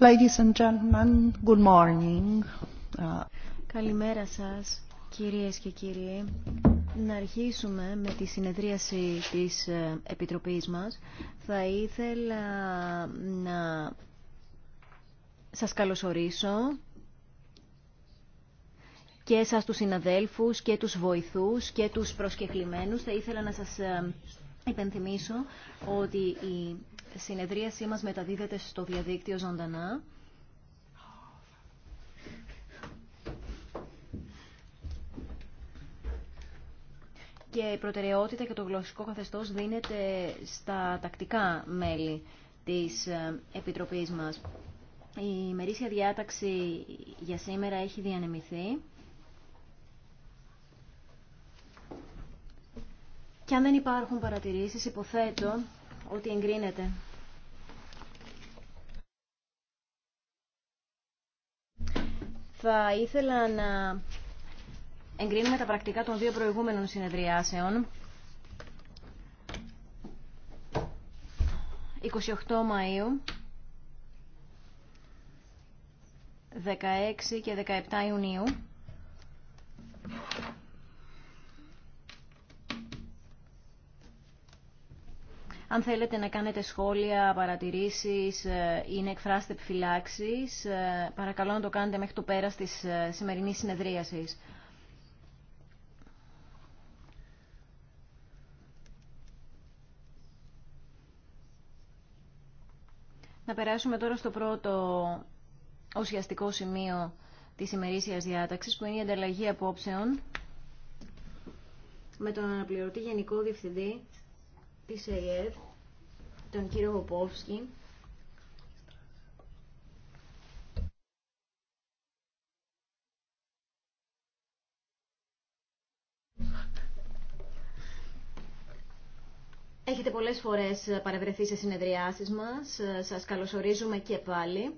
Ladies and Καλημέρα σας, κυρίες και κύριοι. Να αρχίσουμε με τη συνεδρίαση της ε, Επιτροπής μας. Θα ήθελα να σας καλωσορίσω και σας τους συναδέλφους και τους βοηθούς και τους προσκεκλημένους. Θα ήθελα να σας ε, υπενθυμίσω ότι η συνεδρίασή μας μεταδίδεται στο διαδίκτυο ζωντανά. Και η προτεραιότητα και το γλωσσικό καθεστώς δίνεται στα τακτικά μέλη της ε, Επιτροπής μας. Η μερίσια διάταξη για σήμερα έχει διανεμηθεί. Και αν δεν υπάρχουν παρατηρήσεις, υποθέτω ότι εγκρίνεται. Θα ήθελα να εγκρίνουμε τα πρακτικά των δύο προηγούμενων συνεδριάσεων. 28 Μαΐου, 16 και 17 Ιουνίου. Αν θέλετε να κάνετε σχόλια, παρατηρήσεις ε, ή να εκφράσετε επιφυλάξεις, ε, παρακαλώ να το κάνετε μέχρι το πέρας της ε, σημερινής συνεδρίασης. Να περάσουμε τώρα στο πρώτο ουσιαστικό σημείο της ημερήσιας διάταξης, που είναι η ανταλλαγή απόψεων με τον αναπληρωτή Γενικό Διευθυντή τη ΕΕΔ, τον κύριο Βοπόφσκι, Έχετε πολλές φορές παρευρεθεί σε συνεδριάσεις μας. Σας καλωσορίζουμε και πάλι.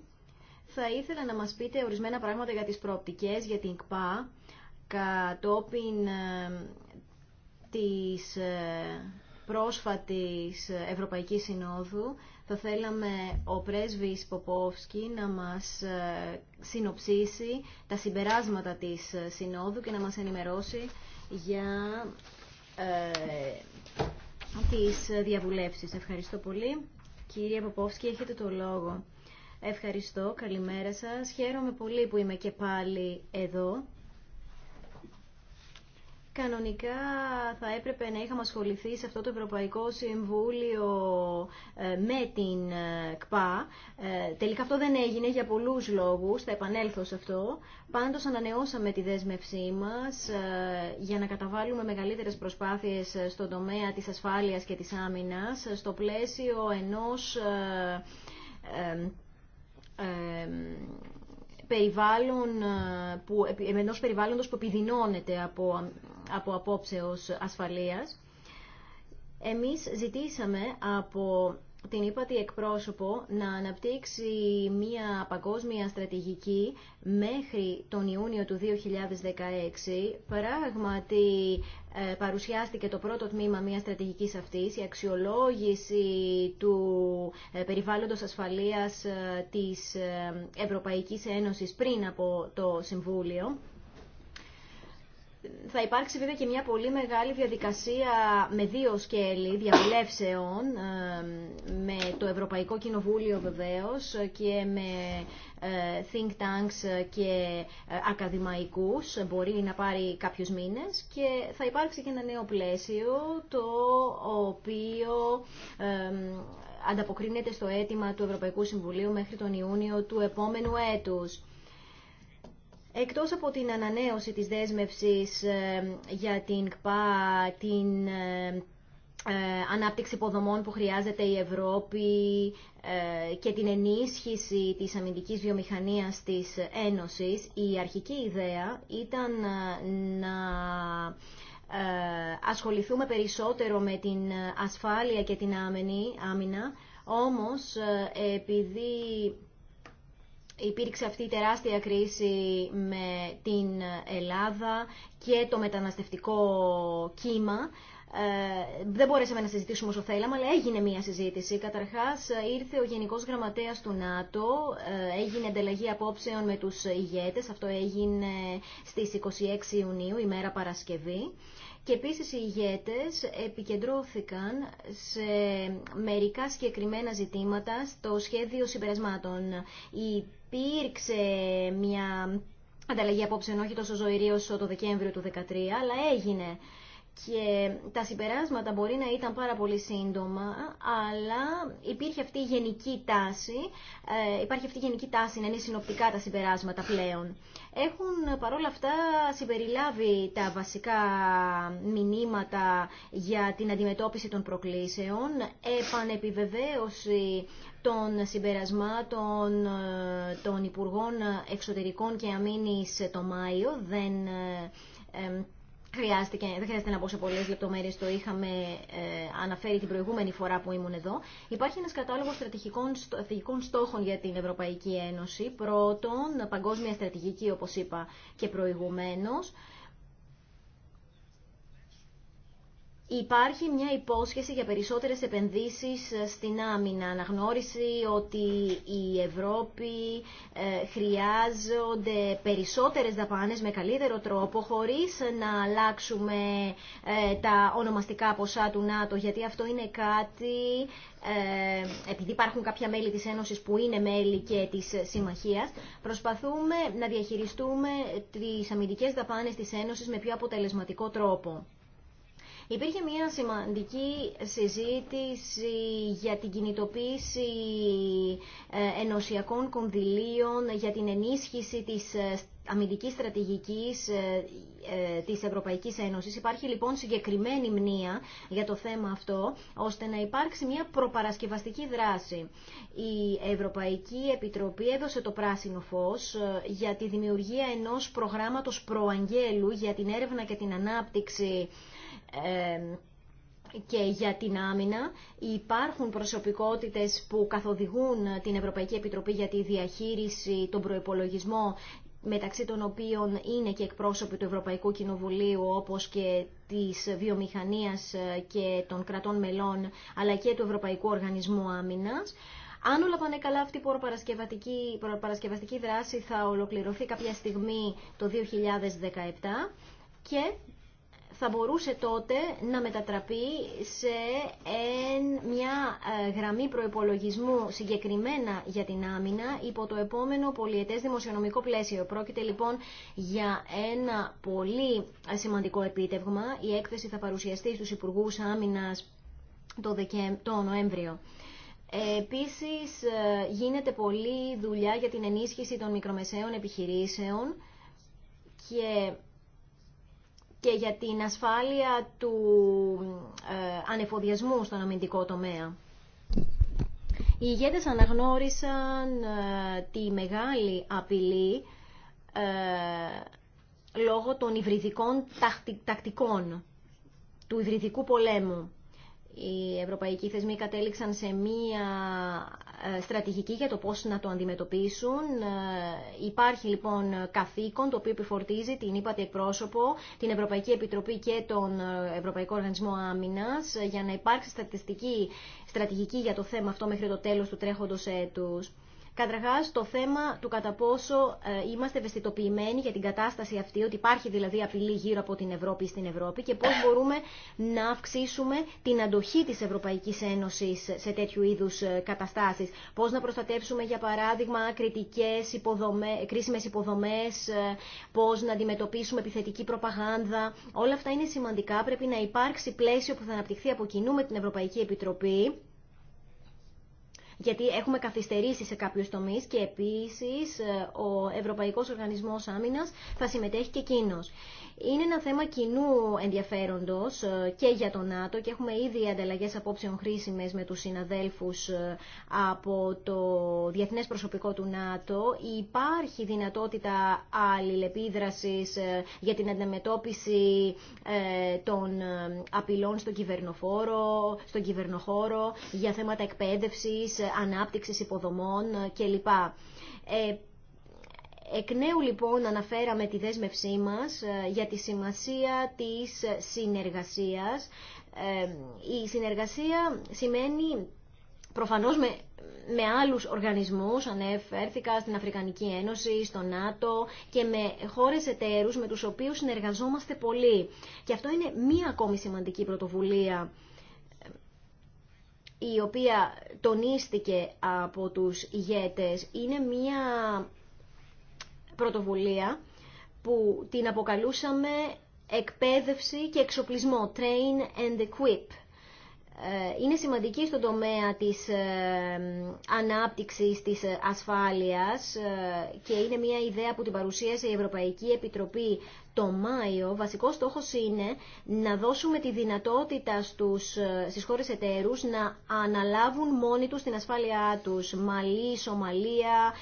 Θα ήθελα να μας πείτε ορισμένα πράγματα για τις προοπτικές, για την ΚΠΑ, κατόπιν ε, της ε, πρόσφατης Ευρωπαϊκής Συνόδου. Θα θέλαμε ο πρέσβης Ποπόφσκι να μας ε, συνοψίσει τα συμπεράσματα της ε, Συνόδου και να μας ενημερώσει για ε, τις διαβουλεύσεις. Ευχαριστώ πολύ. Κύριε Ποπόφσκι, έχετε το λόγο. Ευχαριστώ. Καλημέρα σας. Χαίρομαι πολύ που είμαι και πάλι εδώ Κανονικά θα έπρεπε να είχαμε ασχοληθεί σε αυτό το Ευρωπαϊκό Συμβούλιο ε, με την ε, ΚΠΑ. Ε, τελικά αυτό δεν έγινε για πολλούς λόγους, θα επανέλθω σε αυτό. Πάντως ανανεώσαμε τη δέσμευσή μας για να καταβάλουμε μεγαλύτερες προσπάθειες στον τομέα της ασφάλειας και της άμυνας, στο πλαίσιο ενός περιβάλλον που, ενός περιβάλλοντος που επιδεινώνεται από από απόψεως ασφαλείας. Εμείς ζητήσαμε από την ύπατη εκπρόσωπο να αναπτύξει μια παγκόσμια στρατηγική μέχρι τον Ιούνιο του 2016. Πράγματι ε, παρουσιάστηκε το πρώτο τμήμα μιας στρατηγικής αυτής, η αξιολόγηση του ε, περιβάλλοντος ασφαλείας ε, της Ευρωπαϊκής Ένωσης πριν από το Συμβούλιο θα υπάρξει βέβαια και μια πολύ μεγάλη διαδικασία με δύο σκέλη διαβουλεύσεων, ε, με το Ευρωπαϊκό Κοινοβούλιο βεβαίως και με ε, think tanks και ε, ακαδημαϊκούς, μπορεί να πάρει κάποιους μήνες και θα υπάρξει και ένα νέο πλαίσιο το οποίο ανταποκρίνεται στο αίτημα του Ευρωπαϊκού Συμβουλίου μέχρι τον Ιούνιο του επόμενου έτους. Εκτός από την ανανέωση της δέσμευσης ε, για την ΚΠΑ, την ε, ε, ανάπτυξη υποδομών που χρειάζεται η Ευρώπη και την ενίσχυση της αμυντικής βιομηχανίας της Ένωσης, η αρχική ιδέα ήταν να ασχοληθούμε περισσότερο με την ασφάλεια και την άμενη άμυνα, όμως επειδή υπήρξε αυτή η τεράστια κρίση με την Ελλάδα και το μεταναστευτικό κύμα. Ε, δεν μπορέσαμε να συζητήσουμε όσο θέλαμε, αλλά έγινε μία συζήτηση. Καταρχάς, ήρθε ο Γενικός Γραμματέας του ΝΑΤΟ, ε, έγινε ανταλλαγή απόψεων με τους ηγέτες. Αυτό έγινε στις 26 Ιουνίου, ημέρα Παρασκευή. Και επίσης οι ηγέτες επικεντρώθηκαν σε μερικά συγκεκριμένα ζητήματα στο σχέδιο συμπερασμάτων. Υπήρξε μια ανταλλαγή απόψε, όχι τόσο ζωηρή όσο το Δεκέμβριο του 2013, αλλά έγινε και τα συμπεράσματα μπορεί να ήταν πάρα πολύ σύντομα, αλλά υπήρχε αυτή η γενική τάση, ε, υπάρχει αυτή η γενική τάση να είναι συνοπτικά τα συμπεράσματα πλέον. Έχουν παρόλα αυτά συμπεριλάβει τα βασικά μηνύματα για την αντιμετώπιση των προκλήσεων, επανεπιβεβαίωση των συμπερασμάτων ε, των Υπουργών Εξωτερικών και Αμήνης το Μάιο, δεν... Ε, Χρειάστηκε, δεν χρειάζεται να πω σε πολλέ λεπτομέρειε, το είχαμε ε, αναφέρει την προηγούμενη φορά που ήμουν εδώ. Υπάρχει ένα κατάλογο στρατηγικών, στρατηγικών στόχων για την Ευρωπαϊκή Ένωση. Πρώτον, παγκόσμια στρατηγική, όπω είπα και προηγουμένω. Υπάρχει μια υπόσχεση για περισσότερες επενδύσεις ε, στην άμυνα. Αναγνώριση ότι η Ευρώπη ε, χρειάζονται περισσότερες δαπάνες με καλύτερο τρόπο χωρίς να αλλάξουμε ε, τα ονομαστικά ποσά του ΝΑΤΟ γιατί αυτό είναι κάτι επειδή υπάρχουν κάποια μέλη της Ένωσης που είναι μέλη και της Συμμαχίας, προσπαθούμε να διαχειριστούμε τις αμυντικές δαπάνες της Ένωσης με πιο αποτελεσματικό τρόπο. Υπήρχε μια σημαντική συζήτηση για την κινητοποίηση ε, ενωσιακών κονδυλίων, για την ενίσχυση της ε, αμυντικής στρατηγικής ε, της Ευρωπαϊκής Ένωσης. Υπάρχει λοιπόν συγκεκριμένη μνήμα για το θέμα αυτό, ώστε να υπάρξει μια προπαρασκευαστική δράση. Η Ευρωπαϊκή Επιτροπή έδωσε το πράσινο φως για τη δημιουργία ενός προγράμματος προαγγέλου για την έρευνα και την ανάπτυξη και για την άμυνα υπάρχουν προσωπικότητες που καθοδηγούν την Ευρωπαϊκή Επιτροπή για τη διαχείριση, τον προϋπολογισμό μεταξύ των οποίων είναι και εκπρόσωποι του Ευρωπαϊκού Κοινοβουλίου όπως και της βιομηχανίας ε, και των κρατών μελών αλλά και του Ευρωπαϊκού Οργανισμού Άμυνας. Αν όλα πάνε καλά, αυτή η προπαρασκευαστική, δράση θα ολοκληρωθεί κάποια στιγμή το 2017 και θα μπορούσε τότε να μετατραπεί σε μια ε, γραμμή προϋπολογισμού συγκεκριμένα για την άμυνα υπό το επόμενο πολιετές δημοσιονομικό πλαίσιο. Πρόκειται λοιπόν για ένα πολύ σημαντικό επίτευγμα. Η έκθεση θα παρουσιαστεί στους Υπουργούς Άμυνας το Νοέμβριο. Επίσης ε, γίνεται πολλή δουλειά για την ενίσχυση των μικρομεσαίων επιχειρήσεων και και για την ασφάλεια του ε, ανεφοδιασμού στον αμυντικό τομέα. Οι ηγέτες αναγνώρισαν ε, τη μεγάλη απειλή ε, λόγω των υβριδικών τακτικών του υβριδικού πολέμου. Οι ευρωπαϊκοί θεσμοί κατέληξαν σε μία στρατηγική για το πώς να το αντιμετωπίσουν. Ε, υπάρχει λοιπόν καθήκον το οποίο επιφορτίζει την ΥΠΑΤΗ εκπρόσωπο, την Ευρωπαϊκή Επιτροπή και τον ε, Ευρωπαϊκό Οργανισμό Άμυνας ε, για να υπάρξει στατιστική στρατηγική για το θέμα αυτό μέχρι το τέλος του τρέχοντος έτους. Καταρχά, το θέμα του κατά πόσο ε, είμαστε ευαισθητοποιημένοι για την κατάσταση αυτή, ότι υπάρχει δηλαδή απειλή γύρω από την Ευρώπη στην Ευρώπη και πώ μπορούμε να αυξήσουμε την αντοχή τη Ευρωπαϊκή Ένωση σε τέτοιου είδου ε, καταστάσει. Πώ να προστατεύσουμε, για παράδειγμα, κριτικέ κρίσιμε υποδομέ, ε, πώ να αντιμετωπίσουμε επιθετική προπαγάνδα. Όλα αυτά είναι σημαντικά. Πρέπει να υπάρξει πλαίσιο που θα αναπτυχθεί από κοινού με την Ευρωπαϊκή Επιτροπή γιατί έχουμε καθυστερήσει σε κάποιου τομεί, και επίσης ε, ο Ευρωπαϊκός Οργανισμός Άμυνα θα συμμετέχει και εκείνο. Είναι ένα θέμα κοινού ενδιαφέροντος ε, και για το ΝΑΤΟ και έχουμε ήδη ανταλλαγές απόψεων χρήσιμες με τους συναδέλφους ε, από το Διεθνές Προσωπικό του ΝΑΤΟ. Υπάρχει δυνατότητα αλληλεπίδρασης ε, για την αντιμετώπιση των απειλών στον κυβερνοφόρο, στον κυβερνοχώρο, για θέματα εκπαίδευσης, ανάπτυξης υποδομών κλπ. Εκ νέου λοιπόν αναφέραμε τη δέσμευσή μας ε, για τη σημασία της συνεργασίας. Ε, η συνεργασία σημαίνει προφανώς με, με άλλους οργανισμούς, ανέφερθηκα στην Αφρικανική Ένωση, στο ΝΑΤΟ και με χώρες εταίρους με τους οποίους συνεργαζόμαστε πολύ. Και αυτό είναι μία ακόμη σημαντική πρωτοβουλία ε, η οποία τονίστηκε από τους ηγέτες. Είναι μία πρωτοβουλία που την αποκαλούσαμε εκπαίδευση και εξοπλισμό, train and equip. Ε, είναι σημαντική στον τομέα της ε, ανάπτυξης της ασφάλειας ε, και είναι μια ιδέα που την παρουσίασε η Ευρωπαϊκή Επιτροπή το Μάιο, βασικό στόχος είναι να δώσουμε τη δυνατότητα στους, ε, στις χώρες εταίρους να αναλάβουν μόνοι τους την ασφάλειά τους. Μαλή, Σομαλία,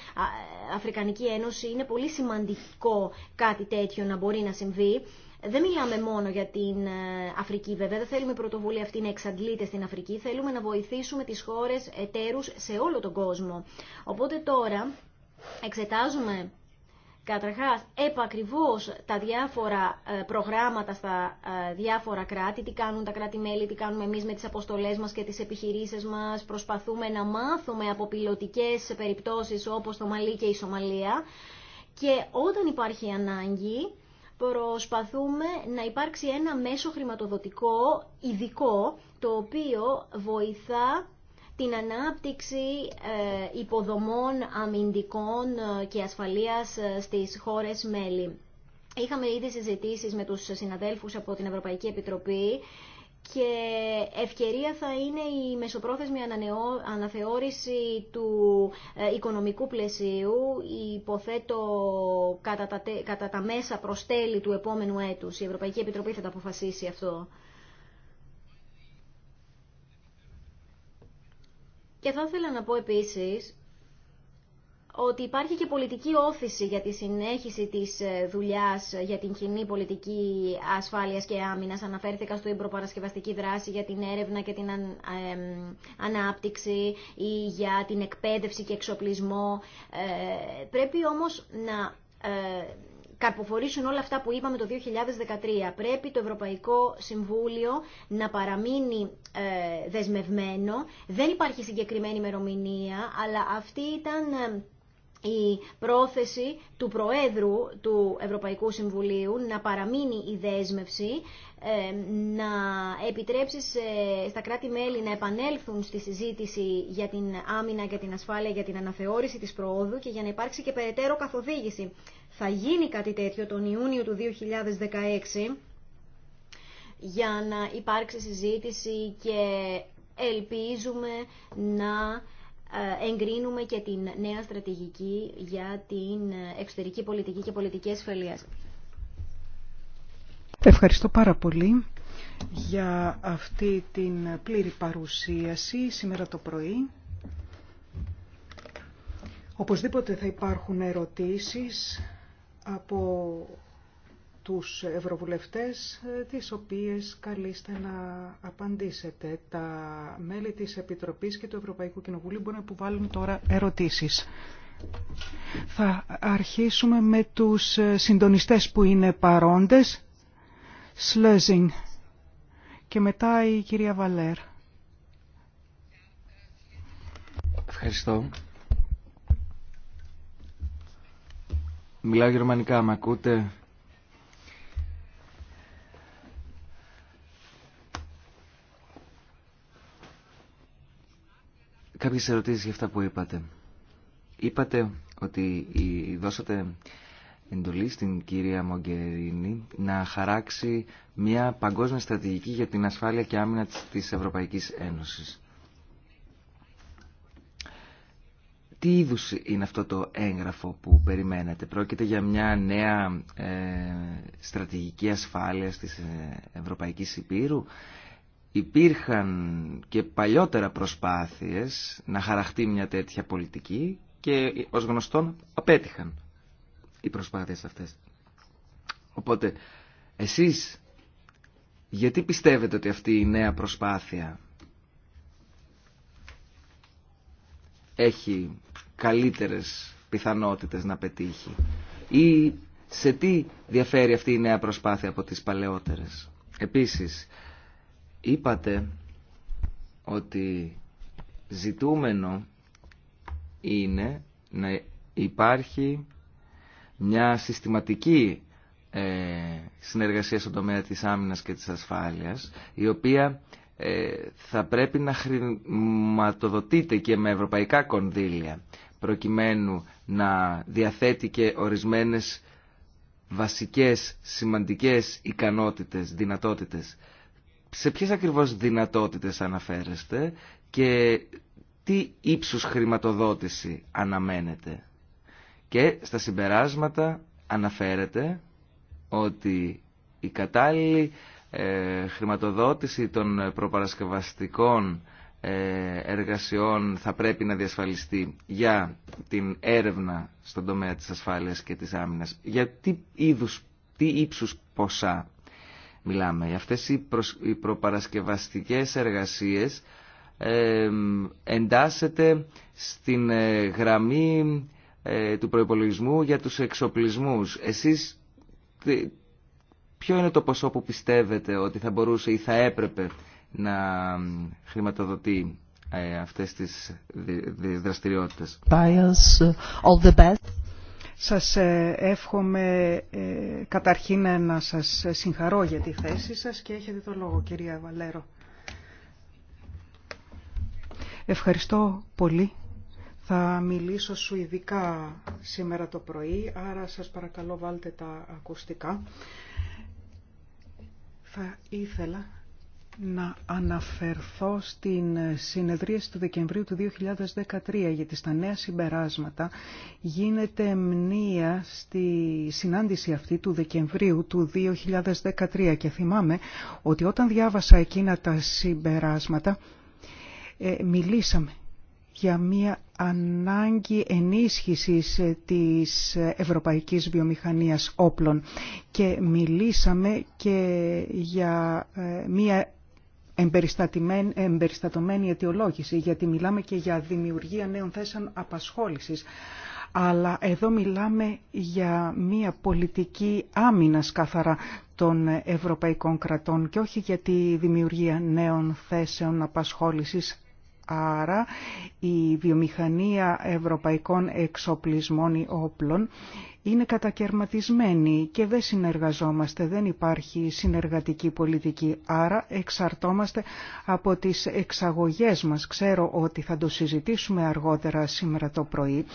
ε, Αφρικανική Ένωση, είναι πολύ σημαντικό κάτι τέτοιο να μπορεί να συμβεί. Δεν μιλάμε μόνο για την ε, Αφρική βέβαια, δεν θέλουμε η πρωτοβουλία αυτή να εξαντλείται στην Αφρική, θέλουμε να βοηθήσουμε τις χώρες εταίρους σε όλο τον κόσμο. Οπότε τώρα εξετάζουμε Καταρχάς, επακριβώς τα διάφορα ε, προγράμματα στα ε, διάφορα κράτη, τι κάνουν τα κράτη-μέλη, τι κάνουμε εμείς με τις αποστολές μας και τις επιχειρήσεις μας, προσπαθούμε να μάθουμε από πιλωτικές περιπτώσεις όπως το Μαλί και η Σομαλία και όταν υπάρχει ανάγκη προσπαθούμε να υπάρξει ένα μέσο χρηματοδοτικό ειδικό το οποίο βοηθά την ανάπτυξη ε, υποδομών αμυντικών ε, και ασφαλείας ε, στις χώρες μέλη. Είχαμε ήδη συζητήσεις με τους συναδέλφους από την Ευρωπαϊκή Επιτροπή και ευκαιρία θα είναι η μεσοπρόθεσμη αναθεώρηση του οικονομικού πλαισίου, υποθέτω κατά τα, κατά τα μέσα προς τέλη του επόμενου έτους. Η Ευρωπαϊκή Επιτροπή θα τα αποφασίσει αυτό. Και θα ήθελα να πω επίσης ότι υπάρχει και πολιτική όθηση για τη συνέχιση της ε, δουλειάς για την κοινή πολιτική ασφάλειας και άμυνας. Αναφέρθηκα στο προπαρασκευαστική δράση για την έρευνα και την ανάπτυξη ή για την εκπαίδευση και εξοπλισμό. Ε, πρέπει όμως να ε, καρποφορήσουν όλα αυτά που είπαμε το 2013. Πρέπει το Ευρωπαϊκό Συμβούλιο να παραμείνει ε, δεσμευμένο. Δεν υπάρχει συγκεκριμένη ημερομηνία, αλλά αυτή ήταν ε, η πρόθεση του Προέδρου του Ευρωπαϊκού Συμβουλίου να παραμείνει η δέσμευση ε, να επιτρέψει ε, στα κράτη-μέλη να επανέλθουν στη συζήτηση για την άμυνα και την ασφάλεια, για την αναθεώρηση της προόδου και για να υπάρξει και περαιτέρω καθοδήγηση. Θα γίνει κάτι τέτοιο τον Ιούνιο του 2016 για να υπάρξει συζήτηση και ελπίζουμε να ε, εγκρίνουμε και την νέα στρατηγική για την εξωτερική πολιτική και πολιτική ασφαλείας. Ευχαριστώ πάρα πολύ για αυτή την πλήρη παρουσίαση σήμερα το πρωί. Οπωσδήποτε θα υπάρχουν ερωτήσεις από τους ευρωβουλευτές, τις οποίες καλείστε να απαντήσετε. Τα μέλη της Επιτροπής και του Ευρωπαϊκού Κοινοβουλίου μπορούν να υποβάλουν τώρα ερωτήσεις. Θα αρχίσουμε με τους συντονιστές που είναι παρόντες Σλέζινγκ και μετά η κυρία Βαλέρ. Ευχαριστώ. Μιλάω γερμανικά, με ακούτε. Κάποιες ερωτήσεις για αυτά που είπατε. Είπατε ότι δώσατε εντολή στην κυρία Μογκερίνη να χαράξει μια παγκόσμια στρατηγική για την ασφάλεια και άμυνα της Ευρωπαϊκής Ένωσης. Τι είδους είναι αυτό το έγγραφο που περιμένετε. Πρόκειται για μια νέα ε, στρατηγική ασφάλειας της ε, Ευρωπαϊκής Υπήρου. Υπήρχαν και παλιότερα προσπάθειες να χαραχτεί μια τέτοια πολιτική και ε, ως γνωστόν απέτυχαν οι προσπάθειες αυτές. Οπότε, εσείς γιατί πιστεύετε ότι αυτή η νέα προσπάθεια έχει καλύτερες πιθανότητες να πετύχει ή σε τι διαφέρει αυτή η νέα προσπάθεια από τις παλαιότερες. Επίσης, είπατε ότι ζητούμενο είναι να υπάρχει μια συστηματική ε, συνεργασία στον τομέα της άμυνας και της ασφάλειας, η οποία ε, θα πρέπει να χρηματοδοτείται και με ευρωπαϊκά κονδύλια, προκειμένου να διαθέτει και ορισμένες βασικές, σημαντικές ικανότητες, δυνατότητες. Σε ποιες ακριβώς δυνατότητες αναφέρεστε και τι ύψους χρηματοδότηση αναμένεται. Και στα συμπεράσματα αναφέρεται ότι η κατάλληλη ε, χρηματοδότηση των προπαρασκευαστικών ε, εργασιών θα πρέπει να διασφαλιστεί για την έρευνα στον τομέα της ασφάλειας και της άμυνας. Για τι, είδους, τι ύψους ποσά μιλάμε. Αυτές οι, οι προπαρασκευαστικές εργασίες ε, εντάσσεται στην γραμμή ε, του προϋπολογισμού για τους εξοπλισμούς. Εσείς ποιο είναι το ποσό που πιστεύετε ότι θα μπορούσε ή θα έπρεπε να χρηματοδοτεί ε, αυτές τις δραστηριότητες. Uh, all the best. Σας ε, εύχομαι καταρχήν να σας συγχαρώ για τη θέση σας και έχετε το λόγο κυρία Βαλέρο. Ευχαριστώ πολύ θα μιλήσω σου ειδικά σήμερα το πρωί, άρα σας παρακαλώ βάλτε τα ακουστικά. Θα ήθελα να αναφερθώ στην συνεδρίαση του Δεκεμβρίου του 2013, γιατί στα νέα συμπεράσματα γίνεται μνήα στη συνάντηση αυτή του Δεκεμβρίου του 2013 και θυμάμαι ότι όταν διάβασα εκείνα τα συμπεράσματα ε, μιλήσαμε για μια ανάγκη ενίσχυσης της ευρωπαϊκής βιομηχανίας όπλων και μιλήσαμε και για ε, μια εμπεριστατωμένη αιτιολόγηση γιατί μιλάμε και για δημιουργία νέων θέσεων απασχόλησης. Αλλά εδώ μιλάμε για μια πολιτική άμυνας καθαρά των ευρωπαϊκών κρατών και όχι για τη δημιουργία νέων θέσεων απασχόλησης Άρα η βιομηχανία ευρωπαϊκών εξοπλισμών ή όπλων είναι κατακαιρματισμένη και δεν συνεργαζόμαστε, δεν υπάρχει συνεργατική πολιτική. Άρα εξαρτόμαστε από τις εξαγωγές μας. Ξέρω ότι θα το συζητήσουμε αργότερα σήμερα το πρωί.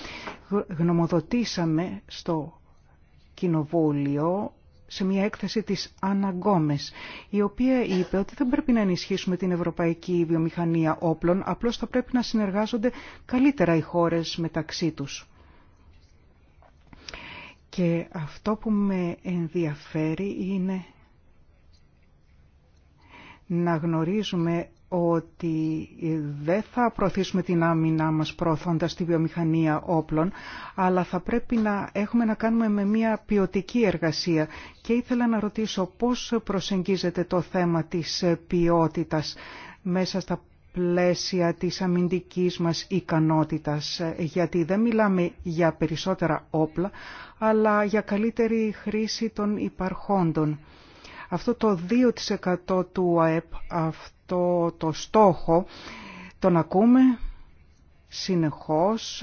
Γνωμοδοτήσαμε στο Κοινοβούλιο σε μια έκθεση της Αναγκόμες, η οποία είπε ότι δεν πρέπει να ενισχύσουμε την ευρωπαϊκή βιομηχανία όπλων, απλώς θα πρέπει να συνεργάζονται καλύτερα οι χώρες μεταξύ τους. Και αυτό που με ενδιαφέρει είναι να γνωρίζουμε ότι δεν θα προωθήσουμε την άμυνά μας προωθώντας τη βιομηχανία όπλων, αλλά θα πρέπει να έχουμε να κάνουμε με μια ποιοτική εργασία. Και ήθελα να ρωτήσω πώς προσεγγίζεται το θέμα της ποιότητας μέσα στα πλαίσια της αμυντικής μας ικανότητας, γιατί δεν μιλάμε για περισσότερα όπλα, αλλά για καλύτερη χρήση των υπαρχόντων. Αυτό το 2% του ΑΕΠ, αυτό το στόχο τον ακούμε συνεχώς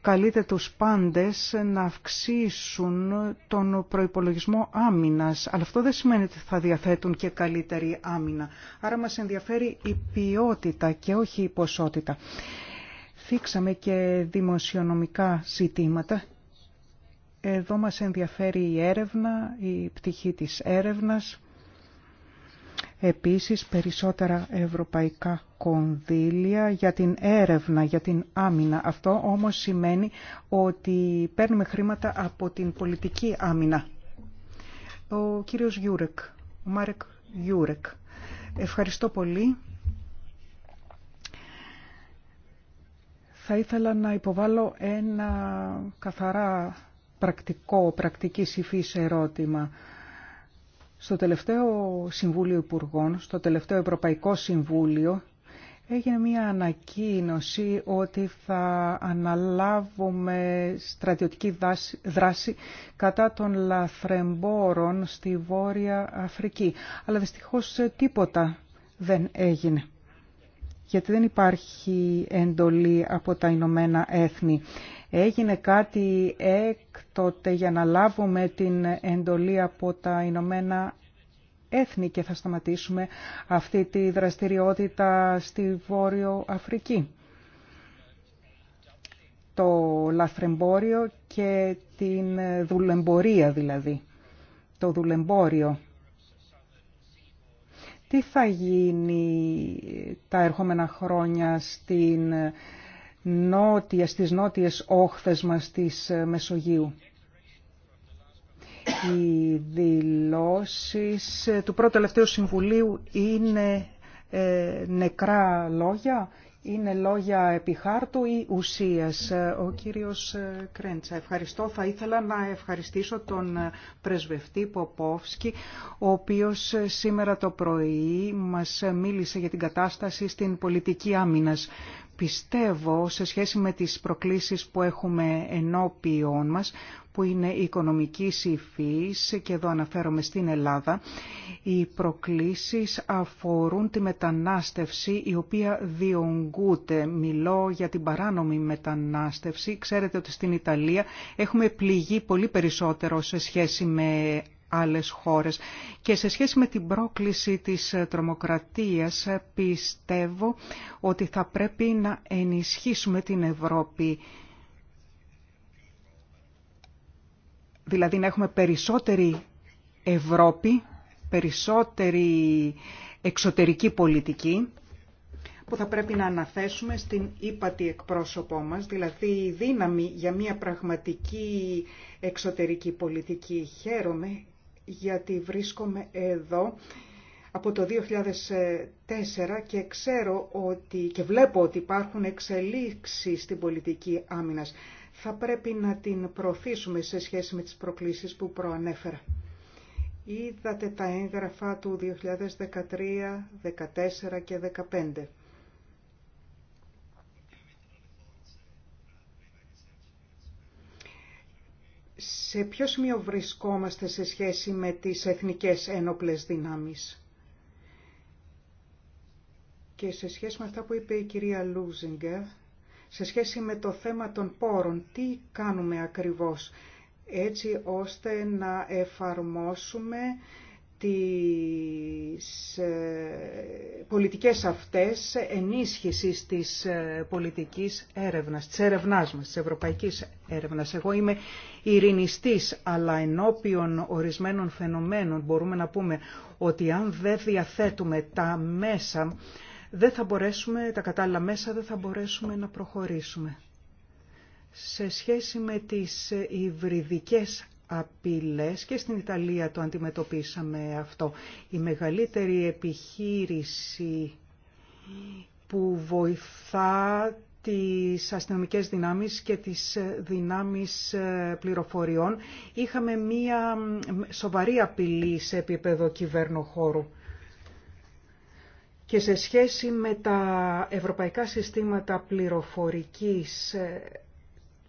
καλείται τους πάντες να αυξήσουν τον προϋπολογισμό άμυνας. Αλλά αυτό δεν σημαίνει ότι θα διαθέτουν και καλύτερη άμυνα. Άρα μας ενδιαφέρει η ποιότητα και όχι η ποσότητα. Θίξαμε και δημοσιονομικά ζητήματα. Εδώ μας ενδιαφέρει η έρευνα, η πτυχή της έρευνας Επίσης, περισσότερα ευρωπαϊκά κονδύλια για την έρευνα, για την άμυνα. Αυτό όμως σημαίνει ότι παίρνουμε χρήματα από την πολιτική άμυνα. Ο κύριος Γιούρεκ, ο Μάρεκ Γιούρεκ. Ευχαριστώ πολύ. Θα ήθελα να υποβάλω ένα καθαρά πρακτικό, πρακτική υφής ερώτημα. Στο τελευταίο Συμβούλιο Υπουργών, στο τελευταίο Ευρωπαϊκό Συμβούλιο, έγινε μια ανακοίνωση ότι θα αναλάβουμε στρατιωτική δράση κατά των λαθρεμπόρων στη Βόρεια Αφρική. Αλλά δυστυχώς ε, τίποτα δεν έγινε γιατί δεν υπάρχει εντολή από τα Ηνωμένα Έθνη. Έγινε κάτι έκτοτε για να λάβουμε την εντολή από τα Ηνωμένα Έθνη και θα σταματήσουμε αυτή τη δραστηριότητα στη Βόρειο Αφρική. Το λαθρεμπόριο και την δουλεμπορία δηλαδή. Το δουλεμπόριο τι θα γίνει τα ερχόμενα χρόνια στην νότια, στις νότιες όχθες μας της Μεσογείου. Οι δηλώσεις του πρώτου τελευταίου συμβουλίου είναι ε, νεκρά λόγια είναι λόγια επιχάρτου ή ουσίας. Ο κύριος ε, Κρέντσα, ευχαριστώ. Θα ήθελα να ευχαριστήσω τον ε, πρεσβευτή Ποπόφσκι, ο οποίος ε, σήμερα το πρωί μας μίλησε για την κατάσταση στην πολιτική άμυνας. Πιστεύω, σε σχέση με τις προκλήσεις που έχουμε ενώπιον μας, που είναι οικονομική υφής και εδώ αναφέρομαι στην Ελλάδα, οι προκλήσεις αφορούν τη μετανάστευση η οποία διονγκούται. Μιλώ για την παράνομη μετανάστευση. Ξέρετε ότι στην Ιταλία έχουμε πληγεί πολύ περισσότερο σε σχέση με άλλες χώρες. Και σε σχέση με την πρόκληση της τρομοκρατίας πιστεύω ότι θα πρέπει να ενισχύσουμε την Ευρώπη δηλαδή να έχουμε περισσότερη Ευρώπη, περισσότερη εξωτερική πολιτική που θα πρέπει να αναθέσουμε στην ύπατη εκπρόσωπό μας, δηλαδή η δύναμη για μια πραγματική εξωτερική πολιτική. Χαίρομαι γιατί βρίσκομαι εδώ από το 2004 και ξέρω ότι και βλέπω ότι υπάρχουν εξελίξεις στην πολιτική άμυνας θα πρέπει να την προωθήσουμε σε σχέση με τις προκλήσεις που προανέφερα. Είδατε τα έγγραφα του 2013, 14 και 15. Σε ποιο σημείο βρισκόμαστε σε σχέση με τις εθνικές ένοπλες δυνάμεις. Και σε σχέση με αυτά που είπε η κυρία Λούζιγκερ, σε σχέση με το θέμα των πόρων. Τι κάνουμε ακριβώς έτσι ώστε να εφαρμόσουμε τις ε, πολιτικές αυτές ενίσχυσης της ε, πολιτικής έρευνας, της έρευνάς μας, της ευρωπαϊκής έρευνας. Εγώ είμαι ειρηνιστής, αλλά ενώπιον ορισμένων φαινομένων μπορούμε να πούμε ότι αν δεν διαθέτουμε τα μέσα δεν θα μπορέσουμε, τα κατάλληλα μέσα δεν θα μπορέσουμε να προχωρήσουμε. Σε σχέση με τις υβριδικές απειλές και στην Ιταλία το αντιμετωπίσαμε αυτό. Η μεγαλύτερη επιχείρηση που βοηθά τις αστυνομικές δυνάμεις και τις δυνάμεις πληροφοριών είχαμε μία σοβαρή απειλή σε επίπεδο κυβέρνοχώρου και σε σχέση με τα ευρωπαϊκά συστήματα πληροφορικής, ε,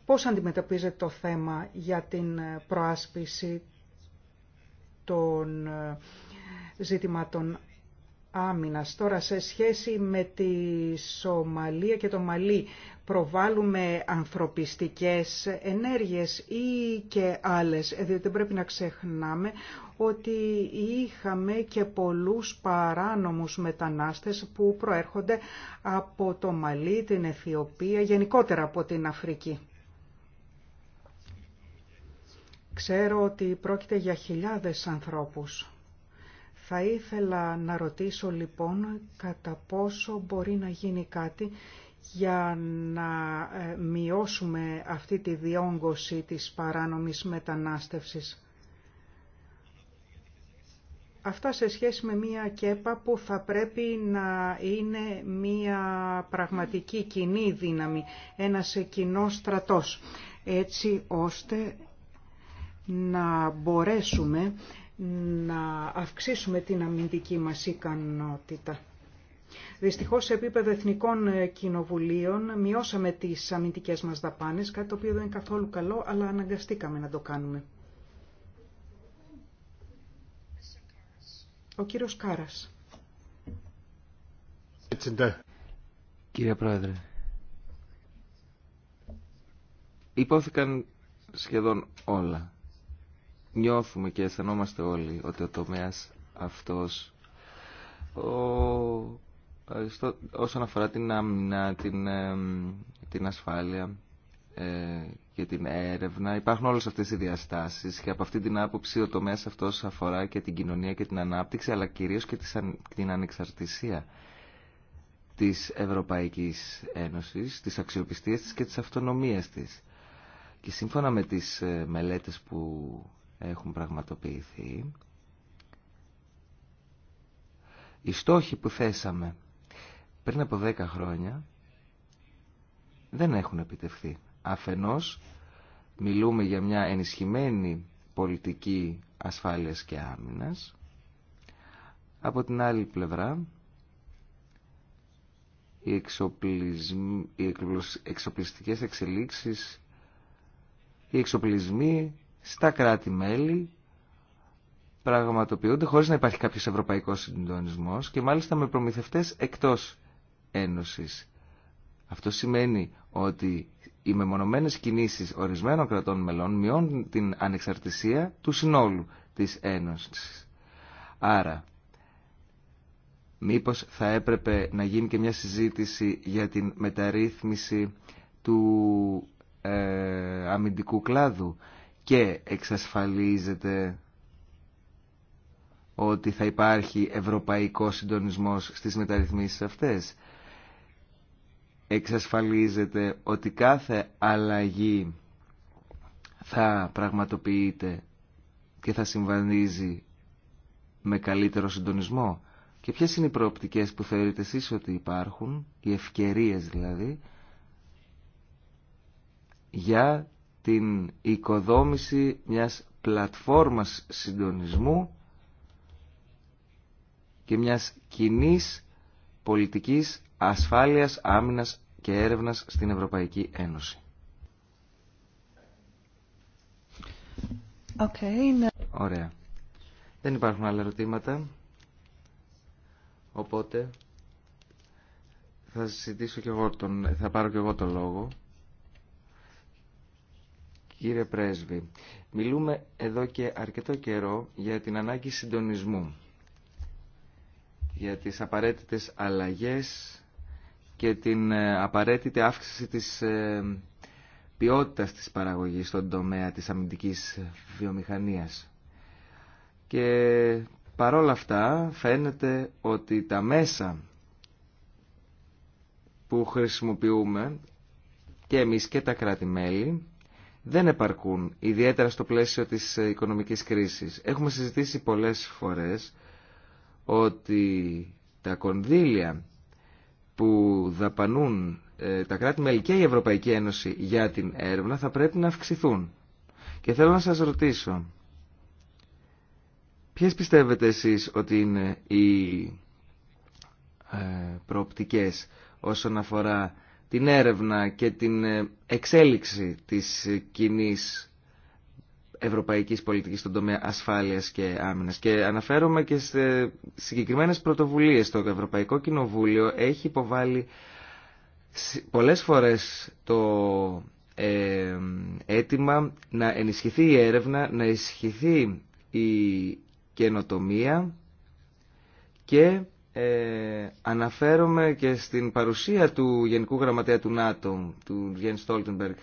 πώς αντιμετωπίζετε το θέμα για την ε, προάσπιση των ε, ζήτηματων άμυνας. Τώρα σε σχέση με τη Σομαλία και το Μαλί προβάλλουμε ανθρωπιστικές ενέργειες ή και άλλες, διότι δεν πρέπει να ξεχνάμε ότι είχαμε και πολλούς παράνομους μετανάστες που προέρχονται από το Μαλί, την Αιθιοπία, γενικότερα από την Αφρική. Ξέρω ότι πρόκειται για χιλιάδες ανθρώπους. Θα ήθελα να ρωτήσω λοιπόν κατά πόσο μπορεί να γίνει κάτι για να ε, μειώσουμε αυτή τη διόγκωση της παράνομης μετανάστευσης. Αυτά σε σχέση με μία ΚΕΠΑ που θα πρέπει να είναι μία πραγματική κοινή δύναμη, ένας κοινό στρατός, έτσι ώστε να μπορέσουμε να αυξήσουμε την αμυντική μας ικανότητα. Δυστυχώς σε επίπεδο εθνικών κοινοβουλίων μειώσαμε τις αμυντικές μας δαπάνες, κάτι το οποίο δεν είναι καθόλου καλό, αλλά αναγκαστήκαμε να το κάνουμε. Ο κύριος Κάρας. Ναι. Κύριε Πρόεδρε, υπόθηκαν σχεδόν όλα. Νιώθουμε και αισθανόμαστε όλοι ότι ο τομέας αυτός ο, στο, όσον αφορά την άμυνα, την, την ασφάλεια, και ε, την έρευνα. Υπάρχουν όλες αυτές οι διαστάσεις και από αυτή την άποψη ο τομέας αυτός αφορά και την κοινωνία και την ανάπτυξη αλλά κυρίως και την ανεξαρτησία της Ευρωπαϊκής Ένωσης, της αξιοπιστίας της και της αυτονομίας της. Και σύμφωνα με τις ε, μελέτες που έχουν πραγματοποιηθεί, οι στόχοι που θέσαμε πριν από 10 χρόνια δεν έχουν επιτευχθεί. Αφενός μιλούμε για μια ενισχυμένη πολιτική ασφάλειας και άμυνας. Από την άλλη πλευρά οι, οι εξοπλιστικές εξελίξεις, οι εξοπλισμοί στα κράτη-μέλη πραγματοποιούνται χωρίς να υπάρχει κάποιος ευρωπαϊκός συντονισμός και μάλιστα με προμηθευτές εκτός Ένωσης. Αυτό σημαίνει ότι οι μεμονωμένε κινήσεις ορισμένων κρατών μελών μειώνουν την ανεξαρτησία του συνόλου της Ένωσης. Άρα, μήπως θα έπρεπε να γίνει και μια συζήτηση για την μεταρρύθμιση του ε, αμυντικού κλάδου και εξασφαλίζεται ότι θα υπάρχει ευρωπαϊκό συντονισμός στις μεταρρυθμίσεις αυτές εξασφαλίζεται ότι κάθε αλλαγή θα πραγματοποιείται και θα συμβανίζει με καλύτερο συντονισμό και ποιες είναι οι προοπτικές που θεωρείτε εσείς ότι υπάρχουν, οι ευκαιρίες δηλαδή, για την οικοδόμηση μιας πλατφόρμας συντονισμού και μιας κοινής πολιτικής ασφάλειας, άμυνας και έρευνας στην Ευρωπαϊκή Ένωση. Okay, Ωραία. Δεν υπάρχουν άλλα ερωτήματα. Οπότε θα συζητήσω και εγώ τον, θα πάρω και εγώ τον λόγο. Κύριε Πρέσβη, μιλούμε εδώ και αρκετό καιρό για την ανάγκη συντονισμού, για τις απαραίτητες αλλαγές και την ε, απαραίτητη αύξηση της ε, ποιότητας της παραγωγής στον τομέα της αμυντικής βιομηχανίας. Και παρόλα αυτά φαίνεται ότι τα μέσα που χρησιμοποιούμε και εμείς και τα κράτη-μέλη δεν επαρκούν, ιδιαίτερα στο πλαίσιο της οικονομικής κρίσης. Έχουμε συζητήσει πολλές φορές ότι τα κονδύλια που δαπανούν ε, τα κράτη-μέλη και η Ευρωπαϊκή Ένωση για την έρευνα θα πρέπει να αυξηθούν. Και θέλω να σας ρωτήσω, ποιες πιστεύετε εσείς ότι είναι οι ε, προοπτικές όσον αφορά την έρευνα και την ε, εξέλιξη της κοινής ευρωπαϊκής πολιτικής στον τομέα ασφάλειας και Άμυνα. Και αναφέρομαι και σε συγκεκριμένες πρωτοβουλίες. Το Ευρωπαϊκό Κοινοβούλιο έχει υποβάλει πολλές φορές το ε, αίτημα να ενισχυθεί η έρευνα, να ενισχυθεί η καινοτομία και ε, αναφέρομαι και στην παρουσία του Γενικού Γραμματέα του ΝΑΤΟ, του Γιάννη Στόλτεμπεργκ,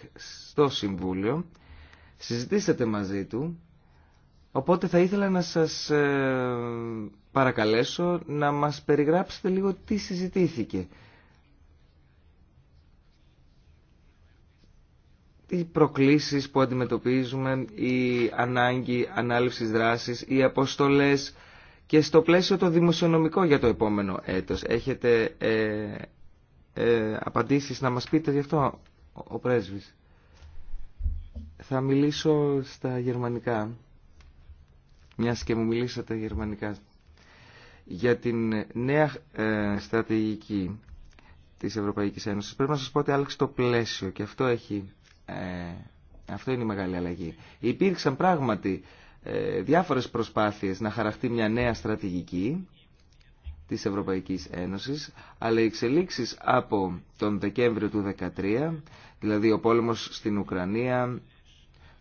στο Συμβούλιο συζητήσατε μαζί του, οπότε θα ήθελα να σας ε, παρακαλέσω να μας περιγράψετε λίγο τι συζητήθηκε. Τι προκλήσεις που αντιμετωπίζουμε, η ανάγκη ανάληψης δράσης, οι αποστολές και στο πλαίσιο το δημοσιονομικό για το επόμενο έτος. Έχετε ε, ε απαντήσεις να μας πείτε γι' αυτό ο, ο πρέσβης. Θα μιλήσω στα γερμανικά, μιας και μου μιλήσατε γερμανικά, για την νέα ε, στρατηγική της Ευρωπαϊκής Ένωσης. Πρέπει να σας πω ότι άλλαξε το πλαίσιο και αυτό, έχει, ε, αυτό είναι η μεγάλη αλλαγή. Υπήρξαν πράγματι ε, διάφορες προσπάθειες να χαραχτεί μια νέα στρατηγική της Ευρωπαϊκής Ένωσης, αλλά οι εξελίξεις από τον Δεκέμβριο του 2013, δηλαδή ο πόλεμος στην Ουκρανία,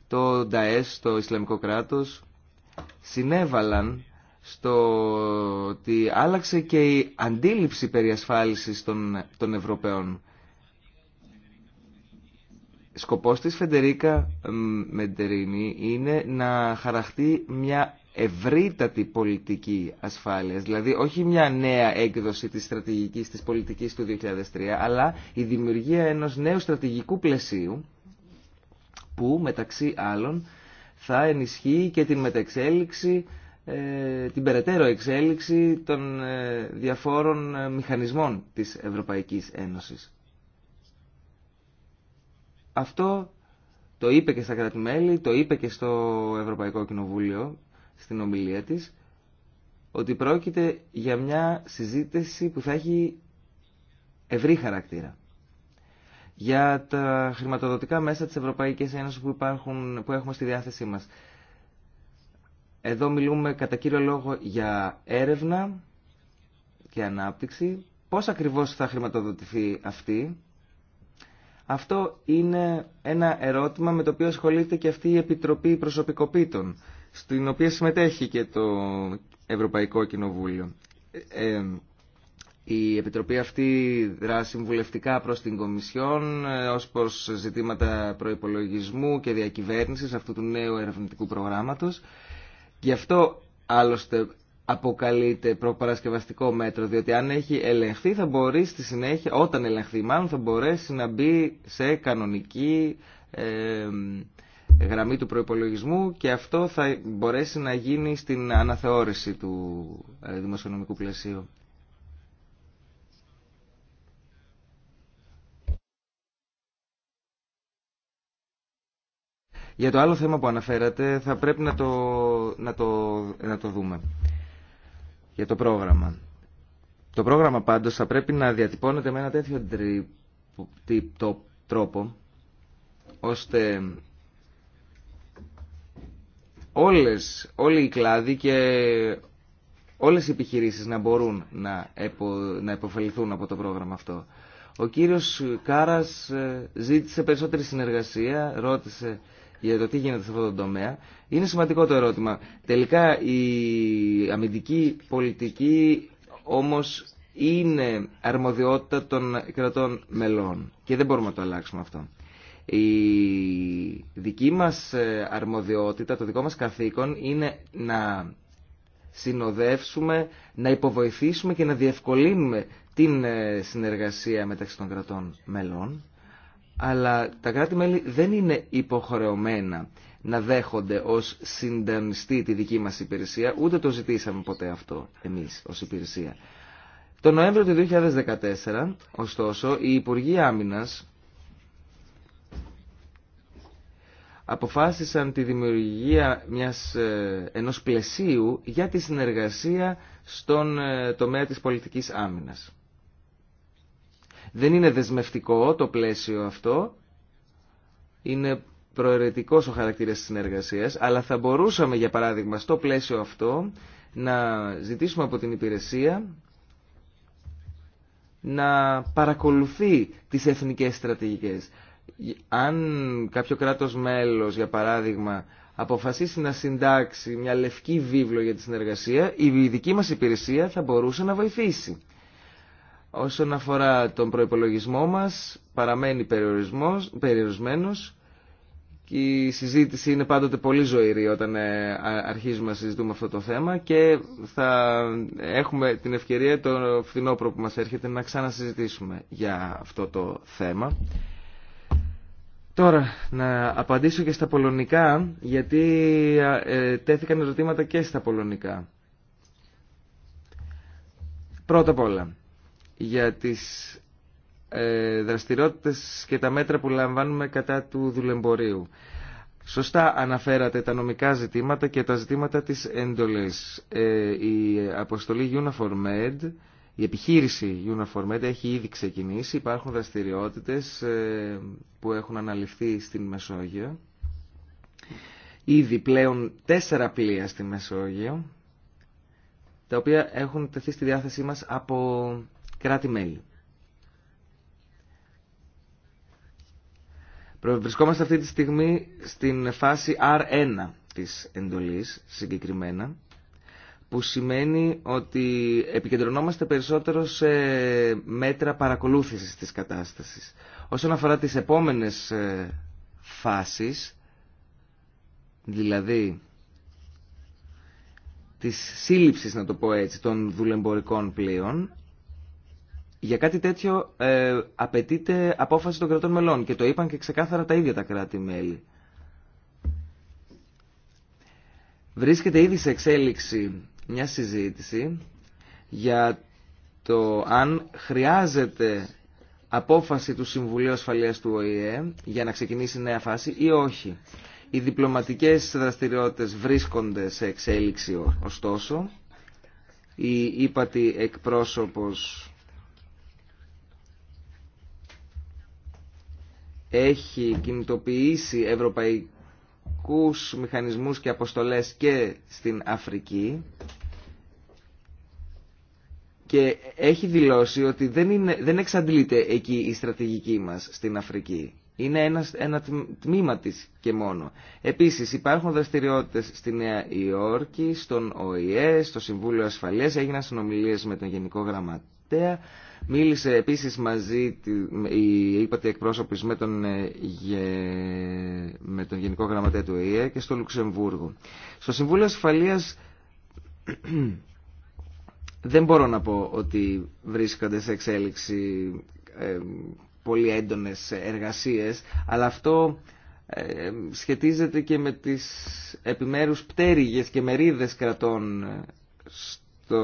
το ΝΤΑΕΣ, το Ισλαμικό κράτος, συνέβαλαν στο ότι άλλαξε και η αντίληψη περί ασφάλισης των, των Ευρωπαίων. Σκοπός της Φεντερίκα Μεντερίνη είναι να χαραχτεί μια ευρύτατη πολιτική ασφάλειας, δηλαδή όχι μια νέα έκδοση της στρατηγικής της πολιτικής του 2003, αλλά η δημιουργία ενός νέου στρατηγικού πλαισίου, που μεταξύ άλλων θα ενισχύει και την μεταξέλιξη, ε, την περαιτέρω εξέλιξη των ε, διαφόρων ε, μηχανισμών της Ευρωπαϊκής Ένωσης. Αυτό το είπε και στα κρατημέλη, το είπε και στο Ευρωπαϊκό Κοινοβούλιο στην ομιλία της, ότι πρόκειται για μια συζήτηση που θα έχει ευρύ χαρακτήρα για τα χρηματοδοτικά μέσα της Ευρωπαϊκής Ένωσης που, υπάρχουν, που έχουμε στη διάθεσή μας. Εδώ μιλούμε κατά κύριο λόγο για έρευνα και ανάπτυξη. Πώς ακριβώς θα χρηματοδοτηθεί αυτή. Αυτό είναι ένα ερώτημα με το οποίο ασχολείται και αυτή η Επιτροπή Προσωπικοποίητων, στην οποία συμμετέχει και το Ευρωπαϊκό Κοινοβούλιο. Ε, ε, η Επιτροπή αυτή δρά συμβουλευτικά προς την Κομισιόν ε, ως προς ζητήματα προϋπολογισμού και διακυβέρνησης αυτού του νέου ερευνητικού προγράμματος. Γι' αυτό άλλωστε αποκαλείται προπαρασκευαστικό μέτρο, διότι αν έχει ελεγχθεί θα μπορεί στη συνέχεια, όταν ελεγχθεί μάλλον, θα μπορέσει να μπει σε κανονική ε, γραμμή του προϋπολογισμού και αυτό θα μπορέσει να γίνει στην αναθεώρηση του ε, δημοσιονομικού πλαισίου. Για το άλλο θέμα που αναφέρατε θα πρέπει να το, να το, να το δούμε. Για το πρόγραμμα. Το πρόγραμμα πάντως θα πρέπει να διατυπώνεται με ένα τέτοιο τρι, τρόπο ώστε όλες, όλοι οι κλάδοι και όλες οι επιχειρήσεις να μπορούν να, επο, να υποφεληθούν από το πρόγραμμα αυτό. Ο κύριος Κάρας ε, ζήτησε περισσότερη συνεργασία, ρώτησε για το τι γίνεται σε αυτό το τομέα. Είναι σημαντικό το ερώτημα. Τελικά η αμυντική πολιτική όμως είναι αρμοδιότητα των κρατών μελών και δεν μπορούμε να το αλλάξουμε αυτό. Η δική μας ε, αρμοδιότητα, το δικό μας καθήκον είναι να συνοδεύσουμε, να υποβοηθήσουμε και να διευκολύνουμε την ε, συνεργασία μεταξύ των κρατών μελών αλλά τα κράτη-μέλη δεν είναι υποχρεωμένα να δέχονται ως συντανιστή τη δική μας υπηρεσία, ούτε το ζητήσαμε ποτέ αυτό εμείς ως υπηρεσία. Το Νοέμβριο του 2014, ωστόσο, η Υπουργοί Άμυνας αποφάσισαν τη δημιουργία μιας, ε, ενός πλαισίου για τη συνεργασία στον ε, τομέα της πολιτικής άμυνας. Δεν είναι δεσμευτικό το πλαίσιο αυτό, είναι προαιρετικός ο χαρακτήρας της συνεργασίας, αλλά θα μπορούσαμε για παράδειγμα στο πλαίσιο αυτό να ζητήσουμε από την υπηρεσία να παρακολουθεί τις εθνικές στρατηγικές. Αν κάποιο κράτος μέλος, για παράδειγμα, αποφασίσει να συντάξει μια λευκή βίβλο για τη συνεργασία, η δική μας υπηρεσία θα μπορούσε να βοηθήσει. Όσον αφορά τον προϋπολογισμό μας, παραμένει περιορισμός, περιορισμένος και η συζήτηση είναι πάντοτε πολύ ζωηρή όταν ε, αρχίζουμε να συζητούμε αυτό το θέμα και θα έχουμε την ευκαιρία το φθινόπωρο που μας έρχεται να ξανασυζητήσουμε για αυτό το θέμα. Τώρα, να απαντήσω και στα πολωνικά, γιατί ε, τέθηκαν ερωτήματα και στα πολωνικά. Πρώτα απ' όλα, για τις ε, δραστηριότητες και τα μέτρα που λαμβάνουμε κατά του δουλεμπορίου. Σωστά αναφέρατε τα νομικά ζητήματα και τα ζητήματα της έντολης. Ε, η αποστολή Uniformed, η επιχείρηση Uniformed έχει ήδη ξεκινήσει. Υπάρχουν δραστηριότητες ε, που έχουν αναλυφθεί στην Μεσόγειο. Ήδη πλέον τέσσερα πλοία στη Μεσόγειο, τα οποία έχουν τεθεί στη διάθεσή μας από κράτη-μέλη. Βρισκόμαστε αυτή τη στιγμή στην φάση R1 της εντολής συγκεκριμένα, που σημαίνει ότι επικεντρωνόμαστε περισσότερο σε μέτρα παρακολούθησης της κατάστασης. Όσον αφορά τις επόμενες ε, φάσεις, δηλαδή της σύλληψης, να το πω έτσι, των δουλεμπορικών πλοίων, για κάτι τέτοιο ε, απαιτείται απόφαση των κρατών μελών και το είπαν και ξεκάθαρα τα ίδια τα κράτη-μέλη. Βρίσκεται ήδη σε εξέλιξη μια συζήτηση για το αν χρειάζεται απόφαση του Συμβουλίου Ασφαλείας του ΟΗΕ για να ξεκινήσει νέα φάση ή όχι. Οι διπλωματικές δραστηριότητες βρίσκονται σε εξέλιξη ωστόσο. Η ύπατη εκπρόσωπος έχει κινητοποιήσει ευρωπαϊκούς μηχανισμούς και αποστολές και στην Αφρική και έχει δηλώσει ότι δεν, δεν εξαντλείται εκεί η στρατηγική μας στην Αφρική. Είναι ένα, τμήμα της και μόνο. Επίσης υπάρχουν δραστηριότητες στη Νέα Υόρκη, στον ΟΗΕ, στο Συμβούλιο Ασφαλείας, έγιναν συνομιλίες με τον Γενικό Γραμματέα Μίλησε επίσης μαζί η ύπατη εκπρόσωπης με τον, ε, με τον Γενικό Γραμματέα του ΕΕ και στο Λουξεμβούργο. Στο Συμβούλιο Ασφαλείας δεν μπορώ να πω ότι βρίσκονται σε εξέλιξη ε, πολύ έντονες εργασίες, αλλά αυτό ε, σχετίζεται και με τις επιμέρους πτέρυγες και μερίδες κρατών στο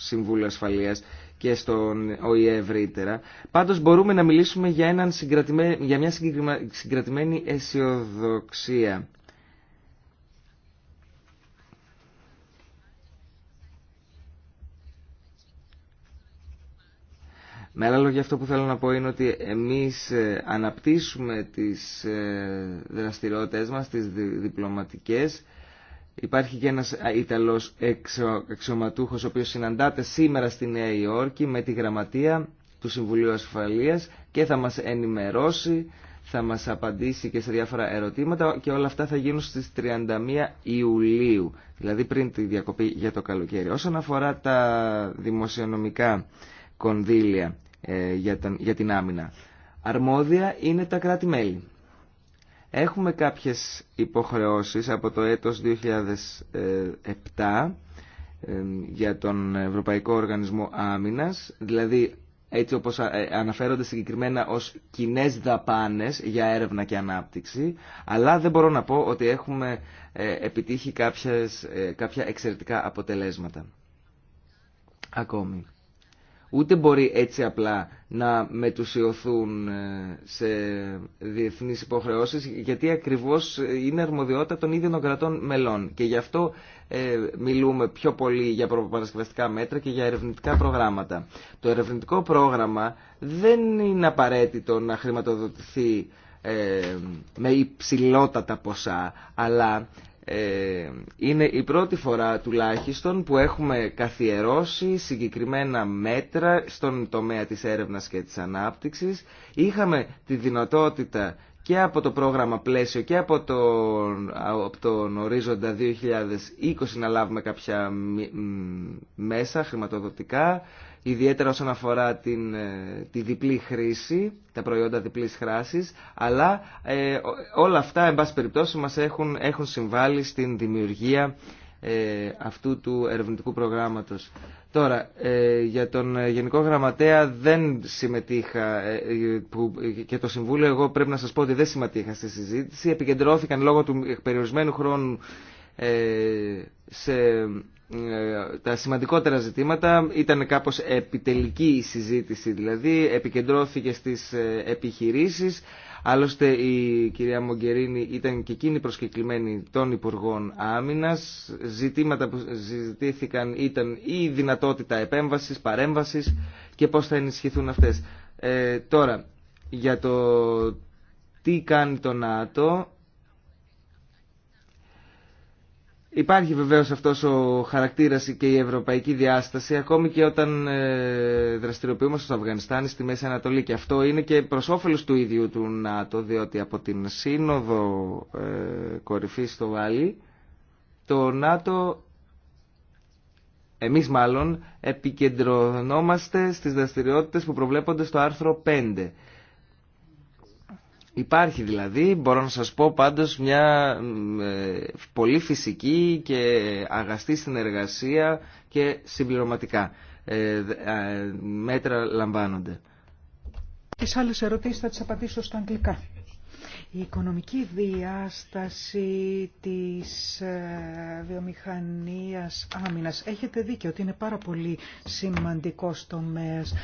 Συμβούλου Ασφαλείας και στον ΟΗΕ ευρύτερα. Πάντως μπορούμε να μιλήσουμε για, έναν για μια συγκρατημένη αισιοδοξία. Με άλλα λόγια αυτό που θέλω να πω είναι ότι εμείς ε, αναπτύσσουμε τις ε, δραστηριότητες μας, τις διπλωματικές, Υπάρχει και ένας Ιταλός αξιωματούχος ο οποίος συναντάται σήμερα στη Νέα Υόρκη με τη γραμματεία του Συμβουλίου Ασφαλείας και θα μας ενημερώσει, θα μας απαντήσει και σε διάφορα ερωτήματα και όλα αυτά θα γίνουν στις 31 Ιουλίου, δηλαδή πριν τη διακοπή για το καλοκαίρι. Όσον αφορά τα δημοσιονομικά κονδύλια ε, για την άμυνα, αρμόδια είναι τα κράτη-μέλη. Έχουμε κάποιες υποχρεώσεις από το έτος 2007 ε, για τον Ευρωπαϊκό Οργανισμό Άμυνας, δηλαδή έτσι όπως ε, αναφέρονται συγκεκριμένα ως κοινέ δαπάνες για έρευνα και ανάπτυξη, αλλά δεν μπορώ να πω ότι έχουμε ε, επιτύχει κάποιες, κάποια εξαιρετικά αποτελέσματα. Ακόμη ούτε μπορεί έτσι απλά να μετουσιωθούν ε, σε διεθνείς υποχρεώσεις γιατί ακριβώς είναι αρμοδιότητα των ίδιων των κρατών μελών και γι' αυτό ε, μιλούμε πιο πολύ για προπαρασκευαστικά μέτρα και για ερευνητικά προγράμματα. Το ερευνητικό πρόγραμμα δεν είναι απαραίτητο να χρηματοδοτηθεί ε, με υψηλότατα ποσά αλλά ε, είναι η πρώτη φορά τουλάχιστον που έχουμε καθιερώσει συγκεκριμένα μέτρα στον τομέα της έρευνας και της ανάπτυξης. Είχαμε τη δυνατότητα και από το πρόγραμμα πλαίσιο και από τον, από τον ορίζοντα 2020 να λάβουμε κάποια μέσα χρηματοδοτικά ιδιαίτερα όσον αφορά την, ε, τη διπλή χρήση, τα προϊόντα διπλής χράσης, αλλά ε, όλα αυτά, εν πάση περιπτώσει, μας έχουν, έχουν συμβάλει στην δημιουργία ε, αυτού του ερευνητικού προγράμματος. Τώρα, για τον Γενικό Γραμματέα δεν συμμετείχα που, και το Συμβούλιο εγώ πρέπει να σας πω ότι δεν συμμετείχα στη συζήτηση. Επικεντρώθηκαν λόγω του περιορισμένου χρόνου σε ε, τα σημαντικότερα ζητήματα ήταν κάπως επιτελική η συζήτηση δηλαδή επικεντρώθηκε στις ε, επιχειρήσεις άλλωστε η κυρία Μογκερίνη ήταν και εκείνη προσκεκλημένη των Υπουργών Άμυνας ζητήματα που συζητήθηκαν ήταν η δυνατότητα επέμβασης, παρέμβασης και πώς θα ενισχυθούν αυτές ε, τώρα για το τι κάνει το ΝΑΤΟ Υπάρχει βεβαίως αυτός ο χαρακτήρας και η ευρωπαϊκή διάσταση ακόμη και όταν ε, δραστηριοποιούμαστε στο Αφγανιστάν στη Μέση Ανατολή και αυτό είναι και προς όφελος του ίδιου του ΝΑΤΟ διότι από την σύνοδο ε, κορυφή στο Βάλι το ΝΑΤΟ εμείς μάλλον επικεντρωνόμαστε στις δραστηριότητες που προβλέπονται στο άρθρο 5 Υπάρχει δηλαδή, μπορώ να σας πω πάντως, μια ε, πολύ φυσική και αγαστή συνεργασία και συμπληρωματικά ε, μέτρα λαμβάνονται. Τις άλλες ερωτήσεις θα τις απαντήσω στα αγγλικά. Η οικονομική διάσταση της ε, βιομηχανίας άμυνας. Έχετε δίκιο ότι είναι πάρα πολύ σημαντικός τομέας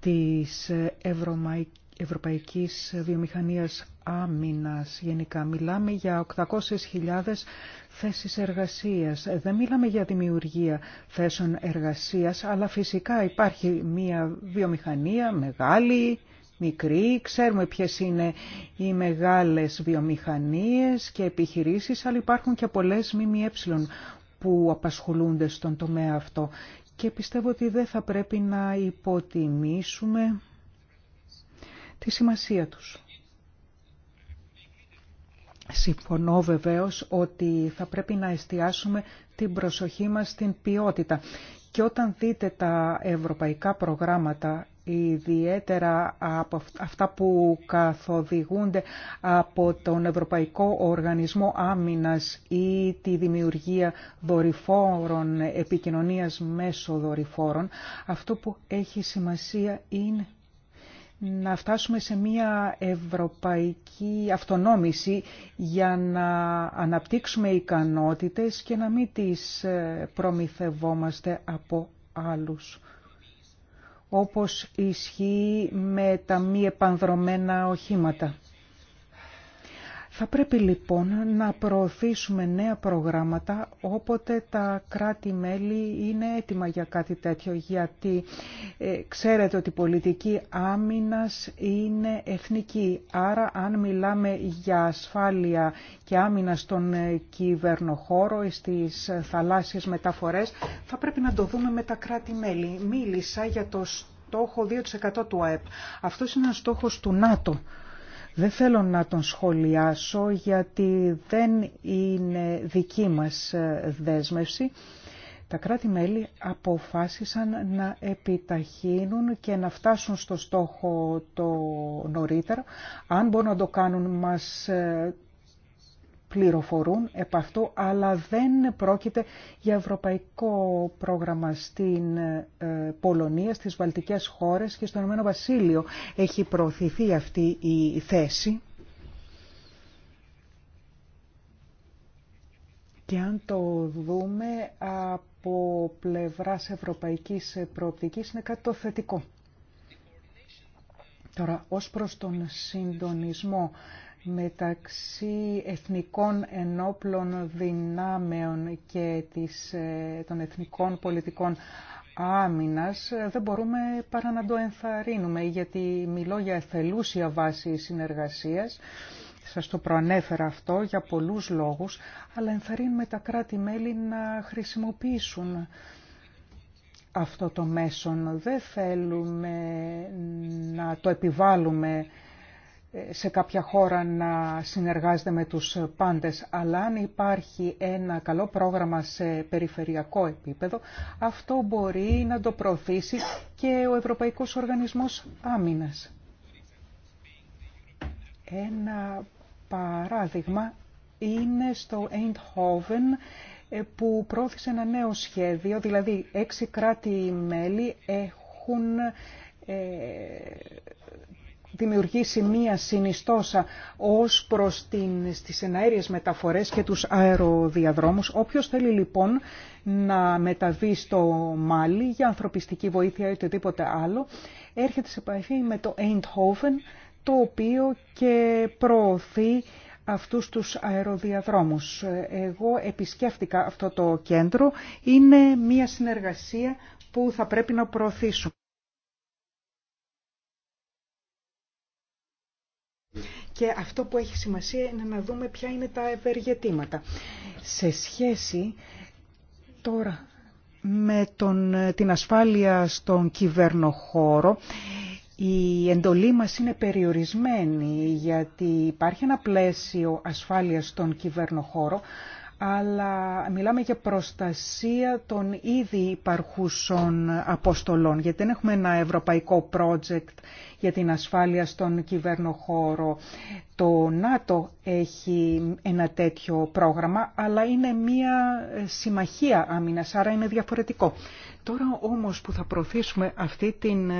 της ευρωμαϊκής Ευρωπαϊκής Βιομηχανίας Άμυνας γενικά. Μιλάμε για 800.000 θέσεις εργασίας. Δεν μιλάμε για δημιουργία θέσεων εργασίας, αλλά φυσικά υπάρχει μια βιομηχανία μεγάλη, μικρή. Ξέρουμε ποιες είναι οι μεγάλες βιομηχανίες και επιχειρήσεις, αλλά υπάρχουν και πολλές ΜΜΕ που απασχολούνται στον τομέα αυτό. Και πιστεύω ότι δεν θα πρέπει να υποτιμήσουμε τη σημασία τους. Συμφωνώ βεβαίως ότι θα πρέπει να εστιάσουμε την προσοχή μας στην ποιότητα. Και όταν δείτε τα ευρωπαϊκά προγράμματα, ιδιαίτερα από αυτά που καθοδηγούνται από τον Ευρωπαϊκό Οργανισμό Άμυνας ή τη δημιουργία δορυφόρων, επικοινωνίας μέσω δορυφόρων, αυτό που έχει σημασία είναι να φτάσουμε σε μια ευρωπαϊκή αυτονόμηση για να αναπτύξουμε ικανότητες και να μην τις ε, προμηθευόμαστε από άλλους. Όπως ισχύει με τα μη επανδρομένα οχήματα. Θα πρέπει λοιπόν να προωθήσουμε νέα προγράμματα όποτε τα κράτη-μέλη είναι έτοιμα για κάτι τέτοιο, γιατί ε, ξέρετε ότι η πολιτική άμυνας είναι εθνική. Άρα αν μιλάμε για ασφάλεια και άμυνα στον ε, κυβερνοχώρο ή στις ε, θαλάσσιες μεταφορές, θα πρέπει να το δούμε με τα κράτη-μέλη. Μίλησα για το στόχο 2% του ΑΕΠ. Αυτός είναι ένας στόχος του ΝΑΤΟ. Δεν θέλω να τον σχολιάσω γιατί δεν είναι δική μας ε, δέσμευση. Τα κράτη-μέλη αποφάσισαν να επιταχύνουν και να φτάσουν στο στόχο το νωρίτερα. Αν μπορούν να το κάνουν μας ε, πληροφορούν επ' αυτό, αλλά δεν πρόκειται για ευρωπαϊκό πρόγραμμα στην ε, Πολωνία, στις Βαλτικές χώρες και στον Ηνωμένο Βασίλειο. Έχει προωθηθεί αυτή η θέση. Και αν το δούμε από πλευράς ευρωπαϊκής προοπτικής είναι κάτι το θετικό. Τώρα, ως προς τον συντονισμό μεταξύ εθνικών ενόπλων δυνάμεων και της, ε, των εθνικών πολιτικών άμυνας ε, δεν μπορούμε παρά να το ενθαρρύνουμε γιατί μιλώ για εθελούσια βάση συνεργασίας σας το προανέφερα αυτό για πολλούς λόγους, αλλά ενθαρρύνουμε τα κράτη-μέλη να χρησιμοποιήσουν αυτό το μέσον. Δεν θέλουμε να το επιβάλλουμε σε κάποια χώρα να συνεργάζεται με τους πάντες, αλλά αν υπάρχει ένα καλό πρόγραμμα σε περιφερειακό επίπεδο, αυτό μπορεί να το προωθήσει και ο Ευρωπαϊκός Οργανισμός Άμυνας. Ένα παράδειγμα είναι στο Eindhoven ε, που πρόθεσε ένα νέο σχέδιο, δηλαδή έξι κράτη-μέλη έχουν ε, δημιουργήσει μία συνιστόσα ως προς την, στις εναέριες μεταφορές και τους αεροδιαδρόμους. Όποιος θέλει λοιπόν να μεταβεί στο Μάλι για ανθρωπιστική βοήθεια ή οτιδήποτε άλλο, έρχεται σε επαφή με το Eindhoven, το οποίο και προωθεί αυτούς τους αεροδιαδρόμους. Εγώ επισκέφτηκα αυτό το κέντρο. Είναι μία συνεργασία που θα πρέπει να προωθήσουμε. Και αυτό που έχει σημασία είναι να δούμε ποια είναι τα ευεργετήματα. Σε σχέση τώρα με την ασφάλεια στον κυβερνοχώρο, η εντολή μας είναι περιορισμένη γιατί υπάρχει ένα πλαίσιο ασφάλειας στον κυβερνοχώρο, αλλά μιλάμε για προστασία των ήδη υπαρχούσων αποστολών, γιατί δεν έχουμε ένα ευρωπαϊκό project για την ασφάλεια στον κυβέρνοχώρο. Το ΝΑΤΟ έχει ένα τέτοιο πρόγραμμα, αλλά είναι μία συμμαχία άμυνας, άρα είναι διαφορετικό. Τώρα όμως που θα προωθήσουμε αυτή την ε,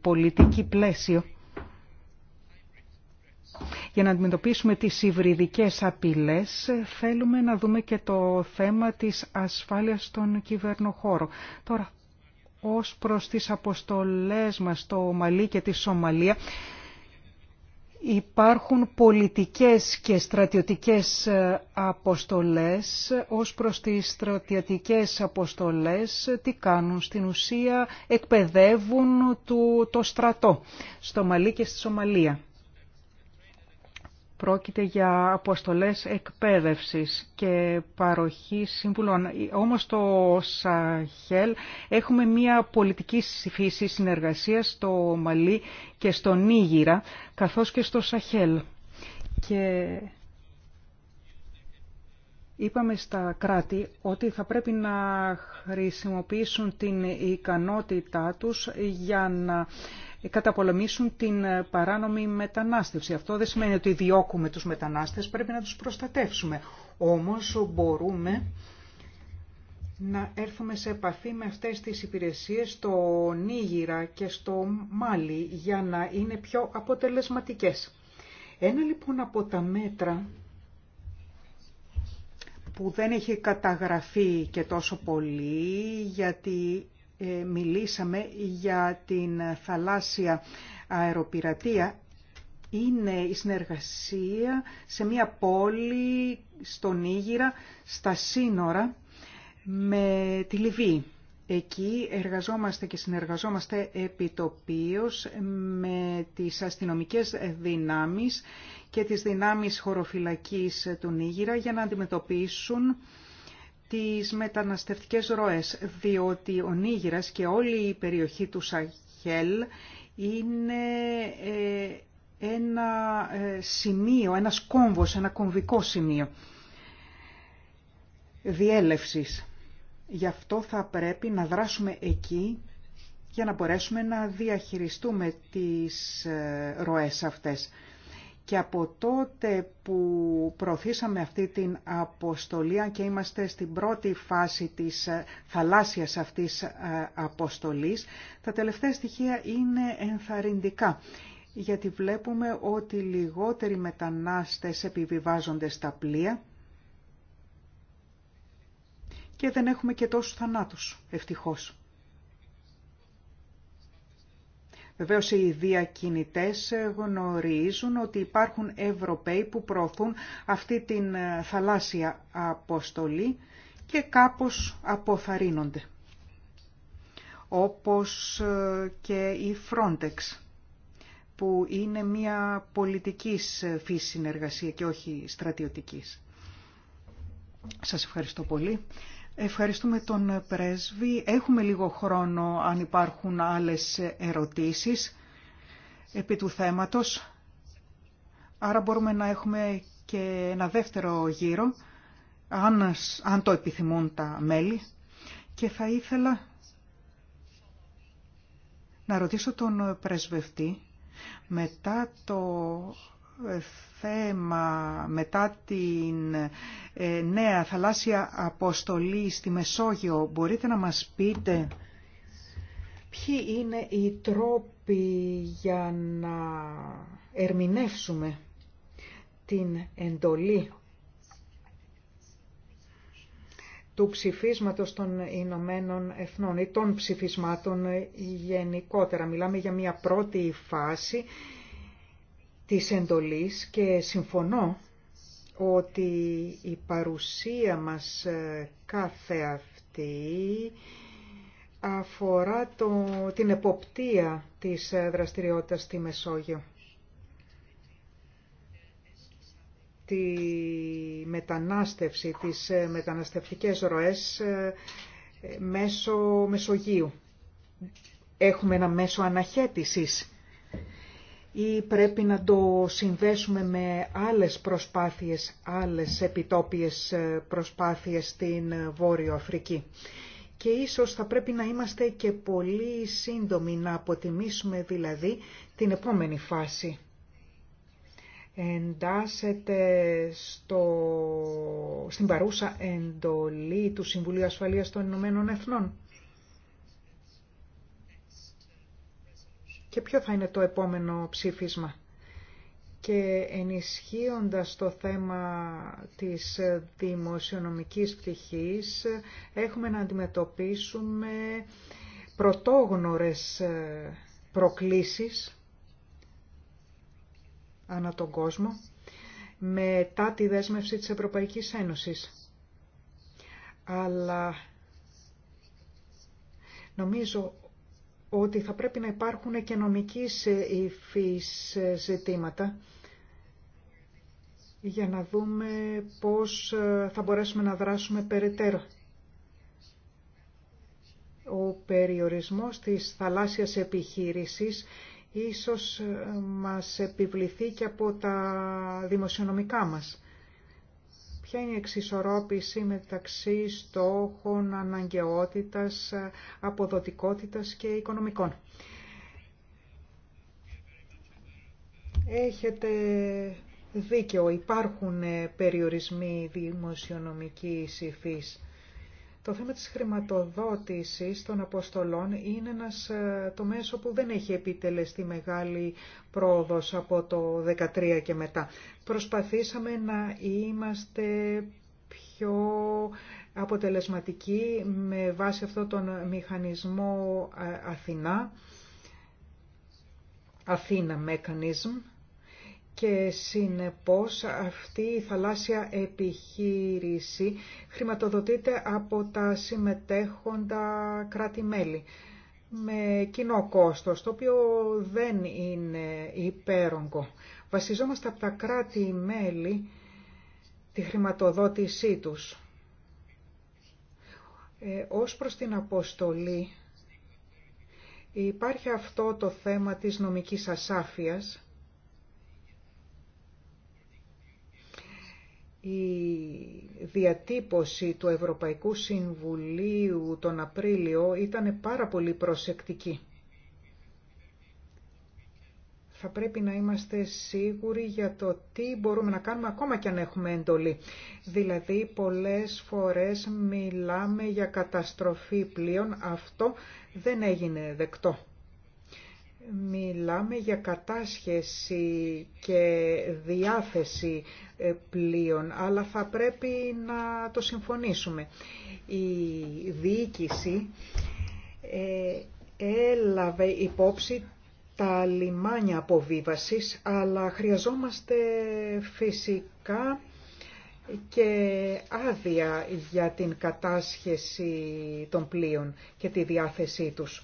πολιτική πλαίσιο, για να αντιμετωπίσουμε τις υβριδικές απειλές θέλουμε να δούμε και το θέμα της ασφάλειας στον κυβερνοχώρο. Τώρα, ως προς τις αποστολές μας στο Μαλί και τη Σομαλία, υπάρχουν πολιτικές και στρατιωτικές αποστολές ως προς τις στρατιωτικές αποστολές τι κάνουν στην ουσία εκπαιδεύουν το στρατό στο Μαλί και στη Σομαλία Πρόκειται για αποστολές εκπαίδευσης και παροχή σύμβουλων. Όμως στο Σαχέλ έχουμε μια πολιτική φύση συνεργασίας στο Μαλί και στο Νίγηρα, καθώς και στο Σαχέλ. Και είπαμε στα κράτη ότι θα πρέπει να χρησιμοποιήσουν την ικανότητά τους για να καταπολεμήσουν την ε, παράνομη μετανάστευση. Αυτό δεν σημαίνει ότι διώκουμε τους μετανάστες, πρέπει να τους προστατεύσουμε. Όμως μπορούμε να έρθουμε σε επαφή με αυτές τις υπηρεσίες στο Νίγηρα και στο Μάλι για να είναι πιο αποτελεσματικές. Ένα λοιπόν από τα μέτρα που δεν έχει καταγραφεί και τόσο πολύ γιατί ε, μιλήσαμε για την θαλάσσια αεροπειρατεία είναι η συνεργασία σε μια πόλη στον Νίγηρα στα σύνορα με τη Λιβύη. Εκεί εργαζόμαστε και συνεργαζόμαστε επιτοπίως με τις αστυνομικές δυνάμεις και τις δυνάμεις χωροφυλακής του Νίγηρα για να αντιμετωπίσουν τις μεταναστευτικές ροές, διότι ο Νίγηρας και όλη η περιοχή του Σαχέλ είναι ε, ένα ε, σημείο, ένα κόμβος, ένα κομβικό σημείο διέλευσης. Γι' αυτό θα πρέπει να δράσουμε εκεί για να μπορέσουμε να διαχειριστούμε τις ε, ροές αυτές. Και από τότε που προωθήσαμε αυτή την αποστολή, αν και είμαστε στην πρώτη φάση της ε, θαλάσσιας αυτής ε, αποστολής, τα τελευταία στοιχεία είναι ενθαρρυντικά γιατί βλέπουμε ότι λιγότεροι μετανάστες επιβιβάζονται στα πλοία και δεν έχουμε και τόσους θανάτους, ευτυχώς. Βεβαίω οι διακινητές γνωρίζουν ότι υπάρχουν Ευρωπαίοι που προωθούν αυτή την ε, θαλάσσια αποστολή και κάπως αποθαρρύνονται. Όπως ε, και η Frontex που είναι μια πολιτικής ε, φύσης συνεργασία και όχι στρατιωτικής. Σας ευχαριστώ πολύ. Ευχαριστούμε τον πρέσβη. Έχουμε λίγο χρόνο αν υπάρχουν άλλες ερωτήσεις επί του θέματος. Άρα μπορούμε να έχουμε και ένα δεύτερο γύρο, αν, αν το επιθυμούν τα μέλη. Και θα ήθελα να ρωτήσω τον πρεσβευτή μετά το θέμα μετά την ε, νέα θαλάσσια αποστολή στη Μεσόγειο. Μπορείτε να μας πείτε ποιοι είναι οι τρόποι για να ερμηνεύσουμε την εντολή του ψηφίσματος των Ηνωμένων Εθνών ή των ψηφισμάτων γενικότερα. Μιλάμε για μια πρώτη φάση της εντολής και συμφωνώ ότι η παρουσία μας ε, κάθε αυτή αφορά το, την εποπτεία της ε, δραστηριότητας στη Μεσόγειο. Τη μετανάστευση, τις ε, μεταναστευτικές ροές μέσω Μεσογείου. Έχουμε ένα μέσο αναχέτησης ή πρέπει να το συνδέσουμε με άλλες προσπάθειες, άλλες επιτόπιες ε, προσπάθειες στην ε, Βόρειο Αφρική. Και ίσως θα πρέπει να είμαστε και πολύ σύντομοι, να αποτιμήσουμε δηλαδή την επόμενη φάση. Εντάσσεται στο... στην παρούσα εντολή του Συμβουλίου Ασφαλείας των Ηνωμένων Εθνών και ποιο θα είναι το επόμενο ψήφισμα. Και ενισχύοντας το θέμα της δημοσιονομικής πτυχής, έχουμε να αντιμετωπίσουμε πρωτόγνωρες προκλήσεις ανά τον κόσμο μετά τη δέσμευση της Ευρωπαϊκής Ένωσης. Αλλά νομίζω ότι θα πρέπει να υπάρχουν και νομικής ε, υφής ε, ζητήματα για να δούμε πώς ε, θα μπορέσουμε να δράσουμε περαιτέρω. Ο περιορισμός της θαλάσσιας επιχείρησης ίσως μας επιβληθεί και από τα δημοσιονομικά μας. Ποια είναι η εξισορρόπηση μεταξύ στόχων αναγκαιότητας, αποδοτικότητας και οικονομικών. Έχετε δίκαιο, υπάρχουν περιορισμοί δημοσιονομικής υφής το θέμα της χρηματοδότησης των αποστολών είναι ένας ε, τομέας όπου δεν έχει επιτελεστεί μεγάλη πρόοδος από το 2013 και μετά. Προσπαθήσαμε να είμαστε πιο αποτελεσματικοί με βάση αυτό τον μηχανισμό ε, Αθηνά, Αθήνα Mechanism, και συνεπώς αυτή η θαλάσσια επιχείρηση χρηματοδοτείται από τα συμμετέχοντα κράτη-μέλη με κοινό κόστος, το οποίο δεν είναι υπέρογκο. Βασιζόμαστε από τα κράτη-μέλη τη χρηματοδότησή τους. Ε, ως προς την αποστολή, υπάρχει αυτό το θέμα της νομικής ασάφειας, η διατύπωση του Ευρωπαϊκού Συμβουλίου τον Απρίλιο ήταν πάρα πολύ προσεκτική. Θα πρέπει να είμαστε σίγουροι για το τι μπορούμε να κάνουμε ακόμα και αν έχουμε εντολή. Δηλαδή πολλές φορές μιλάμε για καταστροφή πλοίων, αυτό δεν έγινε δεκτό. Μιλάμε για κατάσχεση και διάθεση ε, πλοίων, αλλά θα πρέπει να το συμφωνήσουμε. Η διοίκηση ε, έλαβε υπόψη τα λιμάνια αποβίβασης, αλλά χρειαζόμαστε φυσικά και άδεια για την κατάσχεση των πλοίων και τη διάθεσή τους.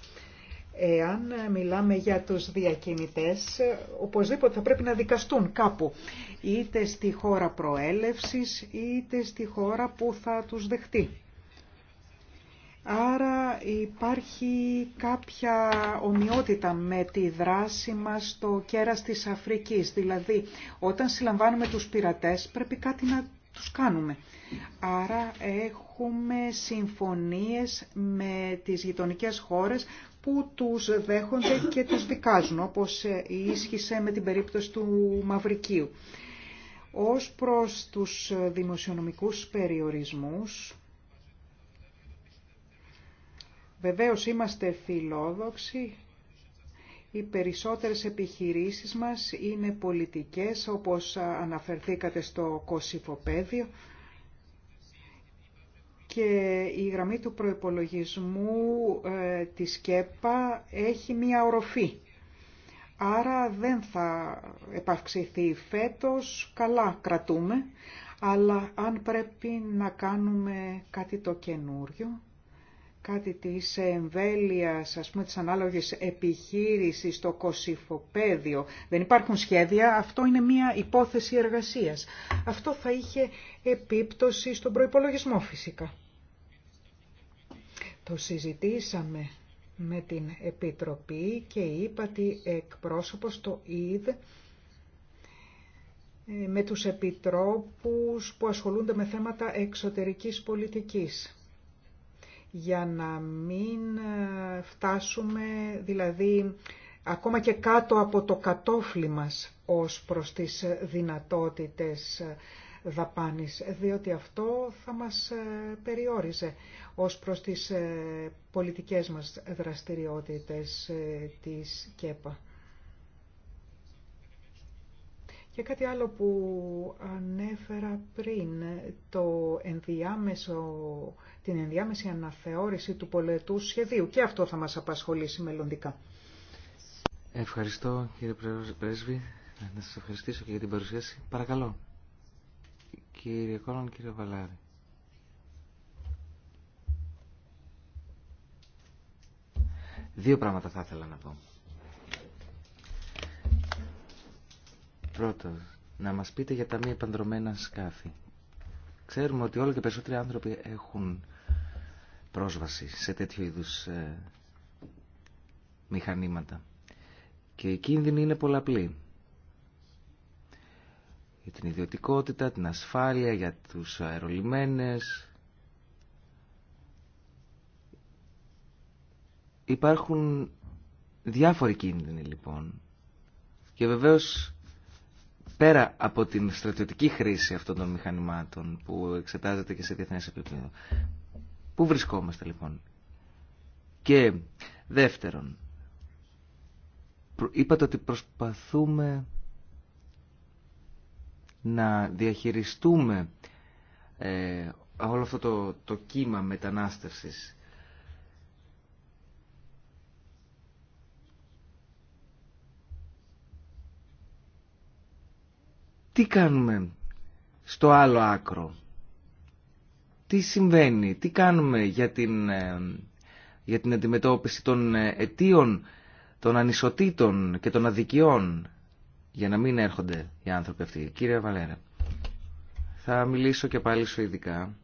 Εάν μιλάμε για τους διακινητές, οπωσδήποτε θα πρέπει να δικαστούν κάπου, είτε στη χώρα προέλευσης, είτε στη χώρα που θα τους δεχτεί. Άρα υπάρχει κάποια ομοιότητα με τη δράση μας στο κέρας της Αφρικής. Δηλαδή, όταν συλλαμβάνουμε τους πειρατές πρέπει κάτι να τους κάνουμε. Άρα έχουμε συμφωνίες με τις γειτονικές χώρες που τους δέχονται και τους δικάζουν, όπως ε, ίσχυσε με την περίπτωση του Μαυρικίου. Ως προς τους δημοσιονομικούς περιορισμούς, βεβαίως είμαστε φιλόδοξοι, οι περισσότερες επιχειρήσεις μας είναι πολιτικές, όπως αναφερθήκατε στο κοσυφοπέδιο, και η γραμμή του προϋπολογισμού ε, της ΚΕΠΑ έχει μία οροφή. Άρα δεν θα επαυξηθεί φέτος, καλά κρατούμε, αλλά αν πρέπει να κάνουμε κάτι το καινούριο, κάτι της εμβέλειας, ας πούμε, της ανάλογης επιχείρησης στο κοσυφοπέδιο. Δεν υπάρχουν σχέδια, αυτό είναι μια υπόθεση εργασίας. Αυτό θα είχε επίπτωση στον προϋπολογισμό φυσικά. Το συζητήσαμε με την Επιτροπή και είπα ότι εκπρόσωπος το ΙΔ ε, με τους επιτρόπους που ασχολούνται με θέματα εξωτερικής πολιτικής για να μην ε, φτάσουμε δηλαδή ακόμα και κάτω από το κατόφλι μας ως προς τις δυνατότητες ε, δαπάνης, διότι αυτό θα μας ε, περιόριζε ως προς τις ε, πολιτικές μας δραστηριότητες ε, της ΚΕΠΑ. Και κάτι άλλο που ανέφερα πριν, το ενδιάμεσο, την ενδιάμεση αναθεώρηση του πολετού σχεδίου. Και αυτό θα μας απασχολήσει μελλοντικά. Ευχαριστώ κύριε Πρέσβη. Να σας ευχαριστήσω και για την παρουσίαση. Παρακαλώ. Κύριε Κόλλον, κύριε Βαλάρη. Δύο πράγματα θα ήθελα να πω. Πρώτον, να μας πείτε για τα μη επανδρομένα σκάφη. Ξέρουμε ότι όλο και περισσότεροι άνθρωποι έχουν πρόσβαση σε τέτοιου είδους ε, μηχανήματα. Και οι κίνδυνοι είναι πολλαπλοί για την ιδιωτικότητα, την ασφάλεια, για τους αερολιμένες. Υπάρχουν διάφοροι κίνδυνοι λοιπόν. Και βεβαίως πέρα από την στρατιωτική χρήση αυτών των μηχανημάτων που εξετάζεται και σε διεθνές επίπεδο. Πού βρισκόμαστε λοιπόν. Και δεύτερον, είπατε ότι προσπαθούμε να διαχειριστούμε ε, όλο αυτό το, κύμα μετανάστευσης. Τι κάνουμε στο άλλο άκρο. Τι συμβαίνει, τι κάνουμε για την, ε, για την αντιμετώπιση των ε, αιτίων, των ανισοτήτων και των αδικιών για να μην έρχονται οι άνθρωποι αυτοί. Κύριε Βαλέρα, θα μιλήσω και πάλι σου ειδικά.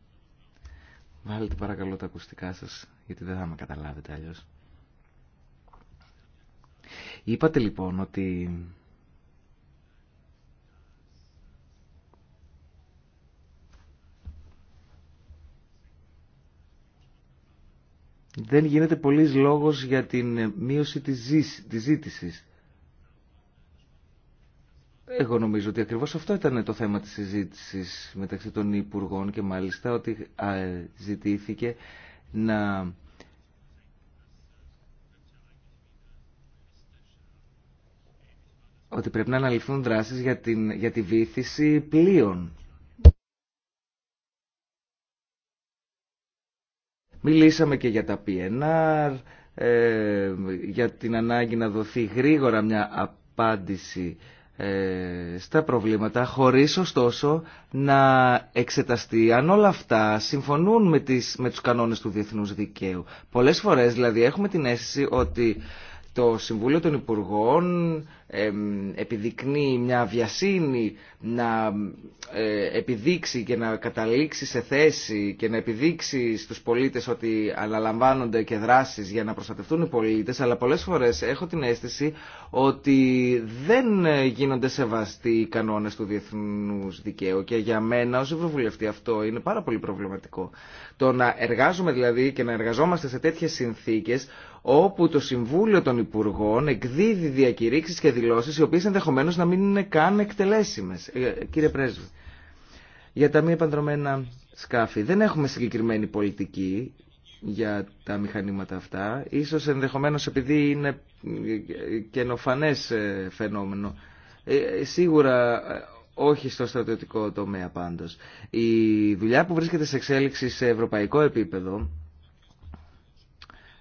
Βάλετε παρακαλώ τα ακουστικά σας, γιατί δεν θα με καταλάβετε αλλιώς. Είπατε λοιπόν ότι δεν γίνεται πολύς λόγος για την μείωση της, ζήτησης. Εγώ νομίζω ότι ακριβώ αυτό ήταν το θέμα της συζήτηση μεταξύ των Υπουργών και μάλιστα ότι ζητήθηκε να ότι πρέπει να αναλυθούν δράσεις για, την, για τη βήθηση πλοίων. Μιλήσαμε και για τα PNR, ε, για την ανάγκη να δοθεί γρήγορα μια απάντηση ε, στα προβλήματα χωρίς ωστόσο να εξεταστεί αν όλα αυτά συμφωνούν με, τις, με τους κανόνες του διεθνούς δικαίου. Πολλές φορές δηλαδή έχουμε την αίσθηση ότι το Συμβούλιο των Υπουργών επιδεικνύει μια βιασύνη να ε, επιδείξει και να καταλήξει σε θέση και να επιδείξει στους πολίτες ότι αναλαμβάνονται και δράσεις για να προστατευτούν οι πολίτες αλλά πολλές φορές έχω την αίσθηση ότι δεν γίνονται σεβαστοί οι κανόνες του διεθνούς δικαίου και για μένα ως ευρωβουλευτή αυτό είναι πάρα πολύ προβληματικό. Το να εργάζομαι δηλαδή και να εργαζόμαστε σε τέτοιες συνθήκες όπου το Συμβούλιο των Υπουργών εκδίδει διακηρύξεις και δηλώσεις οι οποίες ενδεχομένως να μην είναι καν εκτελέσιμες. Ε, κύριε Πρέσβη, για τα μη επανδρομένα σκάφη δεν έχουμε συγκεκριμένη πολιτική για τα μηχανήματα αυτά. Ίσως ενδεχομένως επειδή είναι καινοφανές ε, φαινόμενο. Ε, σίγουρα όχι στο στρατιωτικό τομέα πάντως. Η δουλειά που βρίσκεται σε εξέλιξη σε ευρωπαϊκό επίπεδο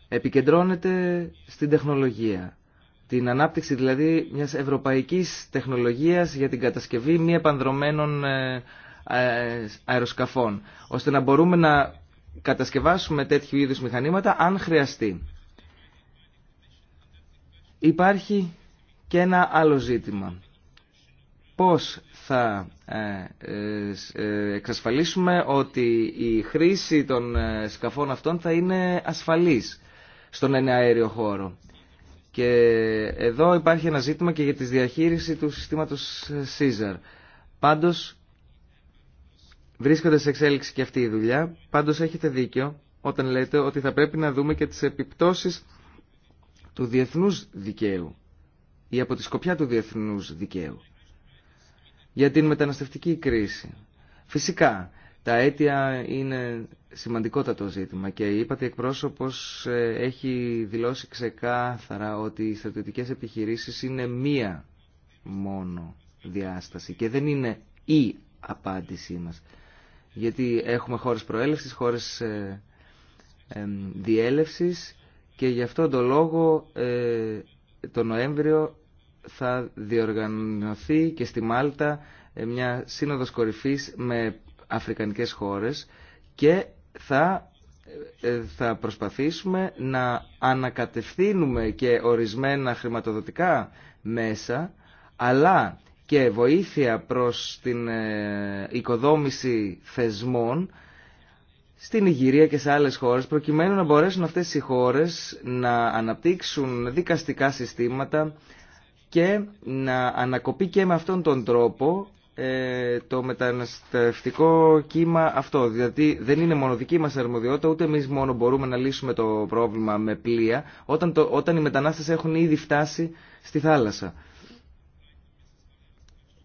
επικεντρώνεται στην τεχνολογία την ανάπτυξη δηλαδή μιας ευρωπαϊκής τεχνολογίας για την κατασκευή μη επανδρομένων ε, ε, αεροσκαφών, ώστε να μπορούμε να κατασκευάσουμε τέτοιου είδους μηχανήματα αν χρειαστεί. Υπάρχει και ένα άλλο ζήτημα. Πώς θα ε, εξασφαλίσουμε ότι η χρήση των σκαφών αυτών θα είναι ασφαλής στον εναέριο χώρο. Και εδώ υπάρχει ένα ζήτημα και για τη διαχείριση του συστήματος Caesar. Πάντως βρίσκονται σε εξέλιξη και αυτή η δουλειά. Πάντως έχετε δίκιο όταν λέτε ότι θα πρέπει να δούμε και τις επιπτώσεις του διεθνούς δικαίου ή από τη σκοπιά του διεθνούς δικαίου για την μεταναστευτική κρίση. Φυσικά, τα αίτια είναι σημαντικότατο ζήτημα και είπατε εκπρόσωπος ε, έχει δηλώσει ξεκάθαρα ότι οι στρατιωτικές επιχειρήσεις είναι μία μόνο διάσταση και δεν είναι η απάντησή μας. Γιατί έχουμε χώρες προέλευσης, χώρες ε, ε διέλευσης και γι' αυτόν τον λόγο ε, το Νοέμβριο θα διοργανωθεί και στη Μάλτα μια σύνοδος κορυφής με αφρικανικές χώρες και θα ε, θα προσπαθήσουμε να ανακατευθύνουμε και ορισμένα χρηματοδοτικά μέσα, αλλά και βοήθεια προς την ε, οικοδόμηση θεσμών στην Ιγυρία και σε άλλες χώρες, προκειμένου να μπορέσουν αυτές οι χώρες να αναπτύξουν δικαστικά συστήματα και να ανακοπεί και με αυτόν τον τρόπο ε, το μεταναστευτικό κύμα αυτό. Δηλαδή δεν είναι μόνο δική μας αρμοδιότητα, ούτε εμείς μόνο μπορούμε να λύσουμε το πρόβλημα με πλοία, όταν, το, όταν οι μετανάστες έχουν ήδη φτάσει στη θάλασσα.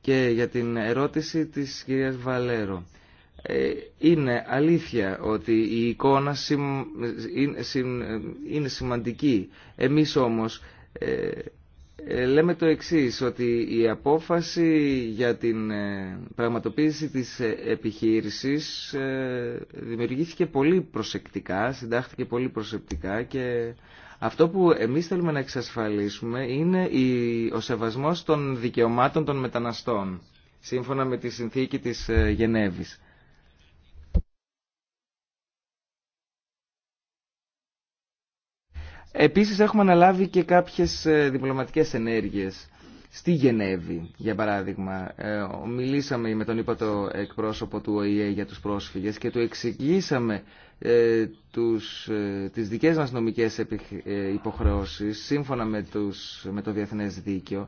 Και για την ερώτηση της κυρίας Βαλέρο. Ε, είναι αλήθεια ότι η εικόνα ε, είναι σημαντική. Εμείς όμως ε, λέμε το εξής, ότι η απόφαση για την ε, πραγματοποίηση της ε, επιχείρησης δημιουργήθηκε πολύ προσεκτικά, συντάχθηκε πολύ προσεκτικά και αυτό που εμείς θέλουμε να εξασφαλίσουμε είναι ο σεβασμός των δικαιωμάτων των μεταναστών, σύμφωνα με τη συνθήκη της Γενέβης. Επίσης έχουμε αναλάβει και κάποιες ε, διπλωματικές ενέργειες στη Γενέβη, για παράδειγμα. Ε, μιλήσαμε με τον ύπατο εκπρόσωπο του ΟΗΕ για τους πρόσφυγες και του εξηγήσαμε ε, τους, ε, τις δικές μας νομικές ε, υποχρεώσεις σύμφωνα με, τους, με το διεθνές δίκαιο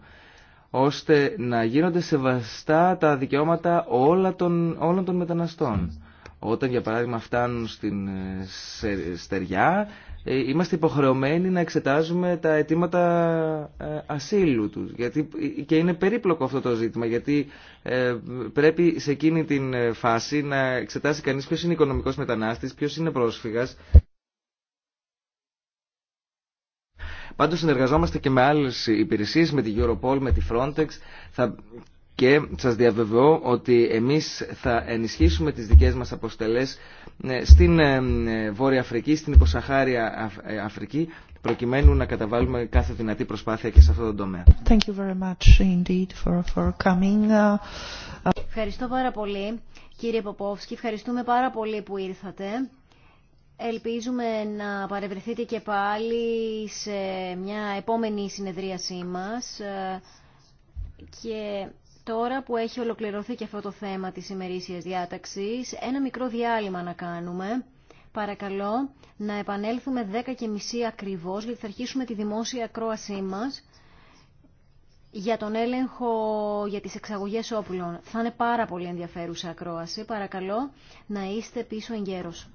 ώστε να γίνονται σεβαστά τα δικαιώματα όλα των, όλων των μεταναστών. Όταν για παράδειγμα φτάνουν στην στεριά ε, είμαστε υποχρεωμένοι να εξετάζουμε τα αιτήματα ε, ασύλου τους. Γιατί, ε, και είναι περίπλοκο αυτό το ζήτημα, γιατί πρέπει σε εκείνη την φάση να εξετάσει κανείς ποιος είναι οικονομικός μετανάστης, ποιος είναι πρόσφυγας. Πάντως συνεργαζόμαστε και με άλλες υπηρεσίες, με τη Europol, με τη Frontex. Θα και σας διαβεβαιώ ότι εμείς θα ενισχύσουμε τις δικές μας αποστελές ε, στην ε, Βόρεια Αφρική, στην Υποσαχάρια Αφρική προκειμένου να καταβάλουμε κάθε δυνατή προσπάθεια και σε αυτό το τομέα. Ευχαριστώ πάρα πολύ κύριε Ποπόφσκι, ευχαριστούμε πάρα πολύ που ήρθατε. Ελπίζουμε να παρευρεθείτε και πάλι σε μια επόμενη συνεδρίασή μας ε, και Τώρα που έχει ολοκληρωθεί και αυτό το θέμα της ημερήσιας διάταξης, ένα μικρό διάλειμμα να κάνουμε. Παρακαλώ να επανέλθουμε 10.30 ακριβώς, γιατί θα αρχίσουμε τη δημόσια ακρόασή μας για τον έλεγχο για τις εξαγωγές όπλων. Θα είναι πάρα πολύ ενδιαφέρουσα ακρόαση. Παρακαλώ να είστε πίσω εγκαίρος.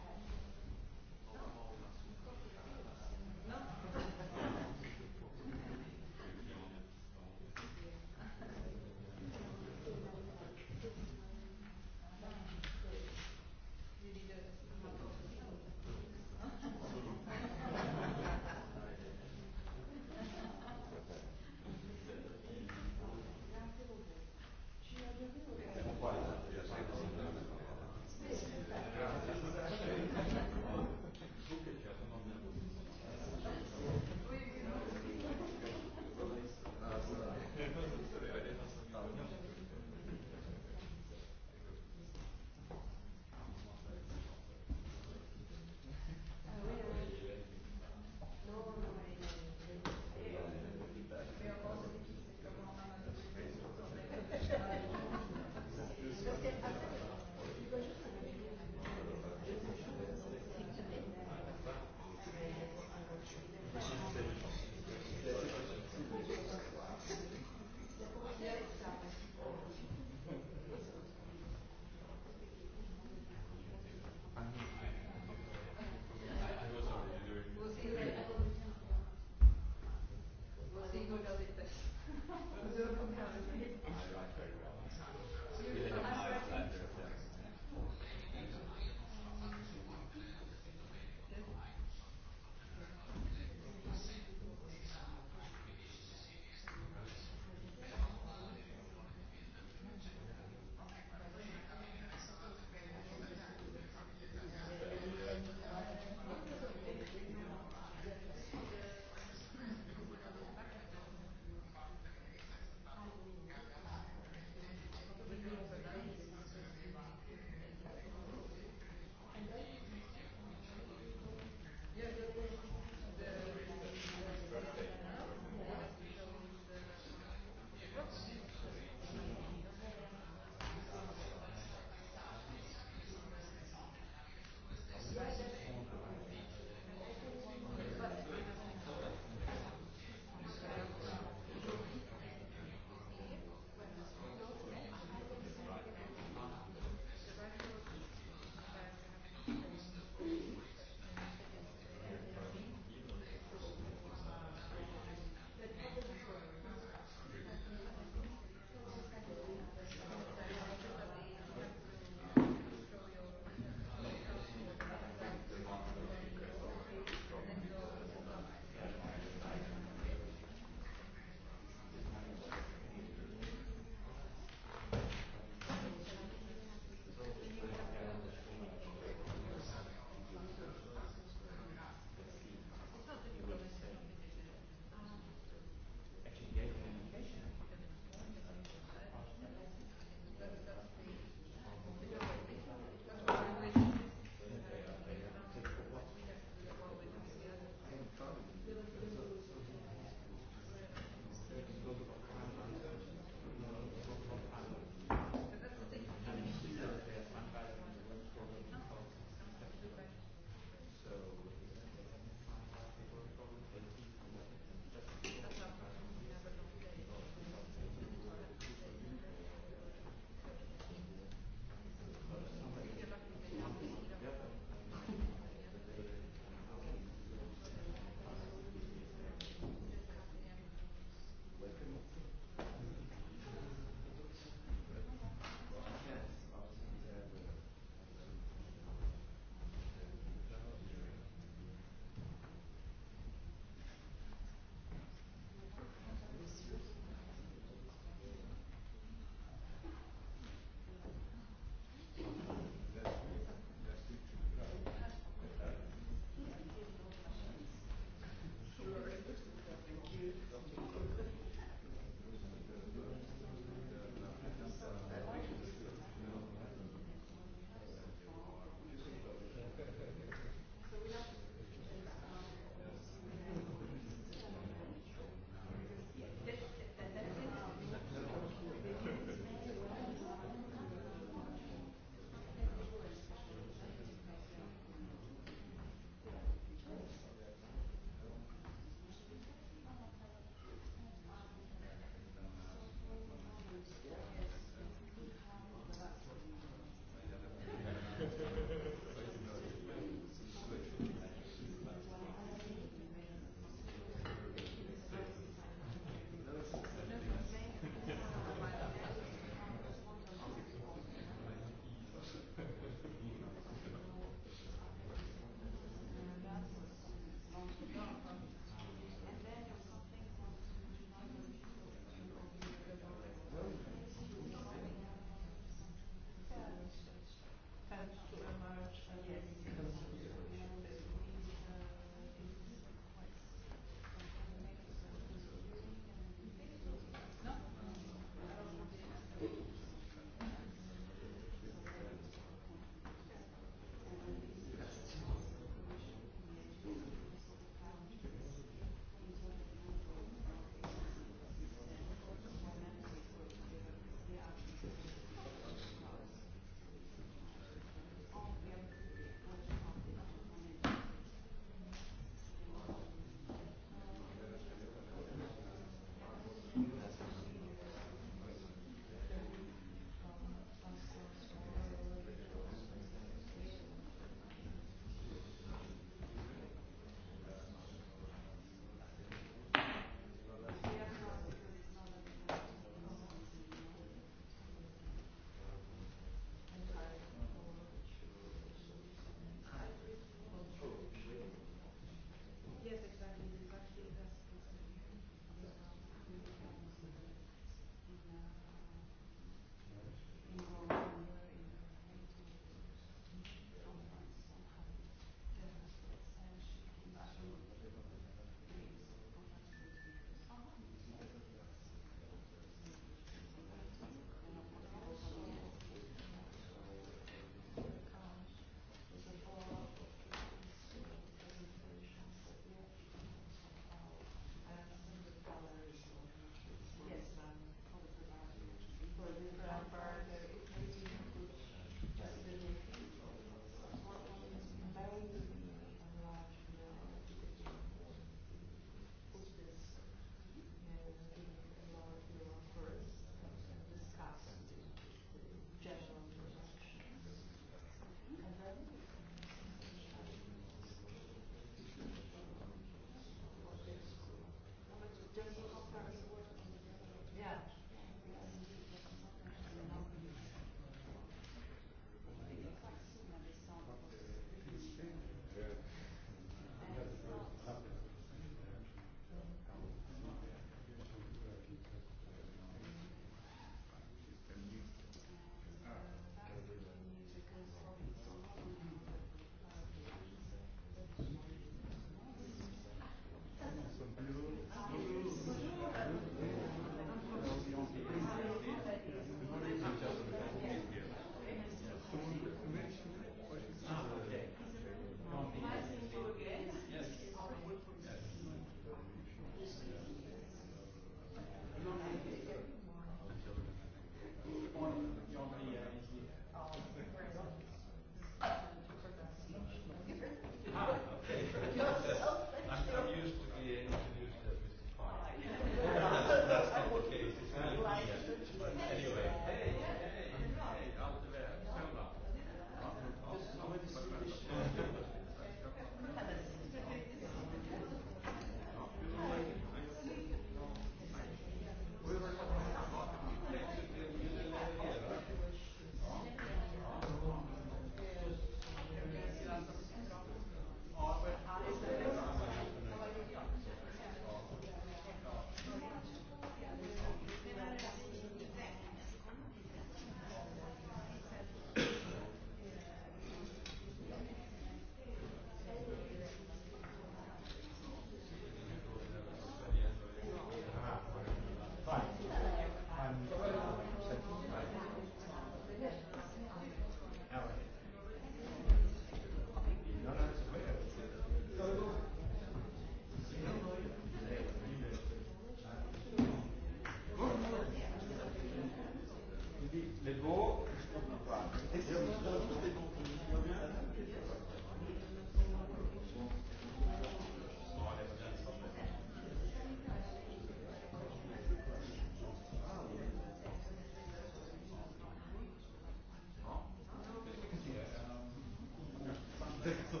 Ευχαριστώ.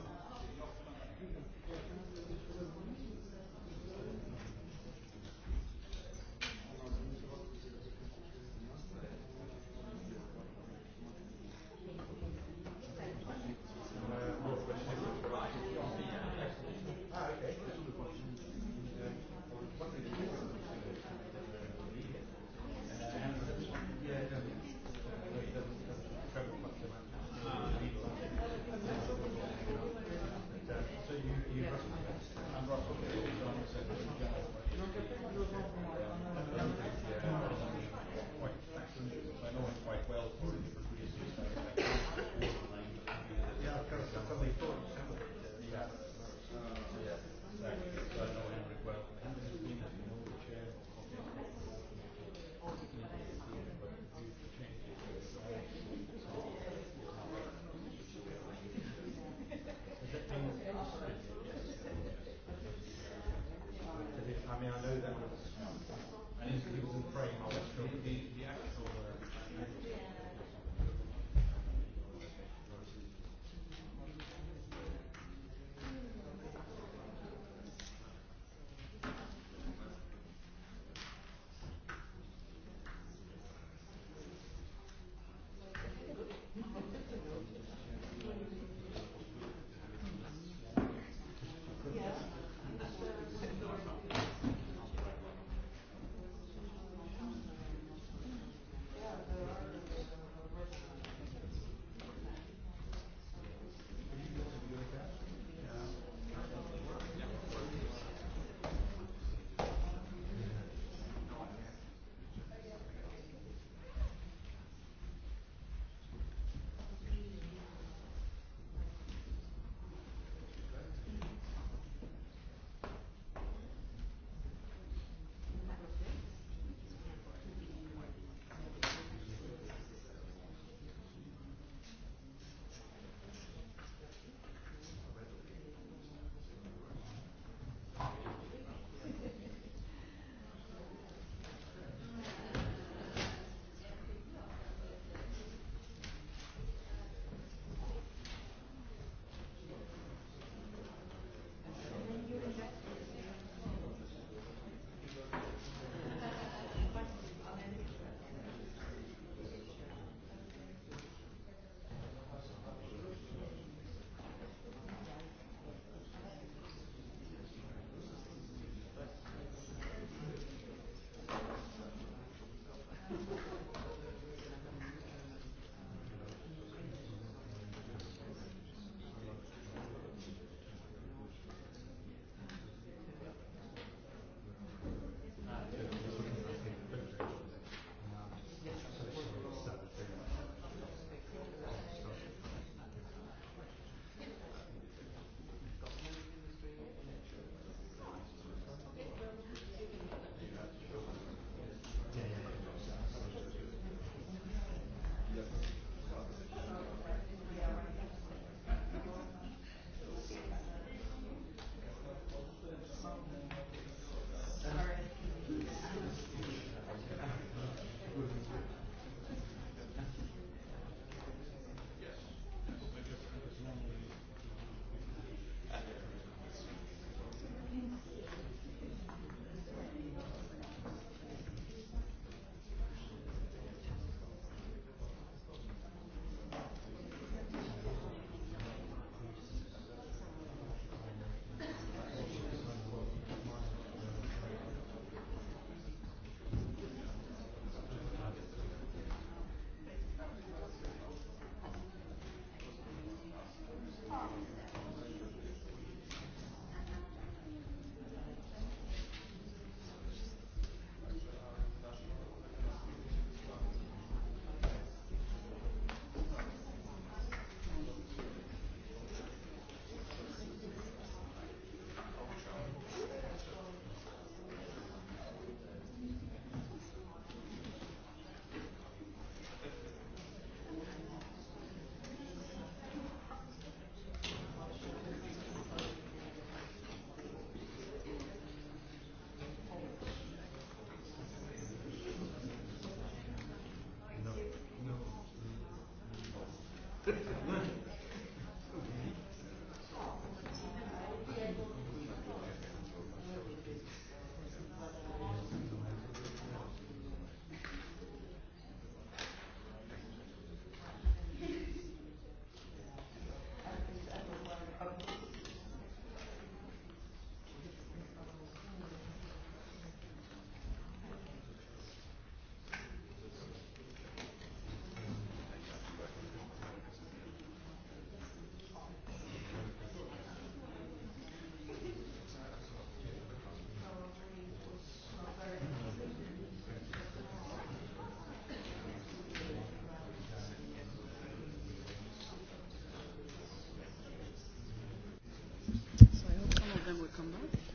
Ευχαριστώ.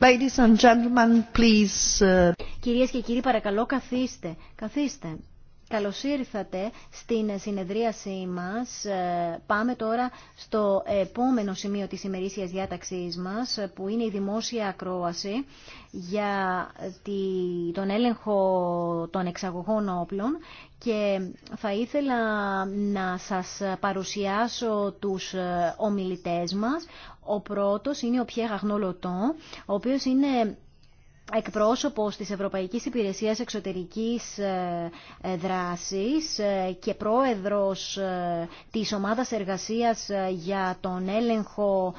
Ladies uh, Κυρίες και κύριοι, παρακαλώ καθίστε. Καθίστε. Καλώς ήρθατε στην συνεδρίαση μας. Ε, πάμε τώρα στο επόμενο σημείο της ημερήσιας διάταξής μας, που είναι η δημόσια ακρόαση για τον έλεγχο των εξαγωγών όπλων και θα ήθελα να σας παρουσιάσω τους ε, ομιλητές μας. Ο πρώτος είναι ο Πιέγα Γνώλοτο ο οποίος είναι εκπρόσωπος της Ευρωπαϊκής Υπηρεσίας Εξωτερικής ε, ε, Δράσης ε, και πρόεδρος της Ομάδας Εργασίας για τον έλεγχο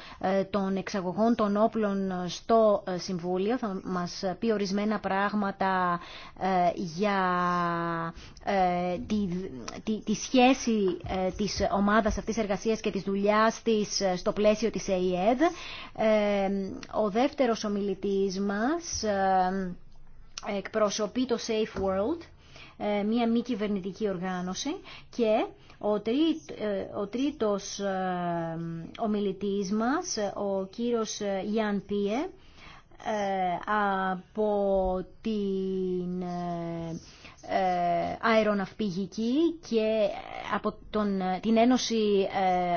των εξαγωγών των όπλων στο Συμβούλιο. Θα μας πει ορισμένα πράγματα για τη, τη, τη σχέση της ομάδας αυτής εργασίας και της δουλειάς της στο πλαίσιο της ΕΕΔ. Ο δεύτερος ομιλητής μας ε, εκπροσωπεί το Safe World, ε, μία μη κυβερνητική οργάνωση και ο, τρί, ε, ο τρίτος ομιλητής μας, ο κύριος Γιάν Πίε, από την ε, αεροναυπηγική και από τον, την Ένωση ε,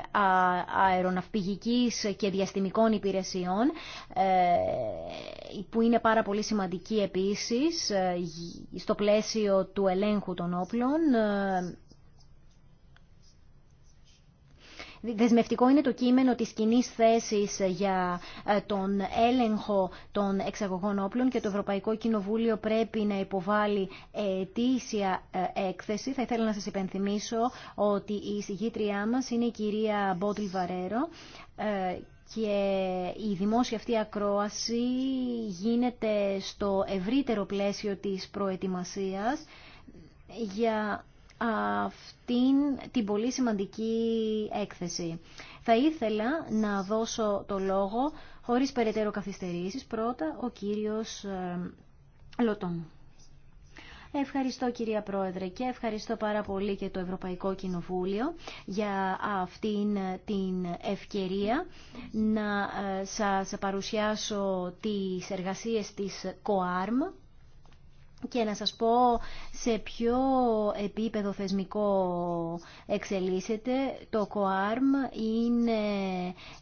Αεροναυπηγικής και Διαστημικών Υπηρεσιών ε, που είναι πάρα πολύ σημαντική επίσης στο πλαίσιο του ελέγχου των όπλων Δεσμευτικό είναι το κείμενο της κοινή θέσης για ε, τον έλεγχο των εξαγωγών όπλων και το Ευρωπαϊκό Κοινοβούλιο πρέπει να υποβάλει αιτήσια ε, έκθεση. Θα ήθελα να σας υπενθυμίσω ότι η εισηγήτριά μας είναι η κυρία Μπότλ Βαρέρο ε, και η δημόσια αυτή ακρόαση γίνεται στο ευρύτερο πλαίσιο της προετοιμασίας για αυτήν την πολύ σημαντική έκθεση. Θα ήθελα να δώσω το λόγο, χωρίς περαιτέρω καθυστερήσεις, πρώτα ο κύριος ε, Λωτών. Ευχαριστώ κυρία Πρόεδρε και ευχαριστώ πάρα πολύ και το Ευρωπαϊκό Κοινοβούλιο για αυτήν την ευκαιρία να ε, σας παρουσιάσω τις εργασίες της ΚΟΑΡΜ και να σας πω σε ποιο επίπεδο θεσμικό εξελίσσεται. Το COARM είναι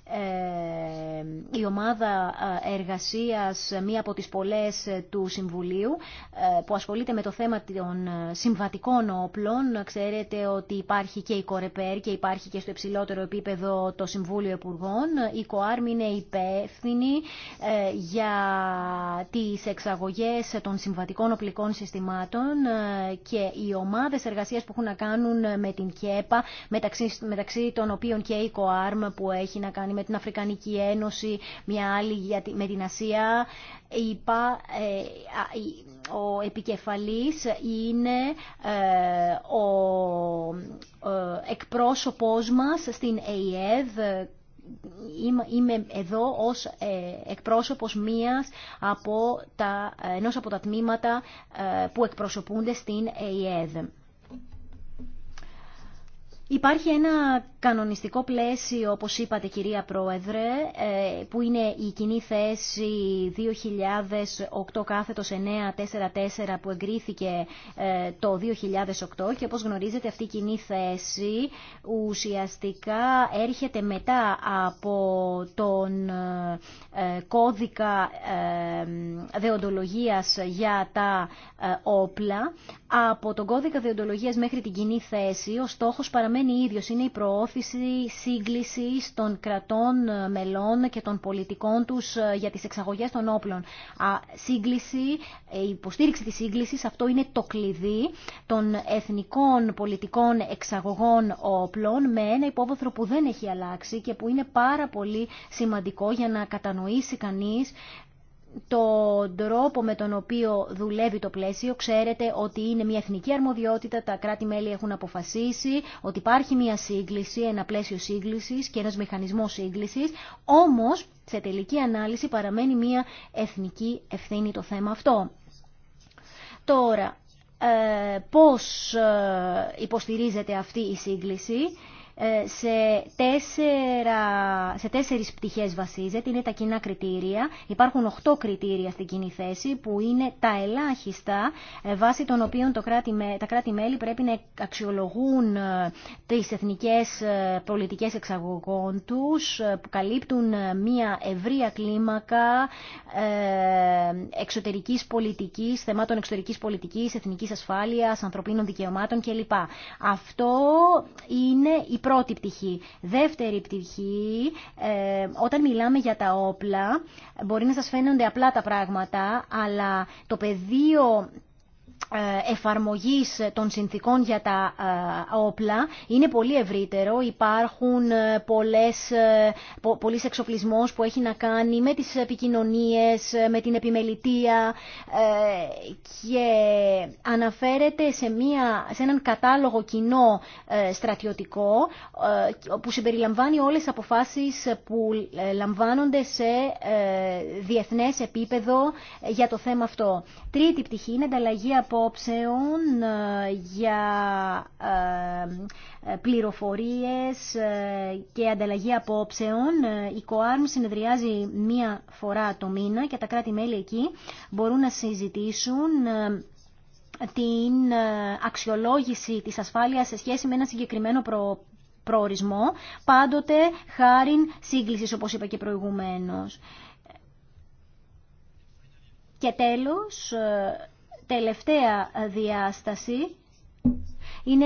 ε, η ομάδα ε, εργασίας, μία από τις πολλές του Συμβουλίου, ε, που ασχολείται με το θέμα των συμβατικών όπλων. Ξέρετε ότι υπάρχει και η Κορεπέρ και υπάρχει και στο υψηλότερο επίπεδο το Συμβούλιο Υπουργών. Η COARM είναι υπεύθυνη για τις εξαγωγές των συμβατικών όπλων υλικών συστημάτων ε, και οι ομάδες εργασίας που έχουν να κάνουν ε, με την ΚΕΠΑ, μεταξύ, μεταξύ των οποίων και η ΚΟΑΡΜ που έχει να κάνει με την Αφρικανική Ένωση, μια άλλη με την Ασία, είπα, ε, ο επικεφαλής είναι ο εκπρόσωπός μας στην ΑΕΔ είμαι εδώ ως ε, εκπρόσωπος μίας από τα, ε, ενός από τα τμήματα ε, που εκπροσωπούνται στην ΕΙΕΔ. Υπάρχει ένα κανονιστικό πλαίσιο, όπως είπατε κυρία Πρόεδρε, ε, που είναι η κοινή θέση 2008 944 που εγκρίθηκε ε, το 2008 και όπως γνωρίζετε αυτή η κοινή θέση ουσιαστικά έρχεται μετά από τον ε, κώδικα δεοντολογίας για τα όπλα. Από τον κώδικα δεοντολογίας μέχρι την κοινή θέση ο στόχος παραμένει ίδιος, είναι η προώθηση σύγκληση των κρατών ε, μελών και των πολιτικών τους ε, για τις εξαγωγές των όπλων. Σύγκληση, η ε, υποστήριξη της σύγκλησης, αυτό είναι το κλειδί των εθνικών πολιτικών εξαγωγών όπλων με ένα υπόβαθρο που δεν έχει αλλάξει και που είναι πάρα πολύ σημαντικό για να κατανοήσει κανείς τον τρόπο με τον οποίο δουλεύει το πλαίσιο. Ξέρετε ότι είναι μια εθνική αρμοδιότητα, τα κράτη-μέλη έχουν αποφασίσει ότι υπάρχει μια σύγκληση, ένα πλαίσιο σύγκλησης και ένας μηχανισμός σύγκλησης, όμως σε τελική ανάλυση παραμένει μια εθνική ευθύνη το θέμα αυτό. Τώρα, ε, πώς ε, υποστηρίζεται αυτή η σύγκληση ε, σε, τέσσερα, σε τέσσερις πτυχές βασίζεται, είναι τα κοινά κριτήρια. Υπάρχουν οχτώ κριτήρια στην κοινή θέση που είναι τα ελάχιστα ε, βάσει των οποίων το τα κράτη-μέλη πρέπει να αξιολογούν ε, τις εθνικές πολιτικές εξαγωγών τους που καλύπτουν μια ευρία κλίμακα εξωτερικής πολιτικής, θεμάτων εξωτερικής πολιτικής, εθνικής ασφάλειας, ανθρωπίνων δικαιωμάτων κλπ. Αυτό είναι η Πρώτη πτυχή. Δεύτερη πτυχή, ε, όταν μιλάμε για τα όπλα, μπορεί να σας φαίνονται απλά τα πράγματα, αλλά το πεδίο ε, εφαρμογής των συνθήκων για τα ε, όπλα είναι πολύ ευρύτερο. Υπάρχουν ε, πολλές, πο, εξοπλισμός που έχει να κάνει με τις επικοινωνίες, με την επιμελητεία και αναφέρεται σε, μια, σε έναν κατάλογο κοινό στρατιωτικό που συμπεριλαμβάνει όλες τις αποφάσεις που λαμβάνονται σε διεθνές επίπεδο για το θέμα αυτό. Τρίτη πτυχή είναι ανταλλαγή απόψεων ε, για ε, πληροφορίες ε, και ανταλλαγή απόψεων. Η ΚΟΑΡΜ συνεδριάζει μία φορά το μήνα και τα κράτη-μέλη εκεί μπορούν να συζητήσουν την αξιολόγηση της ασφάλειας σε σχέση με ένα συγκεκριμένο προ... προορισμό, πάντοτε χάριν σύγκλησης, όπως είπα και προηγουμένως. Και τέλος, τελευταία διάσταση είναι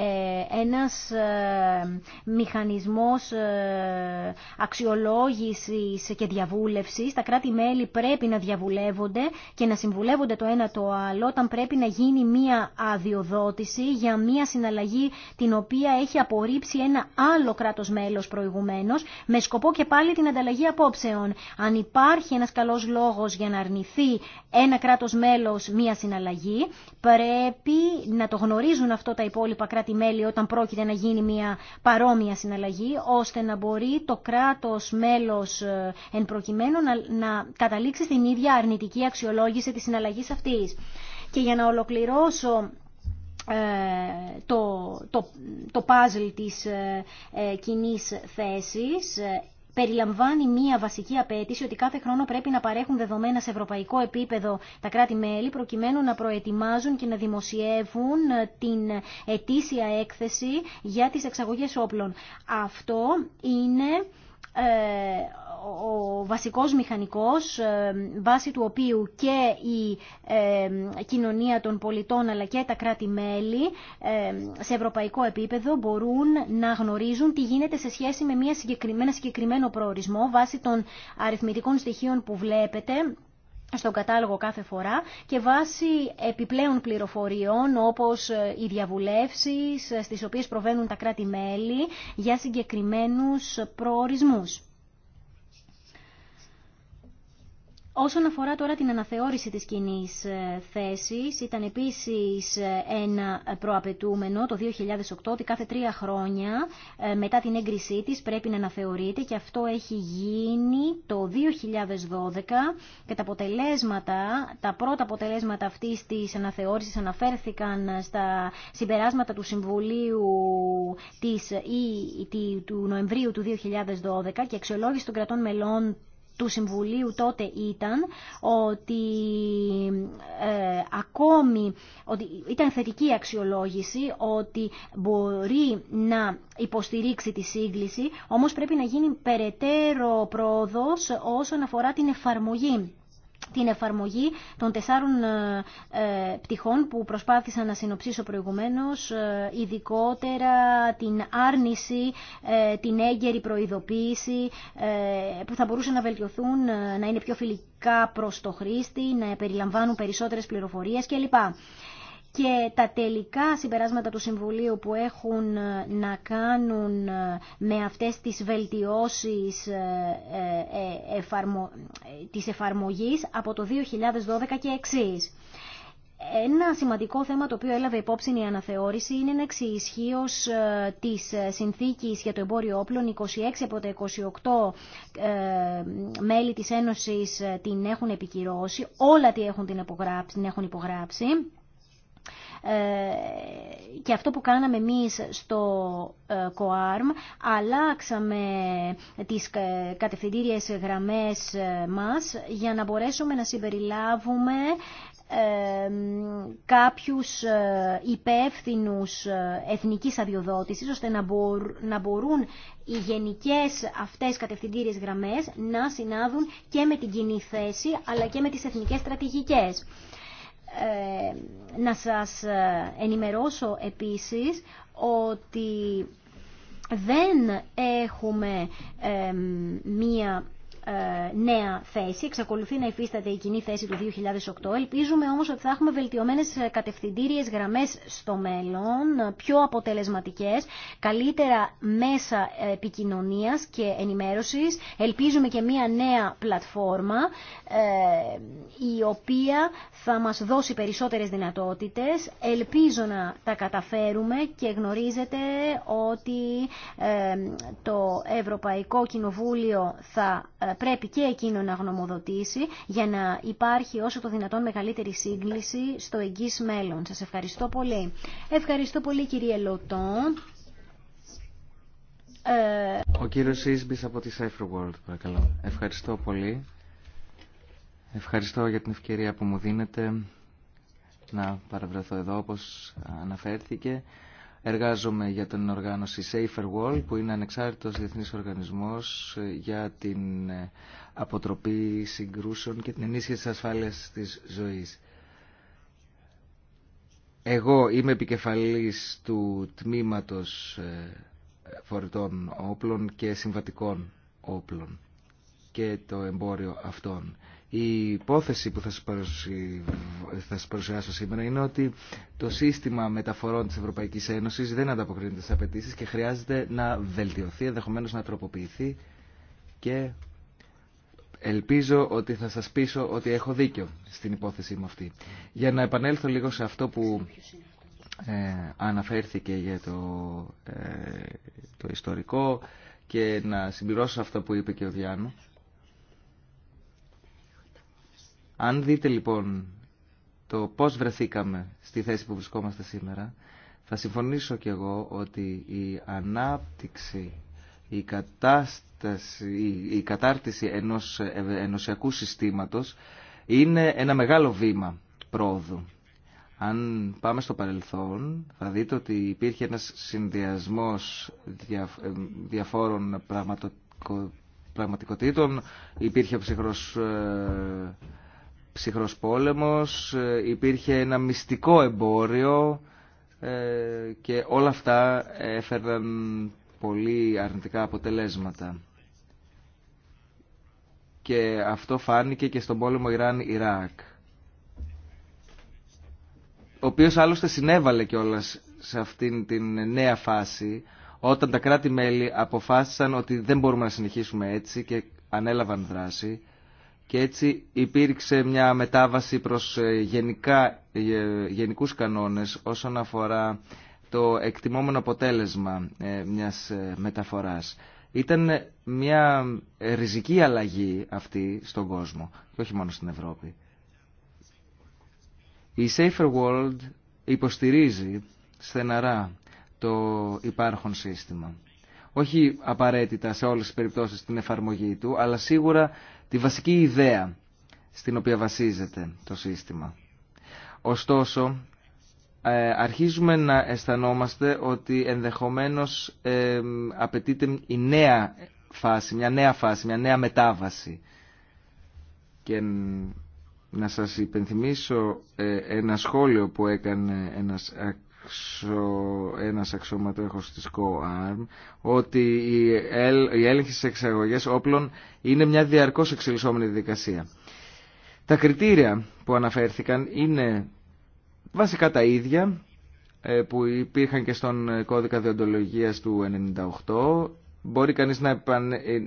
ε, ένας ε, μηχανισμός ε, αξιολόγησης και διαβούλευσης. Τα κράτη-μέλη πρέπει να διαβουλεύονται και να συμβουλεύονται το ένα το άλλο όταν πρέπει να γίνει μία αδειοδότηση για μία συναλλαγή την οποία έχει απορρίψει ένα άλλο κράτος μέλος προηγουμένως με σκοπό και πάλι την ανταλλαγή απόψεων. Αν υπάρχει ένας καλός λόγος για να αρνηθεί ένα κράτος μέλος μία συναλλαγή πρέπει να το γνωρίζουν αυτό τα υπόλοιπα κράτη-μέλη όταν πρόκειται να γίνει μια παρόμοια συναλλαγή, ώστε να μπορεί το κράτος μέλος ε, εν προκειμένου να, να καταλήξει στην ίδια αρνητική αξιολόγηση της συναλλαγής αυτής. Και για να ολοκληρώσω ε, το, το, το παζλ της ε, ε, κοινής θέσης περιλαμβάνει μία βασική απέτηση ότι κάθε χρόνο πρέπει να παρέχουν δεδομένα σε ευρωπαϊκό επίπεδο τα κράτη-μέλη προκειμένου να προετοιμάζουν και να δημοσιεύουν ε, την ετήσια έκθεση για τις εξαγωγές όπλων. Αυτό είναι ε, ο βασικός μηχανικός ε, βάσει του οποίου και η ε, κοινωνία των πολιτών αλλά και τα κράτη-μέλη σε ευρωπαϊκό επίπεδο μπορούν να γνωρίζουν τι γίνεται σε σχέση με μια συγκεκριμένα συγκεκριμένο προορισμό βάσει των αριθμητικών στοιχείων που βλέπετε στον κατάλογο κάθε φορά και βάσει επιπλέον πληροφοριών όπως ε, οι διαβουλεύσεις ε, στις οποίες προβαίνουν τα κράτη-μέλη για συγκεκριμένους προορισμούς. Όσον αφορά τώρα την αναθεώρηση της κοινή ε, θέσης, ήταν επίσης ε, ένα προαπαιτούμενο το 2008 ότι κάθε τρία χρόνια ε, μετά την έγκρισή της πρέπει να αναθεωρείται και αυτό έχει γίνει το 2012 και τα αποτελέσματα, τα πρώτα αποτελέσματα αυτής της αναθεώρησης αναφέρθηκαν στα συμπεράσματα του Συμβουλίου της, ή, του Νοεμβρίου του 2012 και εξολόγηση των κρατών μελών του Συμβουλίου τότε ήταν ότι ε, ακόμη ότι ήταν θετική αξιολόγηση ότι μπορεί να υποστηρίξει τη σύγκληση, όμως πρέπει να γίνει περαιτέρω πρόοδος όσον αφορά την εφαρμογή την εφαρμογή των τεσσάρων ε, ε, πτυχών που προσπάθησα να συνοψίσω προηγουμένως, ε, ειδικότερα την άρνηση, την έγκαιρη προειδοποίηση που θα μπορούσαν να βελτιωθούν, να είναι πιο φιλικά προς το χρήστη, να περιλαμβάνουν περισσότερες πληροφορίες κλπ και τα τελικά συμπεράσματα του Συμβουλίου που έχουν ε, να κάνουν ε, με αυτές τις βελτιώσεις ε, της εφαρμογής από το 2012 και εξής. Ένα σημαντικό θέμα το οποίο έλαβε υπόψη η αναθεώρηση είναι ένα τη της συνθήκης για το εμπόριο όπλων. 26 από τα 28 μέλη της Ένωσης την έχουν επικυρώσει, όλα τι έχουν την υπογράψει. Ε, και αυτό που κάναμε εμείς στο ΚΟΑΡΜ, ε, αλλάξαμε τις ε, κατευθυντήριες γραμμές μας για να μπορέσουμε να συμπεριλάβουμε κάποιους υπεύθυνους εθνικής αδειοδότησης ώστε να μπορούν οι γενικές αυτές κατευθυντήριες γραμμές να συνάδουν και με την κοινή θέση αλλά και με τις εθνικές στρατηγικές. Ε, να σας ε, ενημερώσω επίσης ότι δεν έχουμε ε, μία ε, νέα θέση. Εξακολουθεί να υφίσταται η κοινή θέση του 2008. Ελπίζουμε όμως ότι θα έχουμε βελτιωμένες ε, κατευθυντήριες γραμμές στο μέλλον, ε, πιο αποτελεσματικές, καλύτερα μέσα επικοινωνίας και ενημέρωσης. Ελπίζουμε και μία νέα πλατφόρμα η οποία θα μας δώσει περισσότερες δυνατότητες. Ελπίζω να τα καταφέρουμε και γνωρίζετε ότι το Ευρωπαϊκό Κοινοβούλιο θα πρέπει και εκείνο να γνωμοδοτήσει για να υπάρχει όσο το δυνατόν μεγαλύτερη σύγκληση στο εγγύς μέλλον. Σας ευχαριστώ πολύ. Ευχαριστώ πολύ κύριε Λωτό. Ε, Ο κύριος Ίσμπης από τη Safer World, παρακαλώ. Ευχαριστώ πολύ. Ευχαριστώ για την ευκαιρία που μου δίνετε να παραβρεθώ εδώ όπως αναφέρθηκε. Εργάζομαι για την οργάνωση Safer Wall, που είναι ανεξάρτητος διεθνής οργανισμός ε, για την ε, αποτροπή συγκρούσεων και την ενίσχυση της ασφάλειας της ζωής. Εγώ είμαι επικεφαλής του τμήματος ε, φορητών όπλων και συμβατικών όπλων και το εμπόριο αυτών. Η υπόθεση που θα σας, παρουσιάσω σήμερα είναι ότι το σύστημα μεταφορών της Ευρωπαϊκής Ένωσης δεν ανταποκρίνεται στις απαιτήσει και χρειάζεται να βελτιωθεί, ενδεχομένω να τροποποιηθεί και ελπίζω ότι θα σας πείσω ότι έχω δίκιο στην υπόθεση μου αυτή. Για να επανέλθω λίγο σε αυτό που ε, αναφέρθηκε για το, ε, το ιστορικό και να συμπληρώσω αυτό που είπε και ο Διάνο, Αν δείτε λοιπόν το πώς βρεθήκαμε στη θέση που βρισκόμαστε σήμερα, θα συμφωνήσω κι εγώ ότι η ανάπτυξη, η, κατάσταση, η κατάρτιση ενός ενωσιακού συστήματος είναι ένα μεγάλο βήμα πρόοδου. Αν πάμε στο παρελθόν, θα δείτε ότι υπήρχε ένας συνδυασμός ε, διαφόρων πραγματικοτήτων, υπήρχε ψυχρός ε, ψυχρός πόλεμος, ε, υπήρχε ένα μυστικό εμπόριο ε, και όλα αυτά έφεραν πολύ αρνητικά αποτελέσματα. Και αυτό φάνηκε και στον πόλεμο Ιράν-Ιράκ. Ο οποίος άλλωστε συνέβαλε κιόλας σε αυτήν την νέα φάση όταν τα κράτη-μέλη αποφάσισαν ότι δεν μπορούμε να συνεχίσουμε έτσι και ανέλαβαν δράση και έτσι υπήρξε μια μετάβαση προς ε, γενικά, ε, γενικούς κανόνες όσον αφορά το εκτιμόμενο αποτέλεσμα ε, μιας μεταφοράς. Ήταν μια ριζική αλλαγή αυτή στον κόσμο και όχι μόνο στην Ευρώπη. Η Safer World υποστηρίζει στεναρά το υπάρχον σύστημα. Όχι απαραίτητα σε όλες τις περιπτώσεις την εφαρμογή του, αλλά σίγουρα τη βασική ιδέα στην οποία βασίζεται το σύστημα. Ωστόσο, ε, αρχίζουμε να αισθανόμαστε ότι ενδεχομένως ε, απαιτείται η νέα φάση, μια νέα φάση, μια νέα μετάβαση. Και να σας υπενθυμίσω ε, ένα σχόλιο που έκανε ένας ένας αξιωματέχος της COARM ότι η, ελ, η έλεγχη εξαγωγές όπλων είναι μια διαρκώς εξελισσόμενη δικασία. Τα κριτήρια που αναφέρθηκαν είναι βασικά τα ίδια ε, που υπήρχαν και στον κώδικα διοντολογίας του 98 μπορεί κανείς να, ε,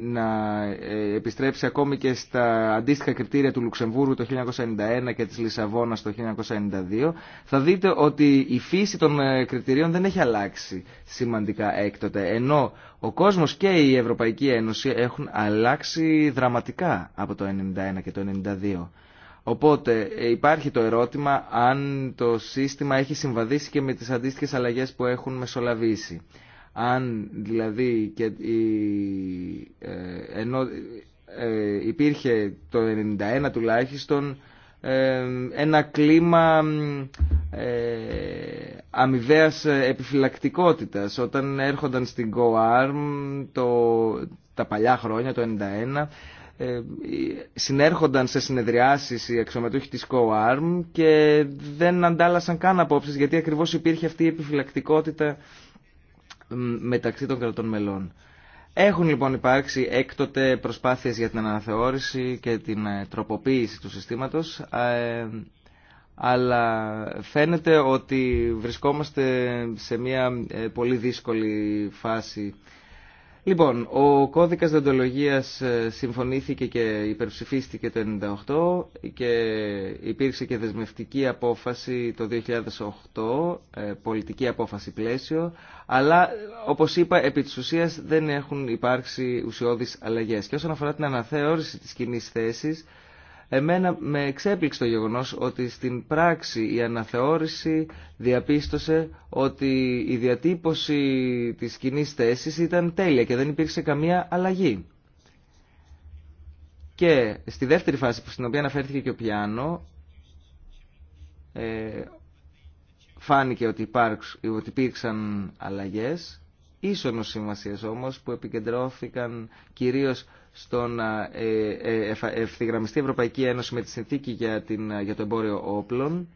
να ε, επιστρέψει ακόμη και στα αντίστοιχα κριτήρια του Λουξεμβούργου το 1991 και της Λισαβόνας το 1992, θα δείτε ότι η φύση των ε, κριτηρίων δεν έχει αλλάξει σημαντικά έκτοτε, ενώ ο κόσμος και η Ευρωπαϊκή Ένωση έχουν αλλάξει δραματικά από το 1991 και το 1992. Οπότε υπάρχει το ερώτημα αν το σύστημα έχει συμβαδίσει και με τις αντίστοιχες αλλαγές που έχουν μεσολαβήσει. Αν δηλαδή και η, ε, ενώ, ε, υπήρχε το 91 τουλάχιστον ε, ένα κλίμα ε, αμοιβαίας επιφυλακτικότητας όταν έρχονταν στην GoArm τα παλιά χρόνια, το 91 ε, συνέρχονταν σε συνεδριάσεις οι αξιωματούχοι της GoArm και δεν αντάλλασαν καν απόψεις γιατί ακριβώς υπήρχε αυτή η επιφυλακτικότητα μεταξύ των κρατών μελών. Έχουν λοιπόν υπάρξει έκτοτε προσπάθειες για την αναθεώρηση και την ε, τροποποίηση του συστήματος, ε, αλλά φαίνεται ότι βρισκόμαστε σε μια ε, πολύ δύσκολη φάση Λοιπόν, ο κώδικας δοντολογίας ε, συμφωνήθηκε και υπερψηφίστηκε το 1998 και υπήρξε και δεσμευτική απόφαση το 2008, ε, πολιτική απόφαση πλαίσιο, αλλά όπως είπα επί της ουσίας δεν έχουν υπάρξει ουσιώδεις αλλαγές. Και όσον αφορά την αναθεώρηση της κοινή θέσης, Εμένα με εξέπληξε το γεγονός ότι στην πράξη η αναθεώρηση διαπίστωσε ότι η διατύπωση της κοινή θέση ήταν τέλεια και δεν υπήρξε καμία αλλαγή. Και στη δεύτερη φάση στην οποία αναφέρθηκε και ο πιάνο, ε, φάνηκε ότι, ότι υπήρξαν αλλαγές, ίσονος σημασίας όμως που επικεντρώθηκαν κυρίως στο να ε, ε, ευθυγραμμιστεί η Ευρωπαϊκή Ένωση με τη συνθήκη για, την, για το εμπόριο όπλων.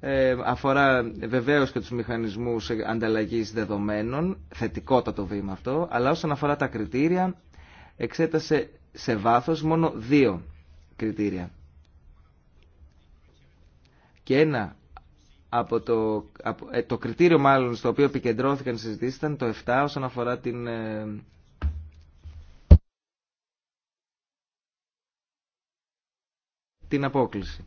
Ε, αφορά βεβαίως και τους μηχανισμούς ανταλλαγής δεδομένων, θετικότατο βήμα αυτό, αλλά όσον αφορά τα κριτήρια, εξέτασε σε βάθος μόνο δύο κριτήρια. Και ένα από το, ε, το κριτήριο μάλλον στο οποίο επικεντρώθηκαν συζητήσεις ήταν το 7 όσον αφορά την την απόκληση.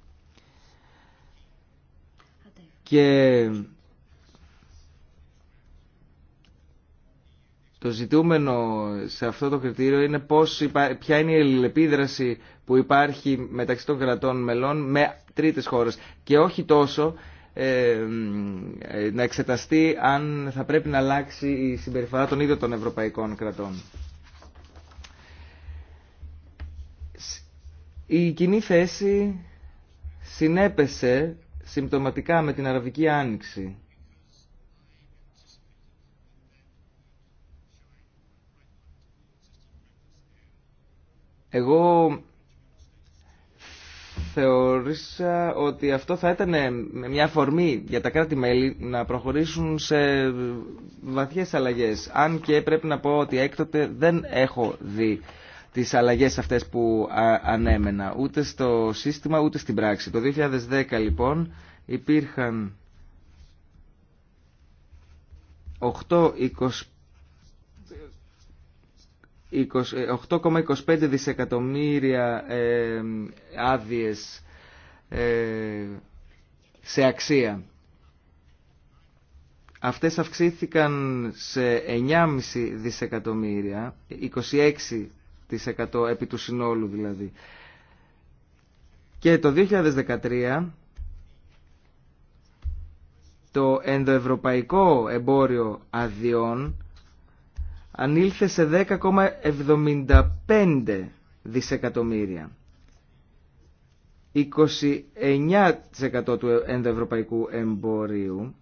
Και το ζητούμενο σε αυτό το κριτήριο είναι πώς, ποια είναι η ελληνεπίδραση που υπάρχει μεταξύ των κρατών μελών με τρίτες χώρες και όχι τόσο ε, ε, να εξεταστεί αν θα πρέπει να αλλάξει η συμπεριφορά των ίδιων των ευρωπαϊκών κρατών. Η κοινή θέση συνέπεσε συμπτωματικά με την Αραβική Άνοιξη. Εγώ θεωρήσα ότι αυτό θα ήταν μια αφορμή για τα κράτη-μέλη να προχωρήσουν σε βαθιές αλλαγές. Αν και πρέπει να πω ότι έκτοτε δεν έχω δει τις αλλαγές αυτές που ανέμενα, ούτε στο σύστημα ούτε στην πράξη. Το 2010 λοιπόν υπήρχαν 8,25 ε, δισεκατομμύρια ε, άδειες ε, σε αξία. Αυτές αυξήθηκαν σε 9,5 δισεκατομμύρια, 26 10% επί του συνόλου δηλαδή. Και το 2013 το ενδοευρωπαϊκό εμπόριο αδειών ανήλθε σε 10,75 δισεκατομμύρια. 29% του ενδοευρωπαϊκού εμπορίου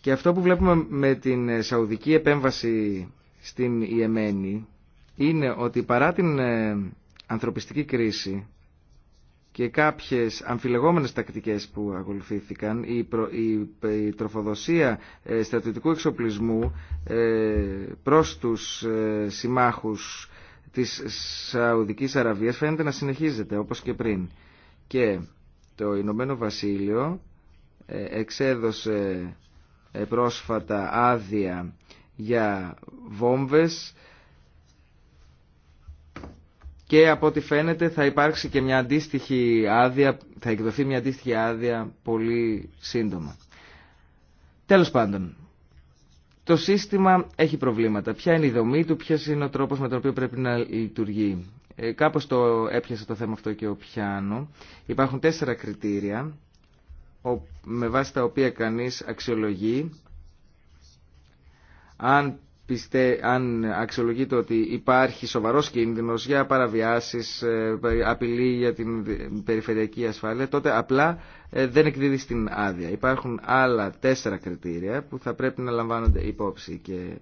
Και αυτό που βλέπουμε με την ε, σαουδική επέμβαση στην Ιεμένη είναι ότι παρά την ε, ανθρωπιστική κρίση και κάποιες αμφιλεγόμενες τακτικές που ακολουθήθηκαν, η, η, τροφοδοσία ε, στρατιωτικού εξοπλισμού προς τους ε, συμμάχους της Σαουδικής Αραβίας φαίνεται να συνεχίζεται όπως και πριν. Και το Ηνωμένο Βασίλειο εξέδωσε ε, πρόσφατα άδεια για βόμβες και από ό,τι φαίνεται θα υπάρξει και μια αντίστοιχη άδεια, θα εκδοθεί μια αντίστοιχη άδεια πολύ σύντομα. Τέλος πάντων, το σύστημα έχει προβλήματα. Ποια είναι η δομή του, ποιος είναι ο τρόπος με τον οποίο πρέπει να λειτουργεί. Ε, κάπως το έπιασε το θέμα αυτό και ο Πιάνο. Υπάρχουν τέσσερα κριτήρια με βάση τα οποία κανείς αξιολογεί αν, πιστε, αν αξιολογεί ότι υπάρχει σοβαρός κίνδυνος για παραβιάσεις, ε, απειλή για την περιφερειακή ασφάλεια, τότε απλά ε, δεν εκδίδει την άδεια. Υπάρχουν άλλα τέσσερα κριτήρια που θα πρέπει να λαμβάνονται υπόψη και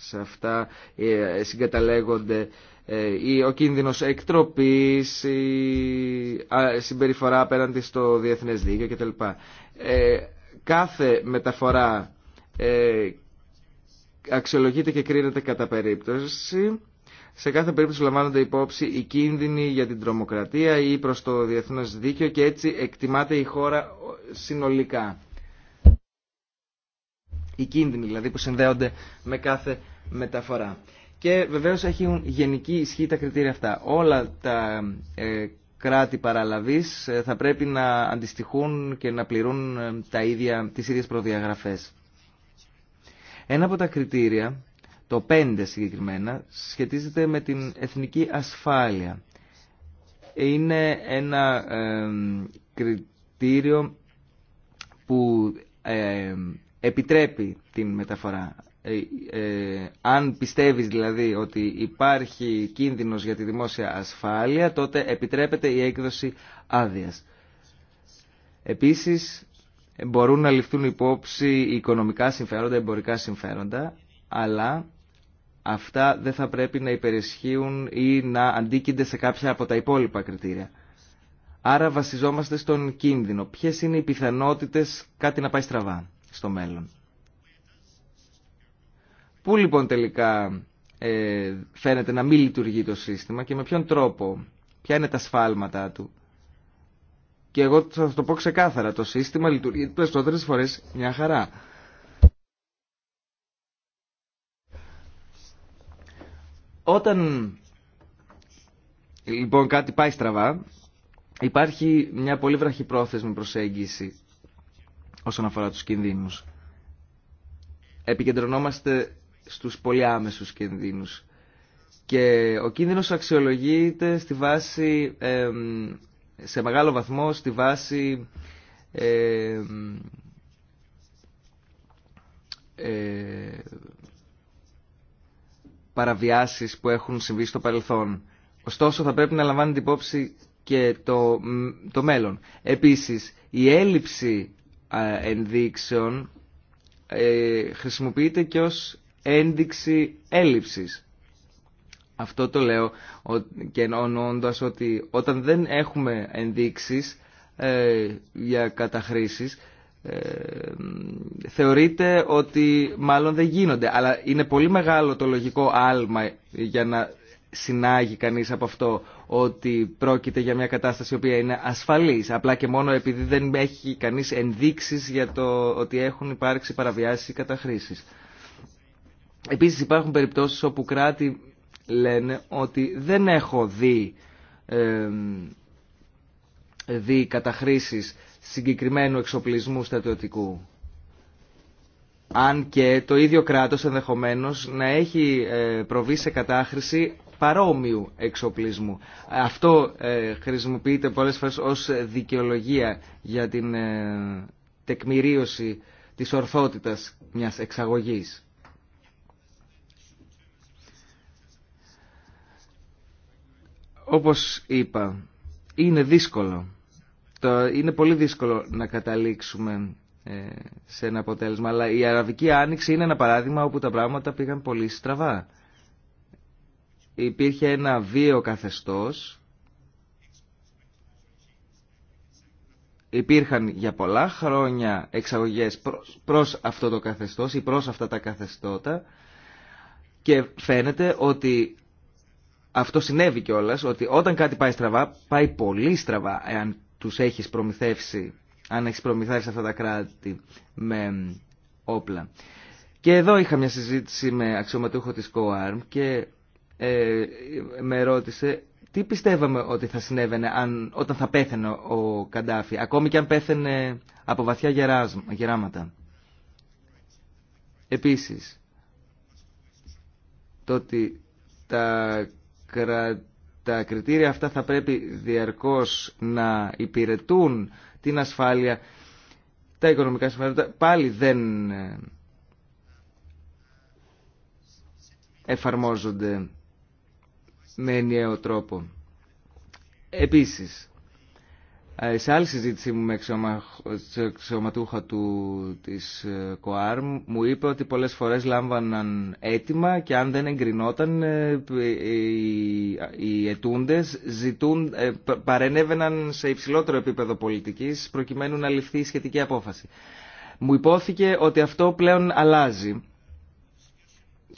σε αυτά ε, συγκαταλέγονται ε, ή ο κίνδυνος εκτροπής, η συμπεριφορά απέναντι στο διεθνές δίκαιο κτλ. Ε, κάθε μεταφορά αξιολογείται και κρίνεται κατά περίπτωση. Σε κάθε περίπτωση λαμβάνονται υπόψη οι κίνδυνοι για την τρομοκρατία ή προς το διεθνές δίκαιο και έτσι εκτιμάται η χώρα συνολικά. Οι κίνδυνοι δηλαδή που συνδέονται με κάθε μεταφορά. Και βεβαίως έχουν γενική ισχύ τα κριτήρια αυτά. Όλα τα ε, κράτη παραλαβής ε, θα πρέπει να αντιστοιχούν και να πληρούν ε, τα ίδια, τις ίδιες προδιαγραφές. Ένα από τα κριτήρια, το 5 συγκεκριμένα, σχετίζεται με την εθνική ασφάλεια. Είναι ένα κριτήριο που επιτρέπει την μεταφορά ε, ε, αν πιστεύεις δηλαδή ότι υπάρχει κίνδυνος για τη δημόσια ασφάλεια, τότε επιτρέπεται η έκδοση άδειας. Επίσης, μπορούν να ληφθούν υπόψη οικονομικά συμφέροντα, εμπορικά συμφέροντα, αλλά αυτά δεν θα πρέπει να υπερισχύουν ή να αντίκεινται σε κάποια από τα υπόλοιπα κριτήρια. Άρα βασιζόμαστε στον κίνδυνο. Ποιες είναι οι πιθανότητες κάτι να πάει στραβά στο μέλλον. Πού λοιπόν τελικά ε, φαίνεται να μην λειτουργεί το σύστημα και με ποιον τρόπο, ποια είναι τα σφάλματα του. Και εγώ θα το πω ξεκάθαρα, το σύστημα λειτουργεί περισσότερες φορές μια χαρά. Όταν λοιπόν κάτι πάει στραβά, υπάρχει μια πολύ βραχυπρόθεσμη προσέγγιση όσον αφορά τους κινδύνους. Επικεντρωνόμαστε στους πολυάμεσους κινδύνους. Και ο κίνδυνος αξιολογείται στη βάση, σε μεγάλο βαθμό στη βάση ε, παραβιάσεις που έχουν συμβεί στο παρελθόν. Ωστόσο θα πρέπει να λαμβάνει την υπόψη και το, το μέλλον. Επίσης, η έλλειψη ενδείξεων ε, χρησιμοποιείται και ως ένδειξη έλλειψης. Αυτό το λέω και εννοώντας ότι όταν δεν έχουμε ενδείξεις ε, για καταχρήσεις ε, θεωρείται ότι μάλλον δεν γίνονται. Αλλά είναι πολύ μεγάλο το λογικό άλμα για να συνάγει κανείς από αυτό ότι πρόκειται για μια κατάσταση η οποία είναι ασφαλής απλά και μόνο επειδή δεν έχει κανείς ενδείξεις για το ότι έχουν υπάρξει παραβιάσεις ή καταχρήσεις. Επίσης υπάρχουν περιπτώσεις όπου κράτη λένε ότι δεν έχω δει, ε, δει καταχρήσεις συγκεκριμένου εξοπλισμού στρατιωτικού. Αν και το ίδιο κράτος ενδεχομένως να έχει ε, προβεί σε κατάχρηση παρόμοιου εξοπλισμού. Αυτό ε, χρησιμοποιείται πολλές φορές ως δικαιολογία για την ε, τεκμηρίωση της ορθότητας μιας εξαγωγής. Όπως είπα, είναι δύσκολο. Το, είναι πολύ δύσκολο να καταλήξουμε ε, σε ένα αποτέλεσμα. Αλλά η Αραβική Άνοιξη είναι ένα παράδειγμα όπου τα πράγματα πήγαν πολύ στραβά. Υπήρχε ένα βίο καθεστώς. Υπήρχαν για πολλά χρόνια εξαγωγές προς, προς αυτό το καθεστώς ή προς αυτά τα καθεστώτα και φαίνεται ότι αυτό συνέβη κιόλα ότι όταν κάτι πάει στραβά, πάει πολύ στραβά εάν τους έχεις προμηθεύσει, αν έχεις προμηθεύσει αυτά τα κράτη με όπλα. Και εδώ είχα μια συζήτηση με αξιωματούχο της ΚΟΑΡΜ και ε, με ρώτησε τι πιστεύαμε ότι θα συνέβαινε αν, όταν θα πέθαινε ο Καντάφη, ακόμη και αν πέθαινε από βαθιά γεράματα. Επίσης, το ότι τα τα κριτήρια αυτά θα πρέπει διαρκώς να υπηρετούν την ασφάλεια, τα οικονομικά συμφέροντα πάλι δεν ε, εφαρμόζονται με ενιαίο τρόπο. Επίσης, ε, σε άλλη συζήτησή μου με εξωματούχα του, της ε, ΚΟΑΡΜ μου είπε ότι πολλές φορές λάμβαναν αίτημα και αν δεν εγκρινόταν ε, οι ετούντες ζητούν, παρενέβαιναν σε υψηλότερο επίπεδο πολιτικής προκειμένου να ληφθεί η σχετική απόφαση. Μου υπόθηκε ότι αυτό πλέον αλλάζει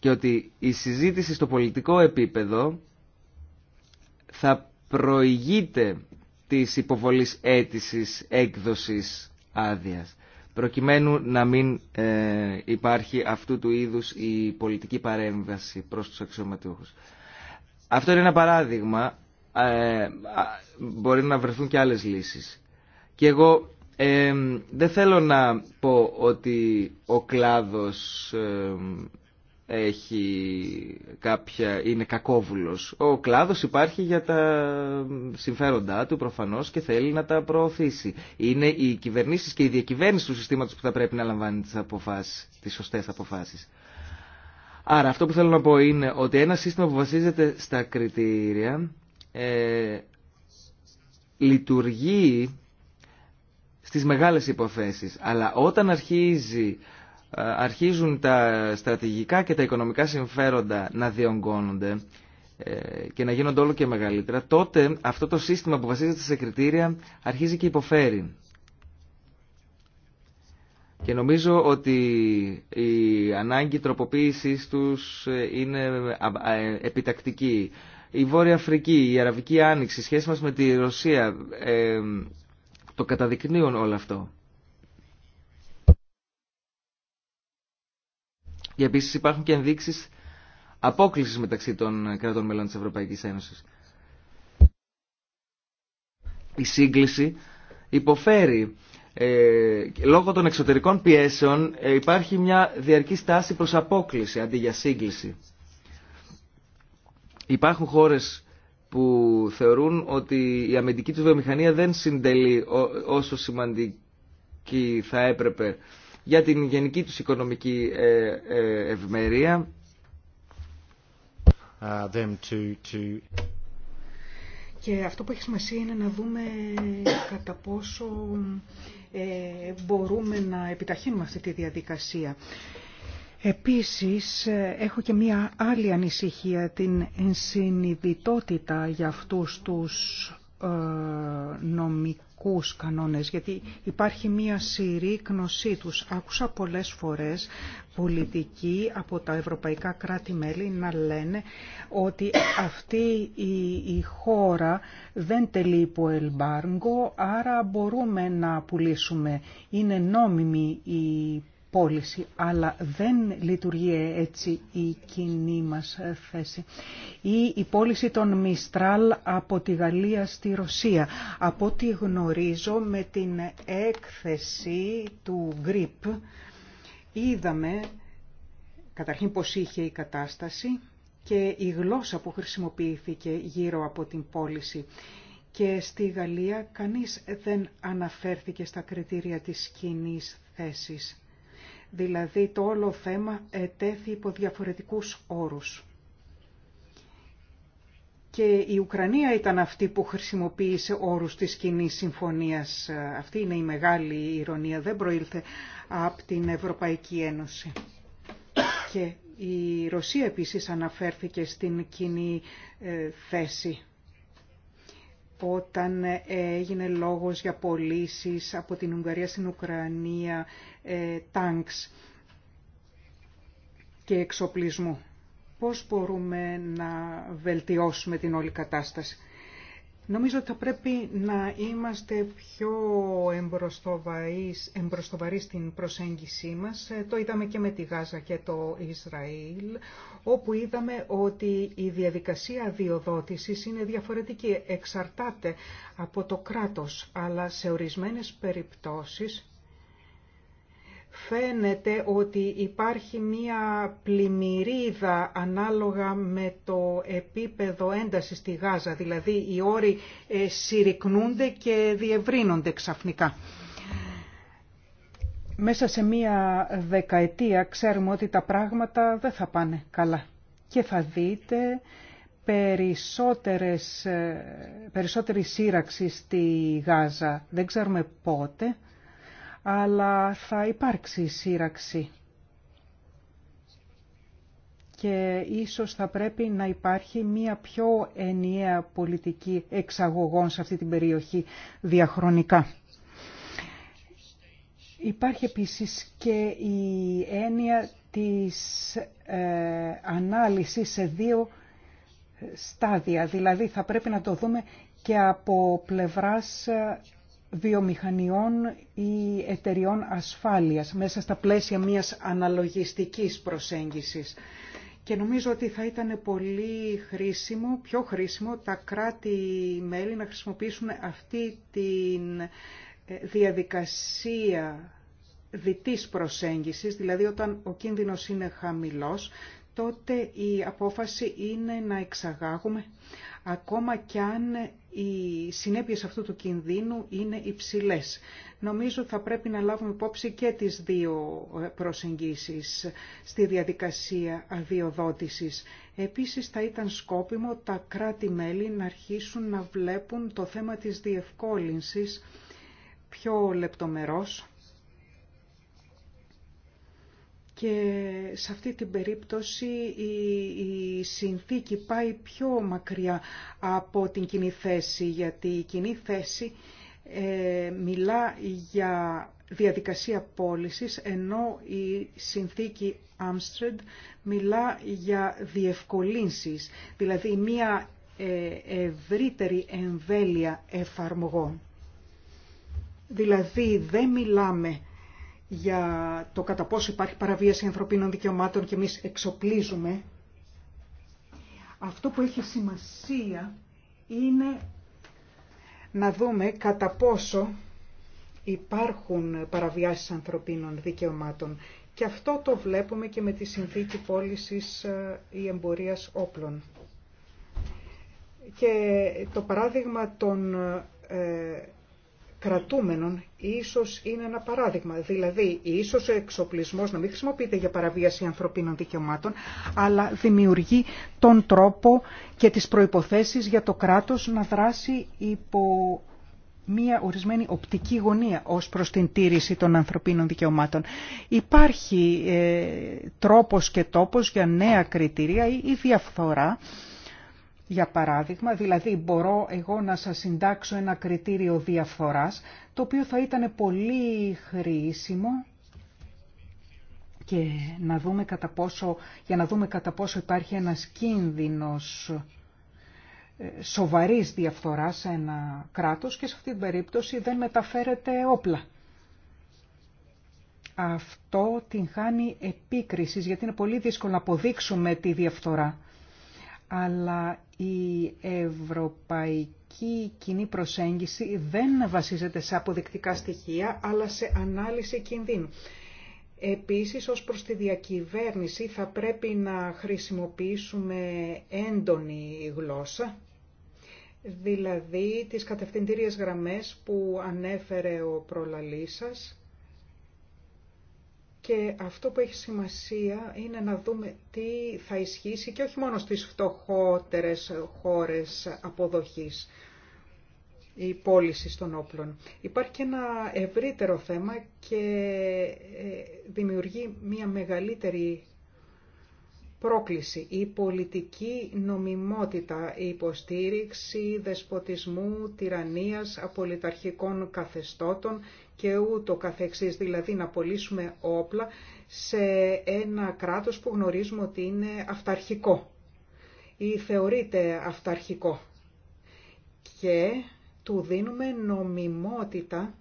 και ότι η συζήτηση στο πολιτικό επίπεδο θα προηγείται της υποβολής αίτησης έκδοσης άδειας προκειμένου να μην ε, υπάρχει αυτού του είδους η πολιτική παρέμβαση προς τους αξιωματούχους. Αυτό είναι ένα παράδειγμα. Ε, μπορεί να βρεθούν και άλλες λύσεις. Και εγώ ε, δεν θέλω να πω ότι ο κλάδος έχει κάποια, είναι κακόβουλος. Ο κλάδος υπάρχει για τα συμφέροντά του προφανώς και θέλει να τα προωθήσει. Είναι οι κυβερνήσεις και η διακυβέρνηση του συστήματος που θα πρέπει να λαμβάνει τις, αποφάσεις, τις σωστές αποφάσεις. Άρα αυτό που θέλω να πω είναι ότι ένα σύστημα που βασίζεται στα κριτήρια ε, λειτουργεί στις μεγάλες υποθέσεις. Αλλά όταν αρχίζει ε, αρχίζουν τα στρατηγικά και τα οικονομικά συμφέροντα να διονγκώνονται ε, και να γίνονται όλο και μεγαλύτερα, τότε αυτό το σύστημα που βασίζεται σε κριτήρια αρχίζει και υποφέρει. Και νομίζω ότι η ανάγκη τροποποίησης τους ε, είναι επιτακτική. Η Βόρεια Αφρική, η Αραβική Άνοιξη, η σχέση μας με τη Ρωσία, το καταδεικνύουν όλο αυτό. Και επίση υπάρχουν και ενδείξει απόκληση μεταξύ των κρατών μελών της Ευρωπαϊκής Ένωσης. Η σύγκληση υποφέρει. Ε, λόγω των εξωτερικών πιέσεων ε, υπάρχει μια διαρκή στάση προς απόκληση αντί για σύγκληση. Υπάρχουν χώρες που θεωρούν ότι η αμυντική του βιομηχανία δεν συντελεί όσο σημαντική θα έπρεπε για την γενική τους οικονομική ε, ε, ευμερία. Uh, και αυτό που έχει σημασία είναι να δούμε κατά πόσο ε, μπορούμε να επιταχύνουμε αυτή τη διαδικασία. Επίσης, έχω και μία άλλη ανησυχία, την ενσυνειδητότητα για αυτούς τους ε, νομικούς κανόνες, γιατί υπάρχει μία γνωσή τους. Άκουσα πολλές φορές πολιτικοί από τα ευρωπαϊκά κράτη-μέλη να λένε ότι αυτή η, χώρα δεν τελεί υπό ελμπάργκο, άρα μπορούμε να πουλήσουμε. Είναι νόμιμη η πώληση, αλλά δεν λειτουργεί έτσι η κοινή μας θέση. Ή η πώληση των Μιστράλ από τη Γαλλία στη Ρωσία. Από ό,τι γνωρίζω με την έκθεση του ΓΡΙΠ είδαμε καταρχήν πώς είχε η κατάσταση και η γλώσσα που χρησιμοποιήθηκε γύρω από την πώληση. Και στη Γαλλία κανείς δεν αναφέρθηκε στα κριτήρια της κοινή θέσης. Δηλαδή το όλο θέμα ετέθη υπό διαφορετικούς όρους. Και η Ουκρανία ήταν αυτή που χρησιμοποίησε όρους της κοινή συμφωνίας. Αυτή είναι η μεγάλη ηρωνία, δεν προήλθε από την Ευρωπαϊκή Ένωση. Και η Ρωσία επίσης αναφέρθηκε στην κοινή ε, θέση όταν έγινε λόγος για πωλήσει από την Ουγγαρία στην Ουκρανία τάγκς ε, και εξοπλισμού. Πώς μπορούμε να βελτιώσουμε την όλη κατάσταση. Νομίζω ότι θα πρέπει να είμαστε πιο εμπροστοβαροί στην προσέγγισή μας. Ε, το είδαμε και με τη Γάζα και το Ισραήλ, όπου είδαμε ότι η διαδικασία διοδότησης είναι διαφορετική, εξαρτάται από το κράτος, αλλά σε ορισμένες περιπτώσεις φαίνεται ότι υπάρχει μία πλημμυρίδα ανάλογα με το επίπεδο έντασης στη Γάζα. Δηλαδή οι όροι ε, συρρυκνούνται και διευρύνονται ξαφνικά. Μέσα σε μία δεκαετία ξέρουμε ότι τα πράγματα δεν θα πάνε καλά. Και θα δείτε περισσότερες, ε, περισσότερη σύραξη στη Γάζα. Δεν ξέρουμε πότε αλλά θα υπάρξει σύραξη. Και ίσως θα πρέπει να υπάρχει μία πιο ενιαία πολιτική εξαγωγών σε αυτή την περιοχή διαχρονικά. Υπάρχει επίσης και η έννοια της ε, ανάλυσης σε δύο στάδια. Δηλαδή θα πρέπει να το δούμε και από πλευράς ε, βιομηχανιών ή εταιριών ασφάλειας μέσα στα πλαίσια μιας αναλογιστικής προσέγγισης. Και νομίζω ότι θα ήταν πολύ χρήσιμο, πιο χρήσιμο, τα κράτη-μέλη να χρησιμοποιήσουν αυτή τη ε, διαδικασία διτής προσέγγισης, δηλαδή όταν ο κίνδυνος είναι χαμηλός, τότε η απόφαση είναι να εξαγάγουμε ακόμα κι αν οι συνέπειες αυτού του κινδύνου είναι υψηλές. Νομίζω θα πρέπει να λάβουμε υπόψη και τις δύο ε, προσεγγίσεις στη διαδικασία αδειοδότησης. Επίσης θα ήταν σκόπιμο τα κράτη-μέλη να αρχίσουν να βλέπουν το θέμα της διευκόλυνσης πιο λεπτομερός, και σε αυτή την περίπτωση η, συνθήκη πάει πιο μακριά από την κοινή θέση, γιατί η κοινή θέση ε, μιλά για διαδικασία πώλησης, ενώ η συνθήκη Άμστρεντ μιλά για διευκολύνσεις, δηλαδή μια ε, ευρύτερη εμβέλεια εφαρμογών. Δηλαδή δεν μιλάμε για το κατά πόσο υπάρχει παραβίαση ανθρωπίνων δικαιωμάτων και εμείς εξοπλίζουμε. Αυτό που έχει σημασία είναι να δούμε κατά πόσο υπάρχουν παραβιάσεις ανθρωπίνων δικαιωμάτων. Και αυτό το βλέπουμε και με τη συνθήκη πώλησης ε, ή εμπορίας όπλων. Και το παράδειγμα των ε, κρατούμενων ίσως είναι ένα παράδειγμα. Δηλαδή, ίσως ο εξοπλισμός να μην χρησιμοποιείται για παραβίαση ανθρωπίνων δικαιωμάτων, αλλά δημιουργεί τον τρόπο και τις προϋποθέσεις για το κράτος να δράσει υπό μία ορισμένη οπτική γωνία ως προς την τήρηση των ανθρωπίνων δικαιωμάτων. Υπάρχει ε, τρόπος και τόπος για νέα κριτήρια ή, ή διαφθορά για παράδειγμα, δηλαδή μπορώ εγώ να σας συντάξω ένα κριτήριο διαφοράς, το οποίο θα ήταν πολύ χρήσιμο και να δούμε κατά πόσο, για να δούμε κατά πόσο υπάρχει ένας κίνδυνος ε, σοβαρής διαφθοράς σε ένα κράτος και σε αυτή την περίπτωση δεν μεταφέρεται όπλα. Αυτό την χάνει επίκρισης γιατί είναι πολύ δύσκολο να αποδείξουμε τη διαφθορά αλλά η ευρωπαϊκή κοινή προσέγγιση δεν βασίζεται σε αποδεικτικά στοιχεία, αλλά σε ανάλυση κινδύνου. Επίσης, ως προς τη διακυβέρνηση θα πρέπει να χρησιμοποιήσουμε έντονη γλώσσα, δηλαδή τις κατευθυντήριες γραμμές που ανέφερε ο προλαλής σας, και αυτό που έχει σημασία είναι να δούμε τι θα ισχύσει και όχι μόνο στις φτωχότερες χώρες αποδοχής η πώληση των όπλων. Υπάρχει και ένα ευρύτερο θέμα και ε, δημιουργεί μια μεγαλύτερη πρόκληση. Η πολιτική νομιμότητα, η υποστήριξη δεσποτισμού, τυραννίας, απολυταρχικών καθεστώτων και ούτω καθεξής, δηλαδή να πωλήσουμε όπλα σε ένα κράτος που γνωρίζουμε ότι είναι αυταρχικό ή θεωρείται αυταρχικό και του δίνουμε νομιμότητα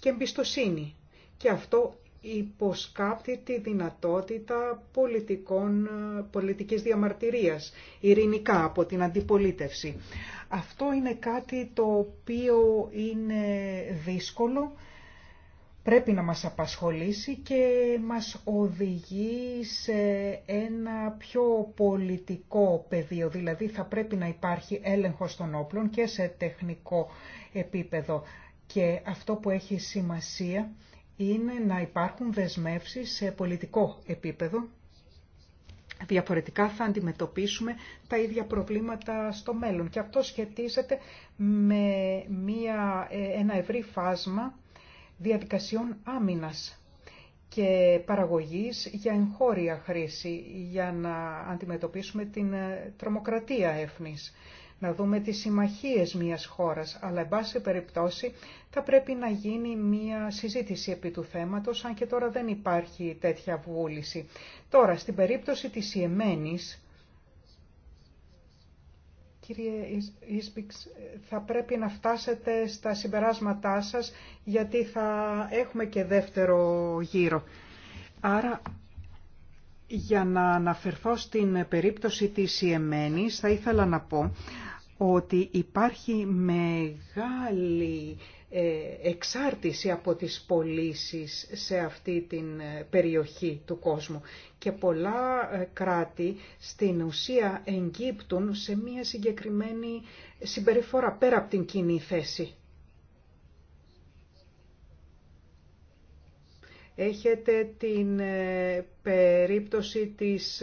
και εμπιστοσύνη και αυτό υποσκάπτει τη δυνατότητα πολιτικών, πολιτικής διαμαρτυρίας, ειρηνικά από την αντιπολίτευση. Αυτό είναι κάτι το οποίο είναι δύσκολο, πρέπει να μας απασχολήσει και μας οδηγεί σε ένα πιο πολιτικό πεδίο. Δηλαδή θα πρέπει να υπάρχει έλεγχος των όπλων και σε τεχνικό επίπεδο. Και αυτό που έχει σημασία είναι να υπάρχουν δεσμεύσεις σε πολιτικό επίπεδο Διαφορετικά θα αντιμετωπίσουμε τα ίδια προβλήματα στο μέλλον και αυτό σχετίζεται με μια, ε, ένα ευρύ φάσμα διαδικασιών άμυνας και παραγωγής για εγχώρια χρήση για να αντιμετωπίσουμε την ε, τρομοκρατία εύνης να δούμε τις συμμαχίες μιας χώρας, αλλά εν πάση περιπτώσει θα πρέπει να γίνει μια συζήτηση επί του θέματος, αν και τώρα δεν υπάρχει τέτοια βούληση. Τώρα, στην περίπτωση της Ιεμένης, Κύριε Ίσπιξ, θα πρέπει να φτάσετε στα συμπεράσματά σας, γιατί θα έχουμε και δεύτερο γύρο. Άρα, για να αναφερθώ στην περίπτωση της Ιεμένης, θα ήθελα να πω ότι υπάρχει μεγάλη ε, εξάρτηση από τις πωλήσει σε αυτή την ε, περιοχή του κόσμου και πολλά ε, κράτη στην ουσία εγκύπτουν σε μία συγκεκριμένη συμπεριφορά πέρα από την κοινή θέση. Έχετε την περίπτωση της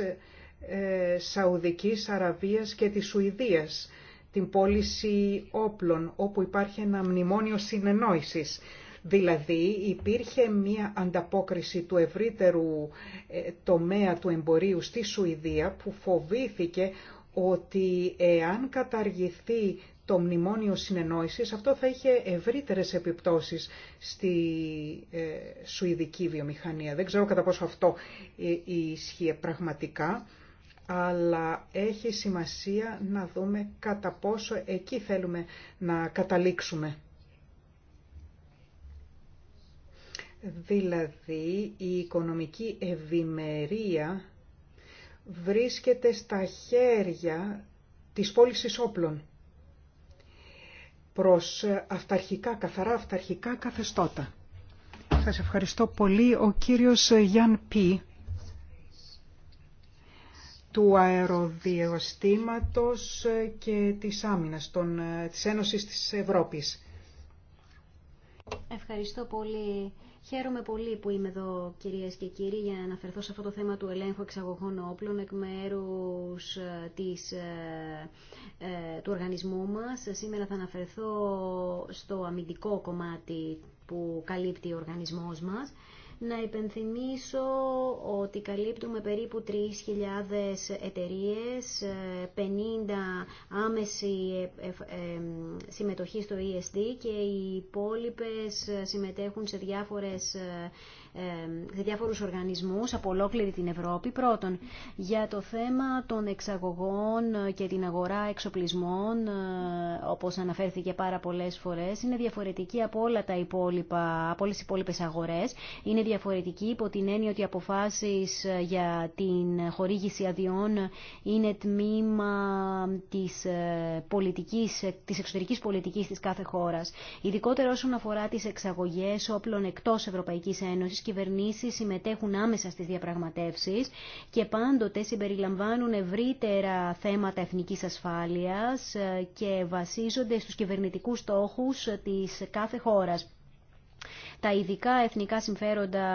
Σαουδικής Αραβίας και της Σουηδίας την πώληση όπλων, όπου υπάρχει ένα μνημόνιο συνεννόησης. Δηλαδή υπήρχε μία ανταπόκριση του ευρύτερου ε, τομέα του εμπορίου στη Σουηδία που φοβήθηκε ότι εάν καταργηθεί το μνημόνιο συνεννόησης, αυτό θα είχε ευρύτερες επιπτώσεις στη ε, σουηδική βιομηχανία. Δεν ξέρω κατά πόσο αυτό ε, ισχύει πραγματικά αλλά έχει σημασία να δούμε κατά πόσο εκεί θέλουμε να καταλήξουμε. Δηλαδή, η οικονομική ευημερία βρίσκεται στα χέρια της πώληση όπλων προς αυταρχικά, καθαρά αυταρχικά καθεστώτα. Σας ευχαριστώ πολύ. Ο κύριος Γιάν Πι του αεροδιοστήματος και της άμυνας των, της Ένωσης της Ευρώπης. Ευχαριστώ πολύ. Χαίρομαι πολύ που είμαι εδώ κυρίες και κύριοι για να αναφερθώ σε αυτό το θέμα του ελέγχου εξαγωγών όπλων εκ μέρους ε, της, ε, ε, του οργανισμού μας. Σήμερα θα αναφερθώ στο αμυντικό κομμάτι που καλύπτει ο οργανισμός μας να υπενθυμίσω ότι καλύπτουμε περίπου 3.000 εταιρείες, 50 άμεση ε, ε, συμμετοχή στο ESD και οι υπόλοιπες συμμετέχουν σε διάφορες ε, σε διάφορους οργανισμούς από ολόκληρη την Ευρώπη. Πρώτον, για το θέμα των εξαγωγών και την αγορά εξοπλισμών, ε, όπως αναφέρθηκε πάρα πολλές φορές, είναι διαφορετική από όλα τα υπόλοιπα, από όλες τις υπόλοιπες αγορές. Είναι διαφορετική υπό την έννοια ότι οι αποφάσεις ε, για την χορήγηση αδειών είναι τμήμα της, ε, πολιτικής, της εξωτερικής πολιτικής της κάθε χώρας. Ειδικότερα όσον αφορά τις εξαγωγές όπλων εκτός Ευρωπαϊκής Ένωσης κυβερνήσεις συμμετέχουν άμεσα στι διαπραγματεύσεις και πάντοτε συμπεριλαμβάνουν ευρύτερα θέματα εθνικής ασφάλειας ε, και βασίζονται στους κυβερνητικού στόχου της κάθε χώρα τα ειδικά εθνικά συμφέροντα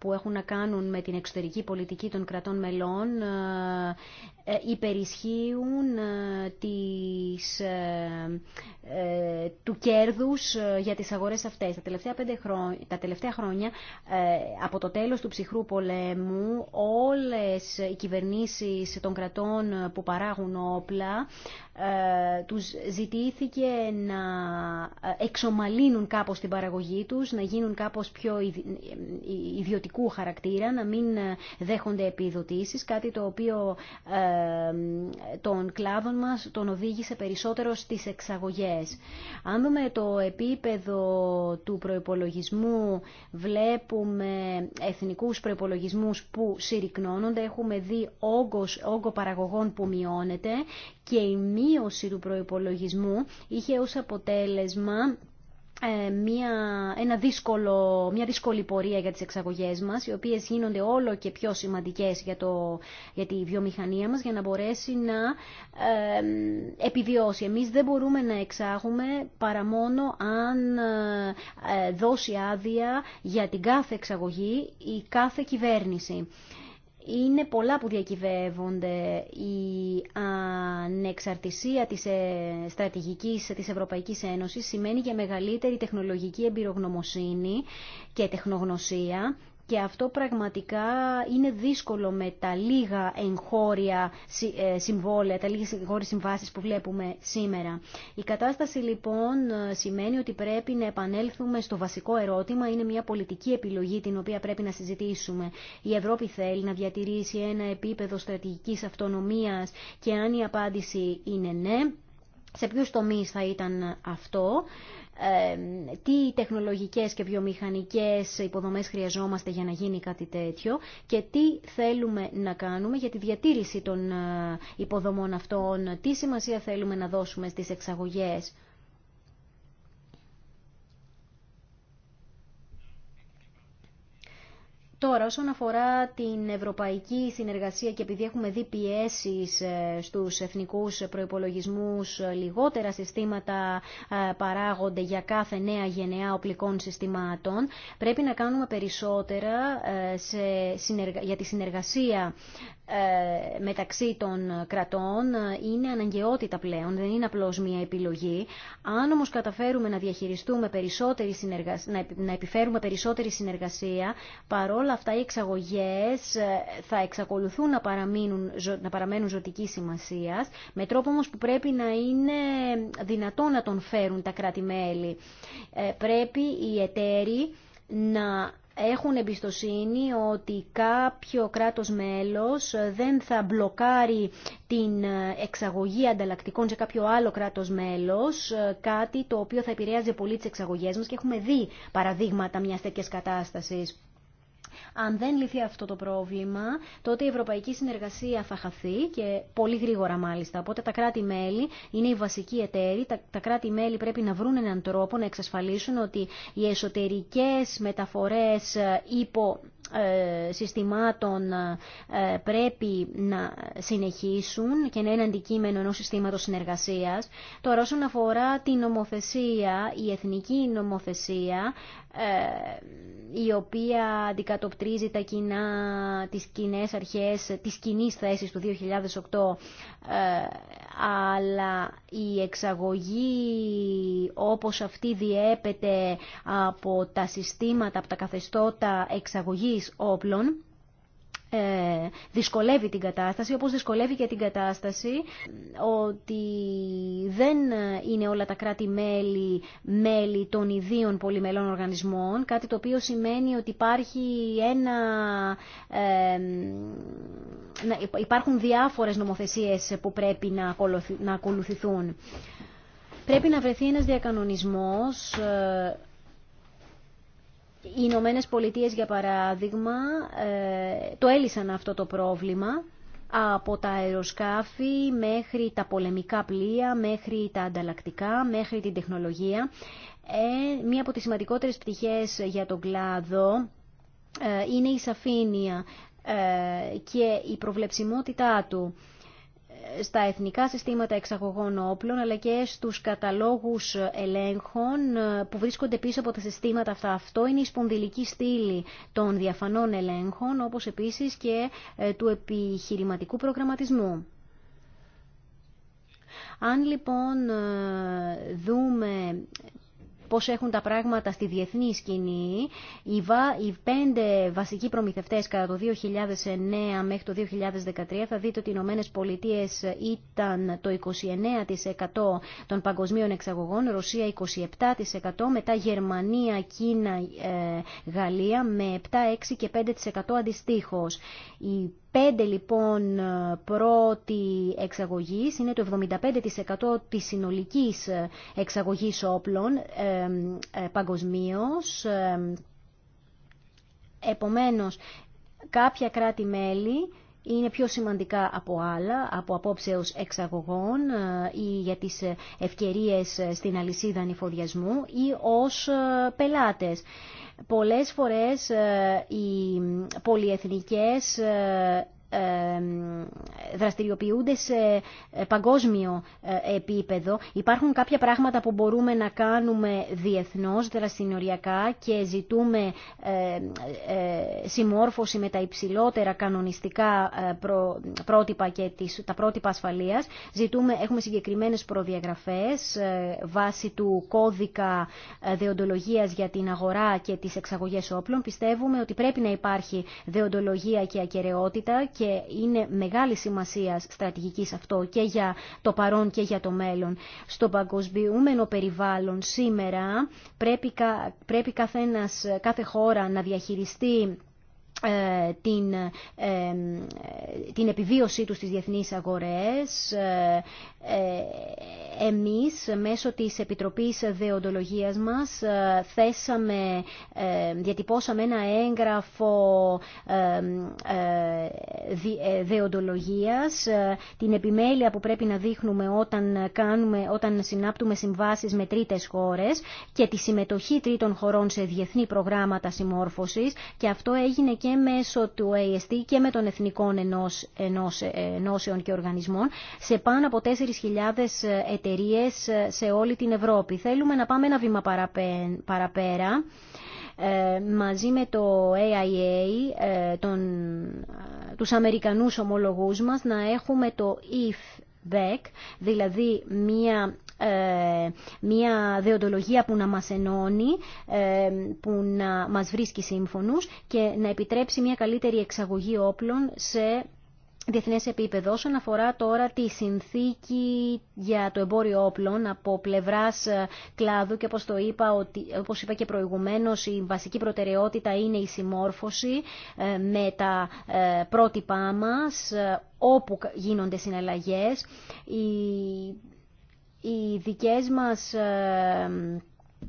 που έχουν να κάνουν με την εξωτερική πολιτική των κρατών μελών ε, ε, υπερισχύουν ε, του κέρδους για τις αγορές αυτές. Τα τελευταία, πέντε χρόνια, τα τελευταία χρόνια από το τέλος του ψυχρού πολέμου όλες οι κυβερνήσεις των κρατών που παράγουν όπλα τους ζητήθηκε να εξομαλύνουν κάπως την παραγωγή τους, να γίνουν κάπως πιο ε, ε, ιδιωτικού χαρακτήρα, να μην ε, δέχονται επιδοτήσεις, κάτι το οποίο τον κλάδων μας τον οδήγησε περισσότερο στις εξαγωγές. Αν δούμε το επίπεδο του προϋπολογισμού, βλέπουμε εθνικούς προϋπολογισμούς που συρρυκνώνονται, έχουμε δει όγκος, όγκο παραγωγών που μειώνεται και η μείωση του προϋπολογισμού είχε ως αποτέλεσμα ε, μια, ένα δύσκολο, μια δύσκολη πορεία για τις εξαγωγές μας, οι οποίες γίνονται όλο και πιο σημαντικές για, το, για τη βιομηχανία μας, για να μπορέσει να ε, επιβιώσει. Εμείς δεν μπορούμε να εξάγουμε παρά μόνο αν ε, δώσει άδεια για την κάθε εξαγωγή η κάθε κυβέρνηση είναι πολλά που διακυβεύονται. Η ανεξαρτησία της ε, στρατηγικής της Ευρωπαϊκής Ένωσης σημαίνει για μεγαλύτερη τεχνολογική εμπειρογνωμοσύνη και τεχνογνωσία και αυτό πραγματικά είναι δύσκολο με τα λίγα εγχώρια ε, συμβόλαια, τα λίγα εγχώρια συμβάσεις που βλέπουμε σήμερα. Η κατάσταση λοιπόν ε, σημαίνει ότι πρέπει να επανέλθουμε στο βασικό ερώτημα, είναι μια πολιτική επιλογή την οποία πρέπει να συζητήσουμε. Η Ευρώπη θέλει να διατηρήσει ένα επίπεδο στρατηγικής αυτονομίας και αν η απάντηση είναι ναι, σε ποιους τομείς θα ήταν αυτό, τι τεχνολογικές και βιομηχανικές υποδομές χρειαζόμαστε για να γίνει κάτι τέτοιο και τι θέλουμε να κάνουμε για τη διατήρηση των ε, υποδομών αυτών, τι σημασία θέλουμε να δώσουμε στις εξαγωγές. Τώρα, όσον αφορά την ευρωπαϊκή συνεργασία και επειδή έχουμε δει πιέσει ε, στου εθνικού προπολογισμού ε, λιγότερα συστήματα ε, παράγονται για κάθε νέα γενεά οπλικών συστημάτων, πρέπει να κάνουμε περισσότερα για τη συνεργασία μεταξύ των κρατών. Είναι αναγκαιότητα πλέον, δεν είναι απλώς μια επιλογή. Αν όμως καταφέρουμε να διαχειριστούμε περισσότερη να επιφέρουμε περισσότερη συνεργασία, παρόλα αυτά οι εξαγωγές ε, θα εξακολουθούν να, παραμείνουν, να παραμένουν ζωτική σημασίας, με τρόπο όμως που πρέπει να είναι δυνατό να τον φέρουν τα κράτη-μέλη. Ε, πρέπει οι εταίροι να έχουν εμπιστοσύνη ότι κάποιο κράτος μέλος ε, δεν θα μπλοκάρει την εξαγωγή ανταλλακτικών σε κάποιο άλλο κράτος μέλος, κάτι το οποίο θα επηρεάζει πολύ τις εξαγωγές μας και έχουμε δει παραδείγματα μιας τέτοιας κατάστασης. Αν δεν λυθεί αυτό το πρόβλημα, τότε η ευρωπαϊκή συνεργασία θα χαθεί και πολύ γρήγορα μάλιστα. Οπότε τα κράτη-μέλη είναι οι βασικοί εταίροι. Τα, τα κράτη-μέλη πρέπει να βρουν έναν τρόπο να εξασφαλίσουν ότι οι εσωτερικέ μεταφορέ ε, υπό ε, συστημάτων ε, πρέπει να συνεχίσουν και να είναι αντικείμενο ενός συστήματος συνεργασίας. Τώρα όσον αφορά την νομοθεσία, η εθνική νομοθεσία, ε, η οποία αντικατοπτρίζει τα κοινά, τις κοινέ αρχές της κοινής θέση του 2008 αλλά η εξαγωγή όπως αυτή διέπεται από τα συστήματα, από τα καθεστώτα εξαγωγής όπλων, ε, δυσκολεύει την κατάσταση, όπως δυσκολεύει και την κατάσταση ότι δεν είναι όλα τα κράτη-μέλη μέλη των ιδίων πολυμελών οργανισμών, κάτι το οποίο σημαίνει ότι υπάρχει ένα, ε, υπάρχουν διάφορες νομοθεσίες που πρέπει να, να ακολουθηθούν. Πρέπει να βρεθεί ένας διακανονισμός ε, οι Ηνωμένε Πολιτείε, για παράδειγμα, ε, το έλυσαν αυτό το πρόβλημα από τα αεροσκάφη μέχρι τα πολεμικά πλοία, μέχρι τα ανταλλακτικά, μέχρι την τεχνολογία. Ε, μία από τις σημαντικότερες πτυχές για τον κλάδο ε, είναι η σαφήνεια και η προβλεψιμότητά του στα εθνικά συστήματα εξαγωγών όπλων αλλά και στους καταλόγους ελέγχων ε, που βρίσκονται πίσω από τα συστήματα αυτά. Αυτό είναι η σπονδυλική στήλη των διαφανών ελέγχων όπως επίσης και ε, του επιχειρηματικού προγραμματισμού. Αν λοιπόν ε, δούμε πώς έχουν τα πράγματα στη διεθνή σκηνή. Οι πέντε βασικοί προμηθευτές κατά το 2009 μέχρι το 2013 θα δείτε ότι οι Ηνωμένε Πολιτείε ήταν το 29% των παγκοσμίων εξαγωγών, Ρωσία 27%, μετά Γερμανία, Κίνα, ε, Γαλλία με 7, 6 και 5% αντιστοίχως. Πέντε, λοιπόν πρώτη εξαγωγής είναι το 75% της συνολικής εξαγωγής όπλων ε, ε, παγκοσμίως. Επομένως, κάποια κράτη-μέλη είναι πιο σημαντικά από άλλα, από απόψεως εξαγωγών ε, ή για τις ε, ευκαιρίες ε, στην αλυσίδα νηφοδιασμού ή ως πελάτες. Πολλές φορές οι πολυεθνικές δραστηριοποιούνται σε ε, παγκόσμιο ε, επίπεδο. Υπάρχουν κάποια πράγματα που μπορούμε να κάνουμε διεθνώς, δραστηριοριακά... και ζητούμε ε, συμμόρφωση με τα υψηλότερα κανονιστικά πρότυπα και τα πρότυπα ασφαλείας. Ζητούμε, έχουμε συγκεκριμένες προδιαγραφές βάσει του κώδικα δεοντολογίας για την αγορά και τις εξαγωγές όπλων. Πιστεύουμε ότι πρέπει να υπάρχει δεοντολογία και ακεραιότητα και είναι μεγάλη σημασία στρατηγικής αυτό και για το παρόν και για το μέλλον. Στο παγκοσμιούμενο περιβάλλον σήμερα πρέπει, πρέπει καθένας, κάθε χώρα να διαχειριστεί ε, την, ε, την επιβίωσή τους στις διεθνείς αγορές. Ε, εμείς μέσω της Επιτροπής Δεοντολογίας μας θέσαμε, διατυπώσαμε ένα έγγραφο δεοντολογίας, την επιμέλεια που πρέπει να δείχνουμε όταν, κάνουμε, όταν συνάπτουμε συμβάσεις με τρίτες χώρες και τη συμμετοχή τρίτων χωρών σε διεθνή προγράμματα συμμόρφωσης και αυτό έγινε και μέσω του AST και με των εθνικών ενώσεων και οργανισμών σε πάνω από 4.000 εταιρείε σε όλη την Ευρώπη. Θέλουμε να πάμε ένα βήμα παραπέρα ε, μαζί με το AIA, ε, τον, ε, τους Αμερικανούς ομολογούς μας, να έχουμε το IF bec δηλαδή μια ε, μια δεοντολογία που να μας ενώνει, ε, που να μας βρίσκει σύμφωνους και να επιτρέψει μια καλύτερη εξαγωγή όπλων σε Διεθνέ επίπεδο, όσον αφορά τώρα τη συνθήκη για το εμπόριο όπλων από πλευρά ε, κλάδου και όπω το είπα, ότι, όπως είπα και προηγουμένω, η βασική προτεραιότητα είναι η συμμόρφωση με τα πρότυπά μα όπου γίνονται συναλλαγέ. Η οι δικές μας ε,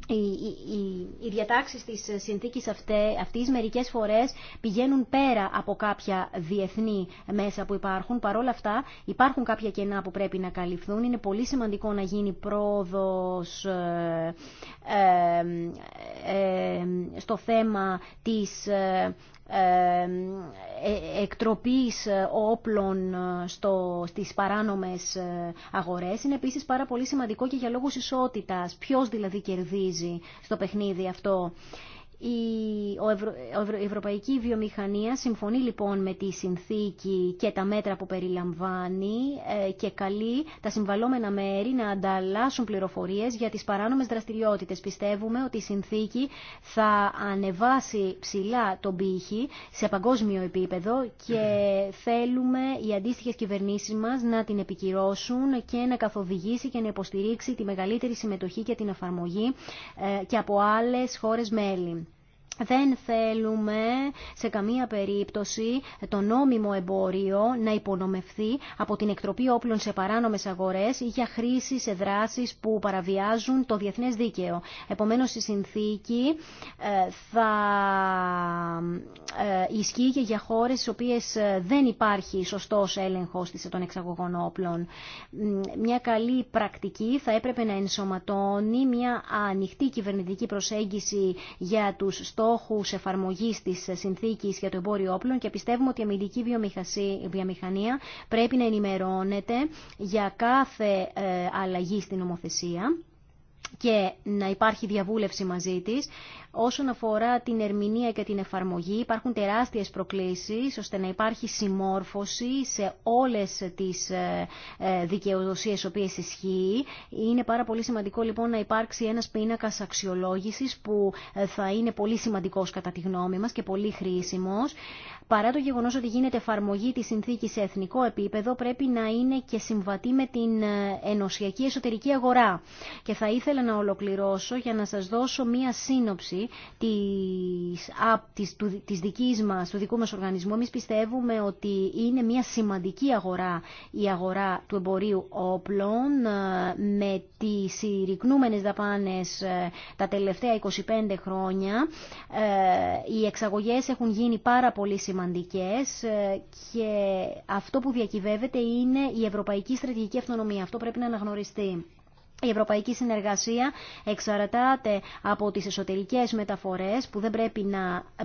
οι, οι, οι διατάξεις της συνθήκης αυτέ, αυτής μερικές φορές πηγαίνουν πέρα από κάποια διεθνή μέσα που υπάρχουν. Παρόλα αυτά υπάρχουν κάποια κενά που πρέπει να καλυφθούν. Είναι πολύ σημαντικό να γίνει πρόοδος ε, ε, στο θέμα της ε, εκτροπής ε, όπλων ε, στο, στις παράνομες αγορές είναι επίσης πάρα πολύ σημαντικό και για λόγους ισότητας. Ποιος δηλαδή κερδίζει στο παιχνίδι αυτό. Η Ευρωπαϊκή Βιομηχανία συμφωνεί λοιπόν με τη συνθήκη και τα μέτρα που περιλαμβάνει ε, και καλεί τα συμβαλόμενα μέρη να ανταλλάσσουν πληροφορίες για τις παράνομες δραστηριότητες. Πιστεύουμε ότι η συνθήκη θα ανεβάσει ψηλά τον πύχη σε παγκόσμιο επίπεδο και θέλουμε οι αντίστοιχες κυβερνήσεις μας να την επικυρώσουν και να καθοδηγήσει και να υποστηρίξει τη μεγαλύτερη συμμετοχή και την εφαρμογή ε, και από άλλες χώρες μέλη δεν θέλουμε σε καμία περίπτωση το νόμιμο εμπόριο να υπονομευθεί από την εκτροπή όπλων σε παράνομες αγορές ή για χρήση σε δράσεις που παραβιάζουν το διεθνές δίκαιο. Επομένως η συνθήκη ε, θα ε, ισχύει και για χώρες στις οποίες ε, δεν υπάρχει σωστός έλεγχος των εξαγωγών όπλων. Μια καλή πρακτική θα έπρεπε να ενσωματώνει μια ανοιχτή κυβερνητική προσέγγιση για τους στόχου εφαρμογής της συνθήκης για το εμπόριο όπλων και πιστεύουμε ότι η αμυντική βιομηχανία πρέπει να ενημερώνεται για κάθε ε, αλλαγή στην νομοθεσία και να υπάρχει διαβούλευση μαζί της. Όσον αφορά την ερμηνεία και την εφαρμογή υπάρχουν τεράστιες προκλήσεις ώστε να υπάρχει συμμόρφωση σε όλες τις ε, ε, δικαιοδοσίες οποίες ισχύει. Είναι πάρα πολύ σημαντικό λοιπόν να υπάρξει ένας πίνακας αξιολόγησης που ε, θα είναι πολύ σημαντικός κατά τη γνώμη μας και πολύ χρήσιμος παρά το γεγονός ότι γίνεται εφαρμογή της συνθήκης σε εθνικό επίπεδο, πρέπει να είναι και συμβατή με την ε, ενωσιακή εσωτερική αγορά. Και θα ήθελα να ολοκληρώσω για να σας δώσω μία σύνοψη της, της, του, της δικής μας, του δικού μα οργανισμού. Εμεί πιστεύουμε ότι είναι μία σημαντική αγορά η αγορά του εμπορίου όπλων ε, με τις συρρυκνούμενες δαπάνε ε, τα τελευταία 25 χρόνια. Οι εξαγωγέ έχουν γίνει πάρα πολύ σημαντικές σημαντικές ε, και αυτό που διακυβεύεται είναι η Ευρωπαϊκή Στρατηγική Αυτονομία. Αυτό πρέπει να αναγνωριστεί. Η ευρωπαϊκή συνεργασία εξαρτάται από τις εσωτερικές μεταφορές που δεν πρέπει να ε,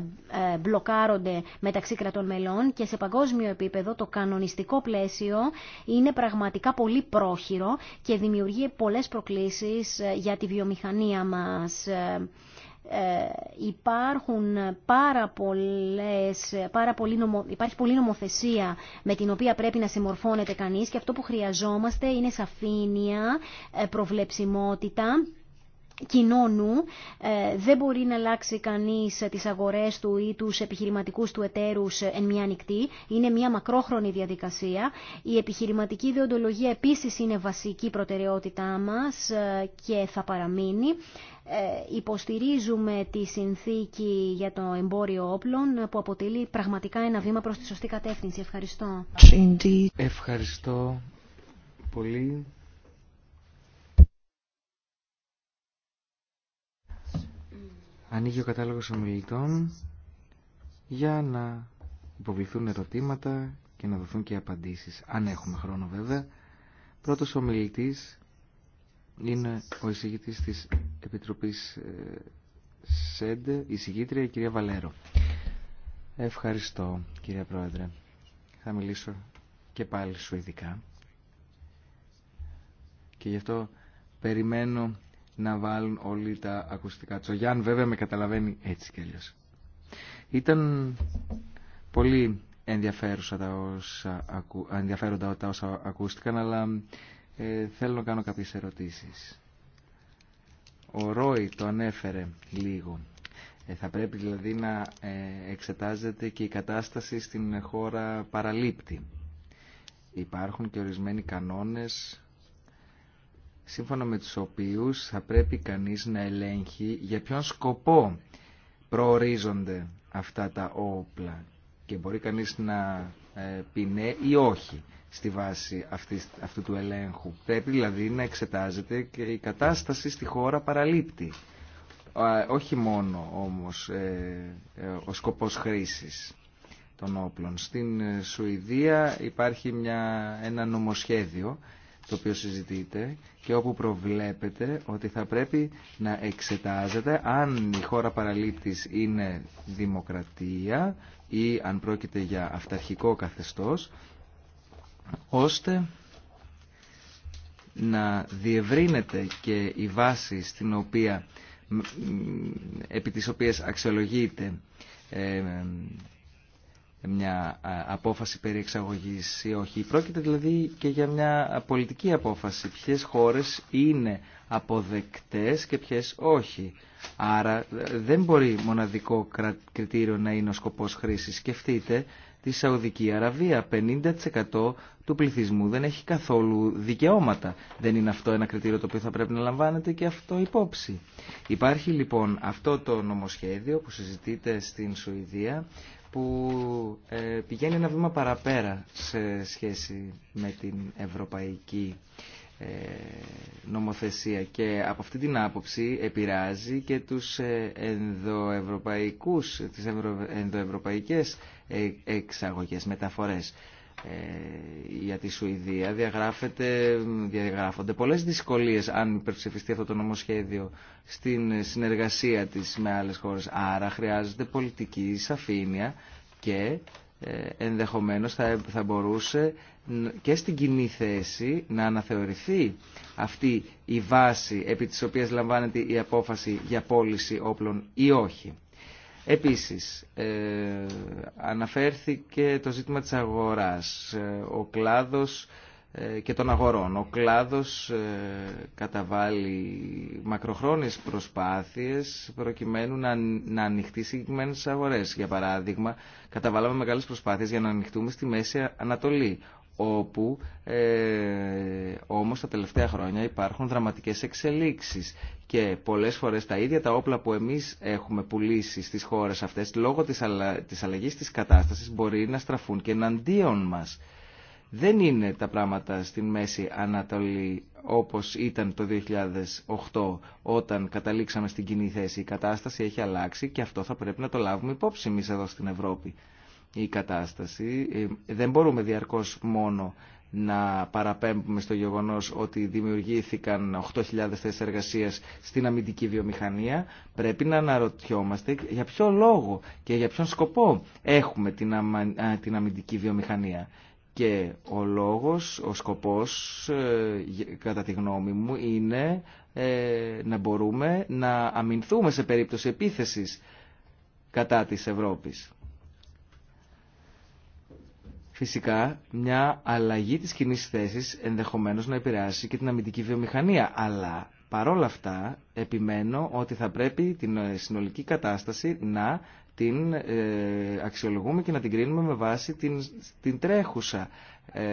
ε, μπλοκάρονται μεταξύ κρατών μελών και σε παγκόσμιο επίπεδο το κανονιστικό πλαίσιο είναι πραγματικά πολύ πρόχειρο και δημιουργεί πολλές προκλήσεις για τη βιομηχανία μας. Ε, υπάρχουν πάρα, πολλές, πάρα πολύ υπάρχει πολλή νομοθεσία με την οποία πρέπει να συμμορφώνεται κανείς και αυτό που χρειαζόμαστε είναι σαφήνεια, ε, προβλεψιμότητα κοινώνου, ε, δεν μπορεί να αλλάξει κανείς τις αγορές του ή τους επιχειρηματικούς του εταίρους εν μια νυχτή. Είναι μια μακρόχρονη διαδικασία. Η επιχειρηματική ιδεοντολογια επίσης είναι βασική προτεραιότητά μας και θα παραμείνει. Ε, υποστηρίζουμε τη συνθήκη για το εμπόριο όπλων που αποτελεί πραγματικά ένα βήμα προς τη σωστή κατεύθυνση. Ευχαριστώ. Ευχαριστώ πολύ. Ανοίγει ο κατάλογος ομιλητών για να υποβληθούν ερωτήματα και να δοθούν και απαντήσεις, αν έχουμε χρόνο βέβαια. Πρώτος ομιλητής είναι ο εισηγητής της Επιτροπής ε, ΣΕΝΤΕ, η εισηγήτρια η κυρία Βαλέρο. Ευχαριστώ κυρία Πρόεδρε. Θα μιλήσω και πάλι σου ειδικά. Και γι' αυτό περιμένω να βάλουν όλοι τα ακουστικά του. Ο Γιάνν βέβαια με καταλαβαίνει έτσι κι αλλιώς. Ήταν πολύ ενδιαφέροντα ενδιαφέροντα τα όσα ακούστηκαν, αλλά ε, θέλω να κάνω κάποιες ερωτήσεις. Ο Ρόι το ανέφερε λίγο. Ε, θα πρέπει δηλαδή να ε, εξετάζεται και η κατάσταση στην χώρα παραλήπτη. Υπάρχουν και ορισμένοι κανόνες σύμφωνα με τους οποίους θα πρέπει κανείς να ελέγχει για ποιον σκοπό προορίζονται αυτά τα όπλα και μπορεί κανείς να ναι ή όχι στη βάση αυτού του ελέγχου. Πρέπει δηλαδή να εξετάζεται και η κατάσταση στη χώρα παραλείπτει. Όχι μόνο όμως ε, ε, ο σκοπός χρήσης των όπλων. Στην ε, Σουηδία υπάρχει μια, ένα νομοσχέδιο το οποίο συζητείται και όπου προβλέπεται ότι θα πρέπει να εξετάζεται αν η χώρα παραλήπτης είναι δημοκρατία ή αν πρόκειται για αυταρχικό καθεστώς ώστε να διευρύνεται και η βάση στην οποία, επί της οποίας αξιολογείται ε, μια απόφαση περί εξαγωγής ή όχι. Πρόκειται δηλαδή και για μια πολιτική απόφαση. Ποιες χώρες είναι αποδεκτές και ποιες όχι. Άρα ε, δεν μπορεί μοναδικό κριτήριο να είναι ο σκοπός χρήσης. Σκεφτείτε τη Σαουδική Αραβία. 50% του πληθυσμού δεν έχει καθόλου δικαιώματα. Δεν είναι αυτό ένα κριτήριο το οποίο θα πρέπει να λαμβάνεται και αυτό υπόψη. Υπάρχει λοιπόν αυτό το νομοσχέδιο που συζητείται στην Σουηδία που ε, πηγαίνει ένα βήμα παραπέρα σε σχέση με την Ευρωπαϊκή ε, νομοθεσία και από αυτή την άποψη επηρεάζει και τους ε, ενδοευρωπαϊκούς, τις ενδοευρωπαϊκές ε, εξαγωγές, μεταφορές. για τη Σουηδία διαγράφεται, διαγράφονται πολλές δυσκολίες αν υπερψηφιστεί αυτό το νομοσχέδιο στην συνεργασία της με άλλες χώρες. Άρα χρειάζεται πολιτική σαφήνεια και ε, ενδεχομένως θα, θα μπορούσε και στην κοινή θέση να αναθεωρηθεί αυτή η βάση επί της οποίας λαμβάνεται η απόφαση για πώληση όπλων ή όχι. Επίσης, ε, αναφέρθηκε το ζήτημα της αγοράς. Ε, ο κλάδος ε, και των αγορών. Ο κλάδος ε, καταβάλει μακροχρόνιες προσπάθειες προκειμένου να ανοιχτεί συγκεκριμένε αγορές. Για παράδειγμα, καταβάλαμε μεγάλες προσπάθειες για να ανοιχτούμε στη Μέση Ανατολή, όπου ε, όμως τα τελευταία χρόνια υπάρχουν δραματικές εξελίξεις και πολλές φορές τα ίδια τα όπλα που εμείς έχουμε πουλήσει στις χώρες αυτές λόγω της, αλλα... της αλλαγής της κατάστασης μπορεί να στραφούν και εναντίον μας. Δεν είναι τα πράγματα στην Μέση Ανατολή όπως ήταν το 2008 όταν καταλήξαμε στην κοινή θέση. Η κατάσταση έχει αλλάξει και αυτό θα πρέπει να το λάβουμε υπόψη εμείς εδώ στην Ευρώπη. Η κατάσταση ε, δεν μπορούμε διαρκώς μόνο να παραπέμπουμε στο γεγονός ότι δημιουργήθηκαν 8.000 θέσεις εργασίας στην αμυντική βιομηχανία, πρέπει να αναρωτιόμαστε για ποιο λόγο και για ποιον σκοπό έχουμε την αμυντική βιομηχανία. Και ο λόγος, ο σκοπός, ε, κατά τη γνώμη μου, είναι ε, να μπορούμε να αμυνθούμε σε περίπτωση επίθεσης κατά της Ευρώπης. Φυσικά, μια αλλαγή της κοινή θέση ενδεχομένως να επηρεάσει και την αμυντική βιομηχανία, αλλά παρόλα αυτά επιμένω ότι θα πρέπει την ε, συνολική κατάσταση να την ε, αξιολογούμε και να την κρίνουμε με βάση την, τρέχουσα ε,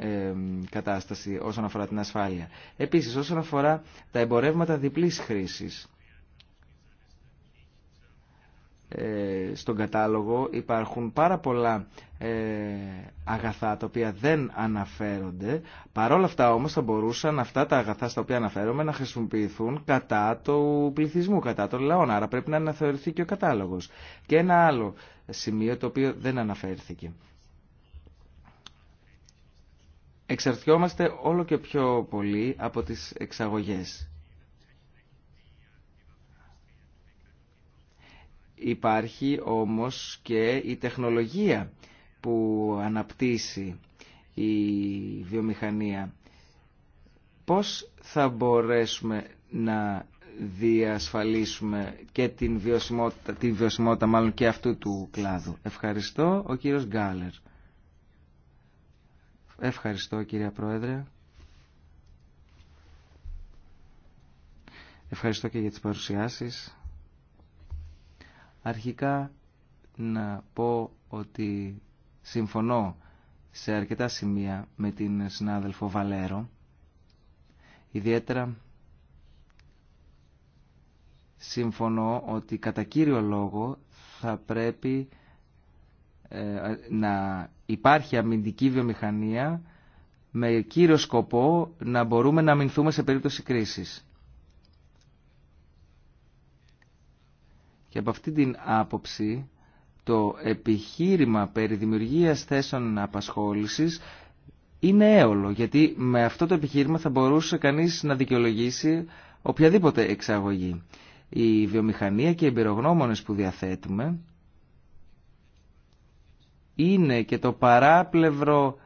ε, κατάσταση όσον αφορά την ασφάλεια. Επίσης, όσον αφορά τα εμπορεύματα διπλής χρήσης, ε, στον κατάλογο υπάρχουν πάρα πολλά ε, αγαθά τα οποία δεν αναφέρονται. Παρόλα αυτά όμως θα μπορούσαν αυτά τα αγαθά στα οποία αναφέρομαι να χρησιμοποιηθούν κατά του πληθυσμού, κατά των λαών. Άρα πρέπει να αναθεωρηθεί και ο κατάλογος. Και ένα άλλο σημείο το οποίο δεν αναφέρθηκε. Εξαρτιόμαστε όλο και πιο πολύ από τις εξαγωγές Υπάρχει όμως και η τεχνολογία που αναπτύσσει η βιομηχανία. Πώς θα μπορέσουμε να διασφαλίσουμε και την βιωσιμότητα, τη βιωσιμότητα μάλλον και αυτού του κλάδου. Ευχαριστώ ο κύριος Γκάλερ. Ευχαριστώ κυρία Πρόεδρε. Ευχαριστώ και για τις παρουσιάσεις. Αρχικά να πω ότι συμφωνώ σε αρκετά σημεία με την συνάδελφο Βαλέρο, ιδιαίτερα συμφωνώ ότι κατά κύριο λόγο θα πρέπει ε, να υπάρχει αμυντική βιομηχανία με κύριο σκοπό να μπορούμε να αμυνθούμε σε περίπτωση κρίσης. Και από αυτή την άποψη το επιχείρημα περί δημιουργίας θέσεων απασχόλησης είναι έολο, γιατί με αυτό το επιχείρημα θα μπορούσε κανείς να δικαιολογήσει οποιαδήποτε εξαγωγή. Η βιομηχανία και οι εμπειρογνώμονες που διαθέτουμε είναι και το παράπλευρο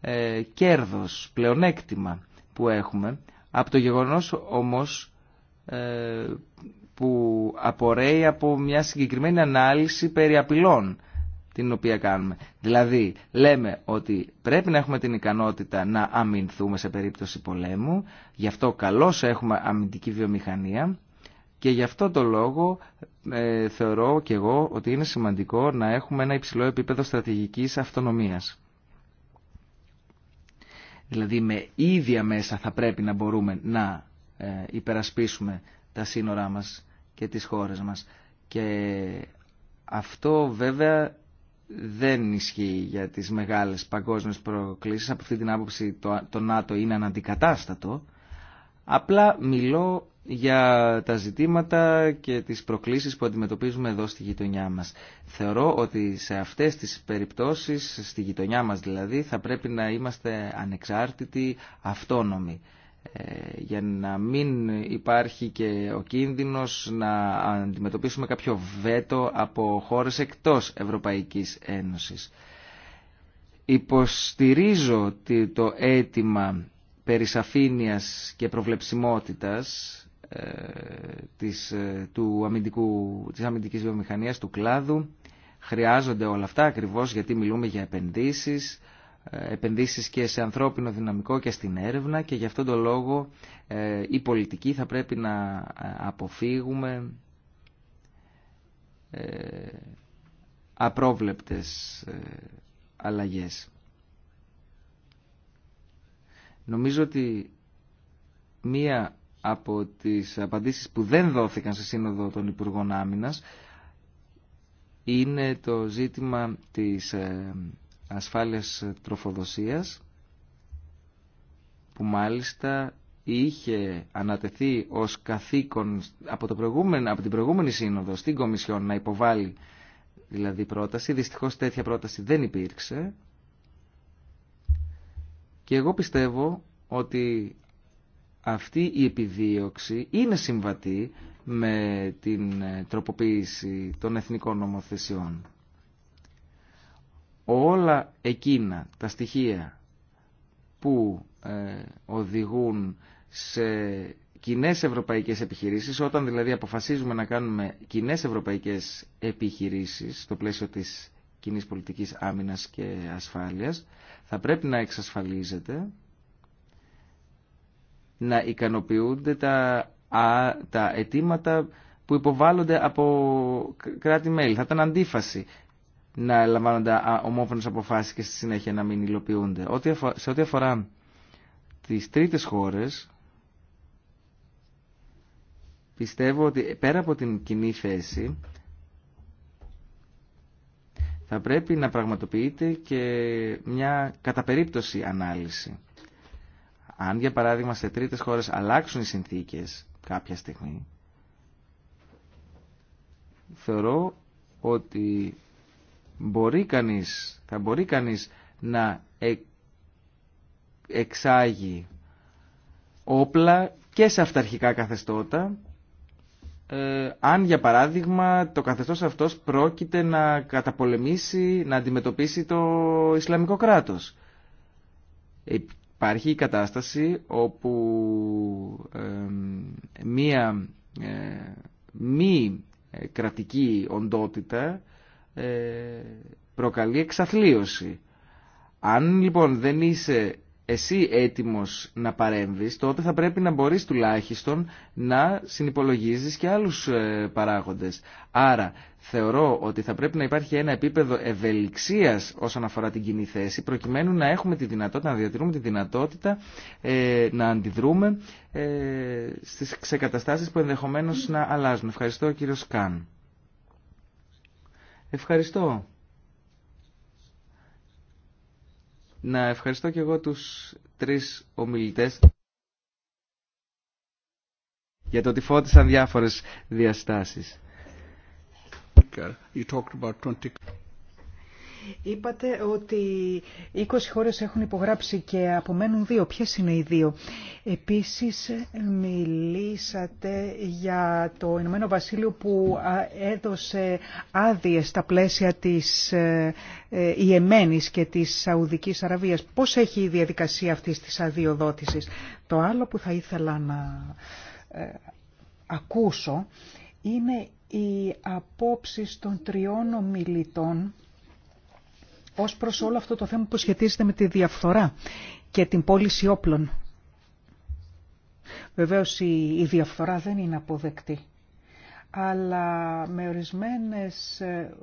ε, κέρδος, πλεονέκτημα που έχουμε, από το γεγονός όμως ε, που απορρέει από μια συγκεκριμένη ανάλυση περί απειλών την οποία κάνουμε. Δηλαδή, λέμε ότι πρέπει να έχουμε την ικανότητα να αμυνθούμε σε περίπτωση πολέμου, γι' αυτό καλώς έχουμε αμυντική βιομηχανία και γι' αυτό το λόγο ε, θεωρώ και εγώ ότι είναι σημαντικό να έχουμε ένα υψηλό επίπεδο στρατηγικής αυτονομίας. Δηλαδή, με ίδια μέσα θα πρέπει να μπορούμε να ε, υπερασπίσουμε τα σύνορά μας και τις χώρες μας. Και αυτό βέβαια δεν ισχύει για τις μεγάλες παγκόσμιες προκλήσεις. Από αυτή την άποψη το, το ΝΑΤΟ είναι αναντικατάστατο. Απλά μιλώ για τα ζητήματα και τις προκλήσεις που αντιμετωπίζουμε εδώ στη γειτονιά μας. Θεωρώ ότι σε αυτές τις περιπτώσεις, στη γειτονιά μας δηλαδή, θα πρέπει να είμαστε ανεξάρτητοι, αυτόνομοι. Ε, για να μην υπάρχει και ο κίνδυνος να αντιμετωπίσουμε κάποιο βέτο από χώρες εκτός Ευρωπαϊκής Ένωσης. Υποστηρίζω το αίτημα περισαφήνειας και προβλεψιμότητας ε, της, ε, του αμυντικού, της αμυντικής βιομηχανίας, του κλάδου. Χρειάζονται όλα αυτά ακριβώς γιατί μιλούμε για επενδύσεις, ε, επενδύσεις και σε ανθρώπινο δυναμικό και στην έρευνα και γι' αυτόν τον λόγο η ε, πολιτική θα πρέπει να ε, αποφύγουμε απρόβλεπτες αλλαγές. Νομίζω ότι μία από τις απαντήσεις που δεν δόθηκαν σε σύνοδο των Υπουργών Άμυνας είναι το ζήτημα της ασφάλειας τροφοδοσίας που μάλιστα είχε ανατεθεί ως καθήκον από, το προηγούμενο, από την προηγούμενη σύνοδο στην Κομισιόν να υποβάλει δηλαδή πρόταση. Δυστυχώς τέτοια πρόταση δεν υπήρξε. Και εγώ πιστεύω ότι αυτή η επιδίωξη είναι συμβατή με την τροποποίηση των εθνικών νομοθεσιών όλα εκείνα τα στοιχεία που ε, οδηγούν σε κοινέ ευρωπαϊκές επιχειρήσεις όταν δηλαδή αποφασίζουμε να κάνουμε κοινέ ευρωπαϊκές επιχειρήσεις στο πλαίσιο της κοινή πολιτικής άμυνας και ασφάλειας θα πρέπει να εξασφαλίζεται να ικανοποιούνται τα, τα αιτήματα που υποβάλλονται από κράτη-μέλη. Θα ήταν αντίφαση να λαμβάνονται ομόφωνες αποφάσει και στη συνέχεια να μην υλοποιούνται. Σε ό,τι αφορά τις τρίτες χώρες, πιστεύω ότι πέρα από την κοινή θέση θα πρέπει να πραγματοποιείται και μια κατά περίπτωση ανάλυση. Αν για παράδειγμα σε τρίτες χώρες αλλάξουν οι συνθήκες κάποια στιγμή, θεωρώ ότι μπορεί κανείς, θα μπορεί κανείς να ε, εξάγει όπλα και σε αυταρχικά καθεστώτα ε, αν για παράδειγμα το καθεστώς αυτός πρόκειται να καταπολεμήσει, να αντιμετωπίσει το Ισλαμικό κράτος. Υπάρχει η κατάσταση όπου μία ε, μη ε, κρατική οντότητα ε, προκαλεί εξαθλίωση. Αν λοιπόν δεν είσαι εσύ έτοιμος να παρέμβεις, τότε θα πρέπει να μπορείς τουλάχιστον να συνυπολογίζεις και άλλους ε, παράγοντες. Άρα θεωρώ ότι θα πρέπει να υπάρχει ένα επίπεδο ευελιξίας όσον αφορά την κοινή θέση, προκειμένου να έχουμε τη δυνατότητα, να διατηρούμε τη δυνατότητα ε, να αντιδρούμε ε, στις ξεκαταστάσεις που ενδεχομένως να αλλάζουν. Ευχαριστώ κύριο Σκάν. Ευχαριστώ. Να ευχαριστώ και εγώ τους τρεις ομιλητές για το ότι φώτισαν διάφορες διαστάσεις. You talked about 20... Είπατε ότι 20 χώρες έχουν υπογράψει και απομένουν δύο. Ποιες είναι οι δύο. Επίσης μιλήσατε για το Ηνωμένο Βασίλειο που έδωσε άδειε στα πλαίσια της ε, ε, Ιεμένης και της Σαουδικής Αραβίας. Πώς έχει η διαδικασία αυτής της αδειοδότησης. Το άλλο που θα ήθελα να ε, ακούσω είναι οι απόψεις των τριών ομιλητών ως προς όλο αυτό το θέμα που σχετίζεται με τη διαφθορά και την πώληση όπλων. Βεβαίως η διαφθορά δεν είναι αποδεκτή, αλλά με ορισμένες ε,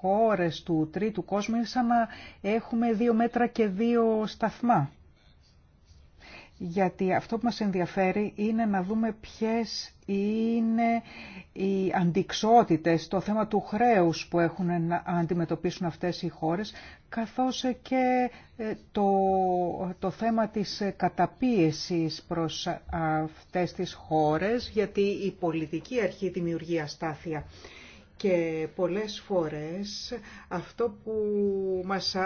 χώρες του τρίτου κόσμου είναι σαν να έχουμε δύο μέτρα και δύο σταθμά γιατί αυτό που μας ενδιαφέρει είναι να δούμε ποιες είναι οι αντικσότητες το θέμα του χρέους που έχουν να αντιμετωπίσουν αυτές οι χώρες, καθώς και ε, το, το θέμα της καταπίεσης προς αυτές τις χώρες, γιατί η πολιτική αρχή δημιουργεί αστάθεια και πολλές φορές αυτό που μας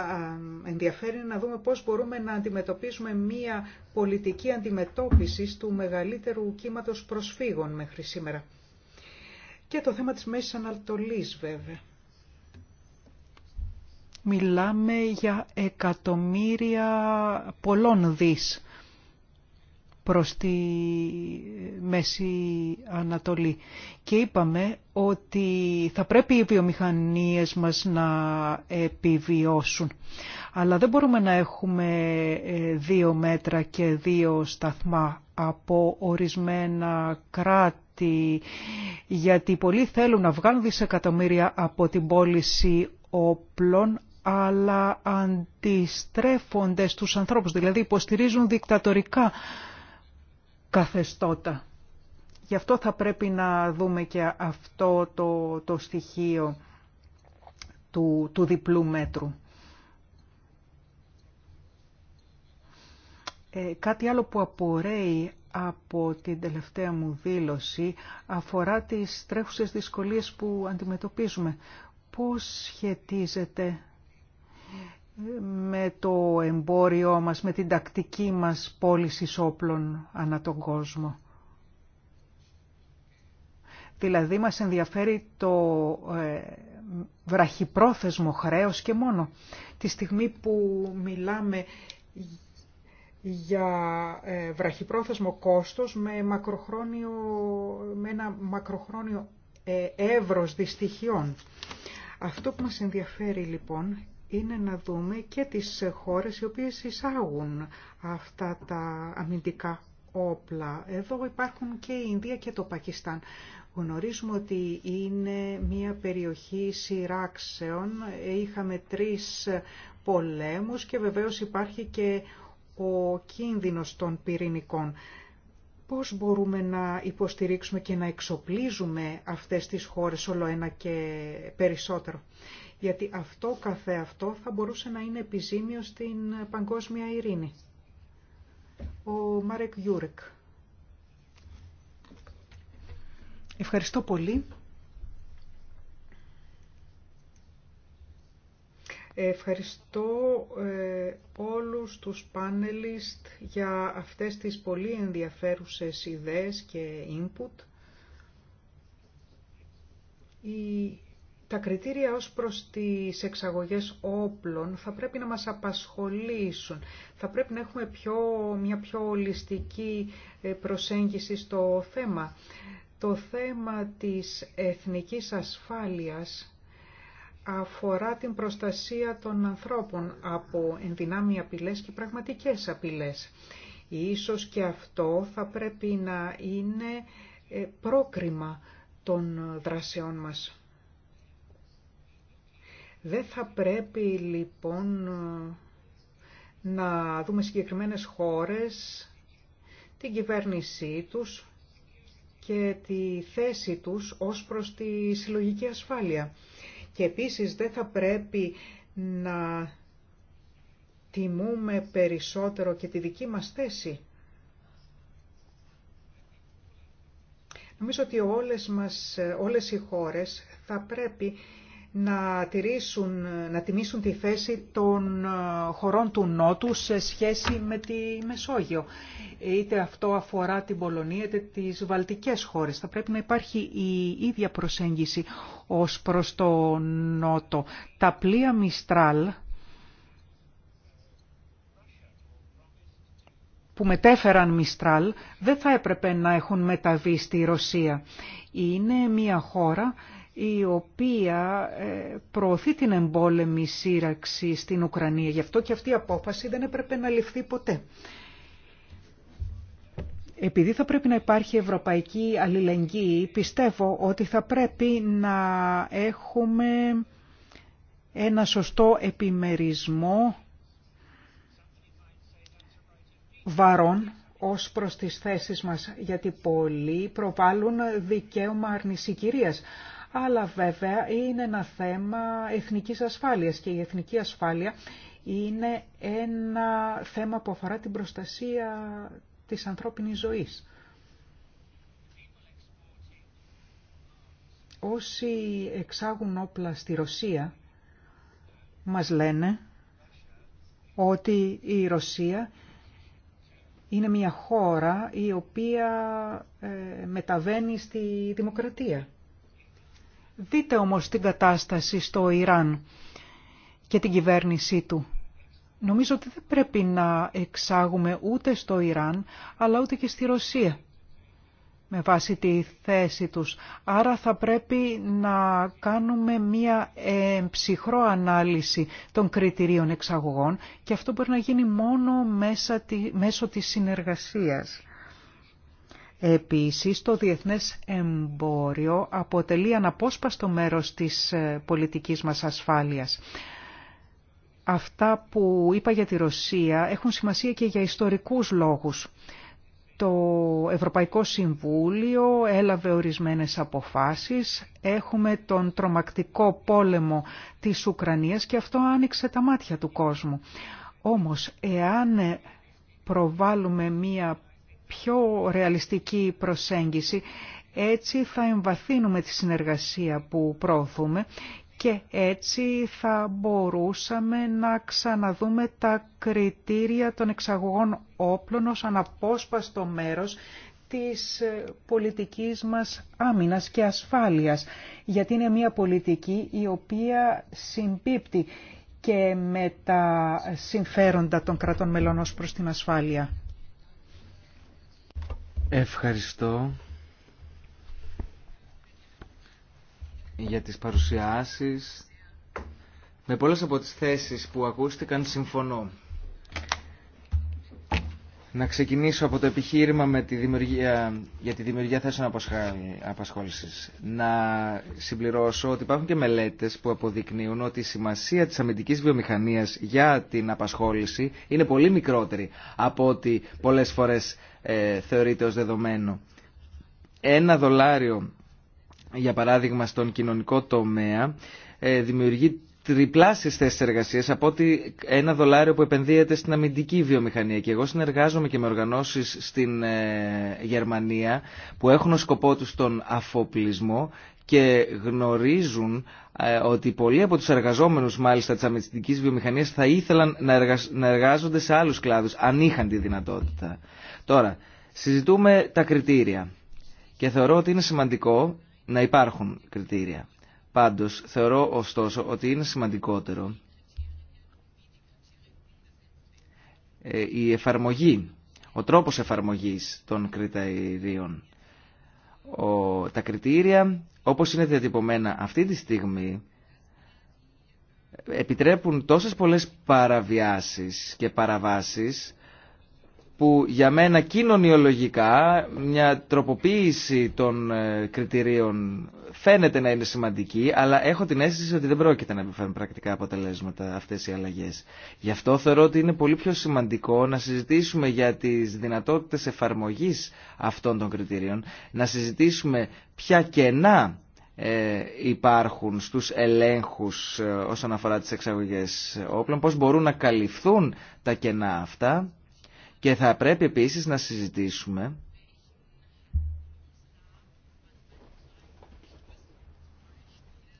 ενδιαφέρει είναι να δούμε πώς μπορούμε να αντιμετωπίσουμε μία πολιτική αντιμετώπιση του μεγαλύτερου κύματος προσφύγων μέχρι σήμερα. Και το θέμα της Μέσης Ανατολής βέβαια. Μιλάμε για εκατομμύρια πολλών δις προς τη Μέση Ανατολή. Και είπαμε ότι θα πρέπει οι βιομηχανίες μας να επιβιώσουν. Αλλά δεν μπορούμε να έχουμε ε, δύο μέτρα και δύο σταθμά από ορισμένα κράτη, γιατί πολλοί θέλουν να βγάλουν δισεκατομμύρια από την πώληση όπλων, αλλά αντιστρέφονται στους ανθρώπους, δηλαδή υποστηρίζουν δικτατορικά καθεστώτα. Γι' αυτό θα πρέπει να δούμε και αυτό το, το στοιχείο του, του διπλού μέτρου. Ε, κάτι άλλο που απορρέει από την τελευταία μου δήλωση αφορά τις τρέχουσες δυσκολίες που αντιμετωπίζουμε. Πώς σχετίζεται με το εμπόριό μας, με την τακτική μας πώληση όπλων ανά τον κόσμο. Δηλαδή μας ενδιαφέρει το ε, βραχυπρόθεσμο χρέος και μόνο. Τη στιγμή που μιλάμε για ε, βραχυπρόθεσμο κόστος με, μακροχρόνιο, με ένα μακροχρόνιο ε, εύρος δυστυχιών. Αυτό που μας ενδιαφέρει λοιπόν είναι να δούμε και τις χώρες οι οποίες εισάγουν αυτά τα αμυντικά όπλα. Εδώ υπάρχουν και η Ινδία και το Πακιστάν. Γνωρίζουμε ότι είναι μια περιοχή σειράξεων. Είχαμε τρεις πολέμους και βεβαίως υπάρχει και ο κίνδυνος των πυρηνικών. Πώς μπορούμε να υποστηρίξουμε και να εξοπλίζουμε αυτές τις χώρες όλο ένα και περισσότερο γιατί αυτό καθε αυτό θα μπορούσε να είναι επιζήμιο στην παγκόσμια ειρήνη. Ο Μάρεκ Γιούρεκ. Ευχαριστώ πολύ. Ευχαριστώ ε, όλους τους πάνελιστ για αυτές τις πολύ ενδιαφέρουσες ιδέες και input. Η τα κριτήρια ως προς τις εξαγωγές όπλων θα πρέπει να μας απασχολήσουν. Θα πρέπει να έχουμε πιο, μια πιο ολιστική ε, προσέγγιση στο θέμα. Το θέμα της εθνικής ασφάλειας αφορά την προστασία των ανθρώπων από ενδυνάμει απειλές και πραγματικές απειλές. Ίσως και αυτό θα πρέπει να είναι ε, πρόκριμα των δράσεών μας. Δεν θα πρέπει λοιπόν να δούμε συγκεκριμένες χώρες, την κυβέρνησή τους και τη θέση τους ως προς τη συλλογική ασφάλεια. Και επίσης δεν θα πρέπει να τιμούμε περισσότερο και τη δική μας θέση. Νομίζω ότι όλες, μας, όλες οι χώρες θα πρέπει να, να τιμήσουν τη θέση των ε, χωρών του Νότου σε σχέση με τη Μεσόγειο. Είτε αυτό αφορά την Πολωνία είτε τις Βαλτικές χώρες. Θα πρέπει να υπάρχει η ίδια προσέγγιση ως προς το Νότο. Τα πλοία Μιστράλ που μετέφεραν Μιστράλ δεν θα έπρεπε να έχουν μεταβεί στη Ρωσία. Είναι μια χώρα η οποία ε, προωθεί την εμπόλεμη σύραξη στην Ουκρανία. Γι' αυτό και αυτή η απόφαση δεν έπρεπε να ληφθεί ποτέ. Επειδή θα πρέπει να υπάρχει ευρωπαϊκή αλληλεγγύη, πιστεύω ότι θα πρέπει να έχουμε ένα σωστό επιμερισμό βαρών ως προς τις θέσεις μας, γιατί πολλοί προβάλλουν δικαίωμα αρνησικυρίας αλλά βέβαια είναι ένα θέμα εθνικής ασφάλειας και η εθνική ασφάλεια είναι ένα θέμα που αφορά την προστασία της ανθρώπινης ζωής. Όσοι εξάγουν όπλα στη Ρωσία μας λένε ότι η Ρωσία είναι μια χώρα η οποία ε, μεταβαίνει στη δημοκρατία. Δείτε όμως την κατάσταση στο Ιράν και την κυβέρνησή του. Νομίζω ότι δεν πρέπει να εξάγουμε ούτε στο Ιράν, αλλά ούτε και στη Ρωσία με βάση τη θέση τους. Άρα θα πρέπει να κάνουμε μία ψυχρό ανάλυση των κριτηρίων εξαγωγών και αυτό μπορεί να γίνει μόνο μέσα τη, μέσω της συνεργασίας. Επίσης, το διεθνές εμπόριο αποτελεί αναπόσπαστο μέρος της ε, πολιτικής μας ασφάλειας. Αυτά που είπα για τη Ρωσία έχουν σημασία και για ιστορικούς λόγους. Το Ευρωπαϊκό Συμβούλιο έλαβε ορισμένες αποφάσεις. Έχουμε τον τρομακτικό πόλεμο της Ουκρανίας και αυτό άνοιξε τα μάτια του κόσμου. Όμως, εάν ε, προβάλλουμε μία πιο ρεαλιστική προσέγγιση. Έτσι θα εμβαθύνουμε τη συνεργασία που προωθούμε και έτσι θα μπορούσαμε να ξαναδούμε τα κριτήρια των εξαγωγών όπλων ως αναπόσπαστο μέρος της πολιτικής μας άμυνας και ασφάλειας, γιατί είναι μια πολιτική η οποία συμπίπτει και με τα συμφέροντα των κρατών μελών προς την ασφάλεια. Ευχαριστώ για τις παρουσιάσεις. Με πολλές από τις θέσεις που ακούστηκαν συμφωνώ. Να ξεκινήσω από το επιχείρημα με τη δημιουργία, για τη δημιουργία θέσεων απασχόλησης. Να συμπληρώσω ότι υπάρχουν και μελέτες που αποδεικνύουν ότι η σημασία της αμυντικής βιομηχανίας για την απασχόληση είναι πολύ μικρότερη από ότι πολλές φορές ε, θεωρείται ως δεδομένο. Ένα δολάριο, για παράδειγμα, στον κοινωνικό τομέα ε, δημιουργεί τριπλάσιες θέσει εργασία, από ότι ένα δολάριο που επενδύεται στην αμυντική βιομηχανία. Και εγώ συνεργάζομαι και με οργανώσεις στην ε, Γερμανία που έχουν ως σκοπό του τον αφοπλισμό και γνωρίζουν ε, ότι πολλοί από τους εργαζόμενους μάλιστα τη αμυντική βιομηχανίας θα ήθελαν να εργάζονται σε άλλους κλάδους αν είχαν τη δυνατότητα. Τώρα, συζητούμε τα κριτήρια και θεωρώ ότι είναι σημαντικό να υπάρχουν κριτήρια. Πάντως, θεωρώ ωστόσο ότι είναι σημαντικότερο ε, η εφαρμογή, ο τρόπος εφαρμογής των κριτηρίων. Ο, τα κριτήρια, όπως είναι διατυπωμένα αυτή τη στιγμή, επιτρέπουν τόσες πολλές παραβιάσεις και παραβάσεις που για μένα κοινωνιολογικά μια τροποποίηση των ε, κριτηρίων φαίνεται να είναι σημαντική, αλλά έχω την αίσθηση ότι δεν πρόκειται να επιφέρουν πρακτικά αποτελέσματα αυτές οι αλλαγές. Γι' αυτό θεωρώ ότι είναι πολύ πιο σημαντικό να συζητήσουμε για τις δυνατότητες εφαρμογής αυτών των κριτηρίων, να συζητήσουμε ποια κενά ε, υπάρχουν στους ελέγχους ε, όσον αφορά τις εξαγωγές όπλων, πώς μπορούν να καλυφθούν τα κενά αυτά και θα πρέπει επίσης να συζητήσουμε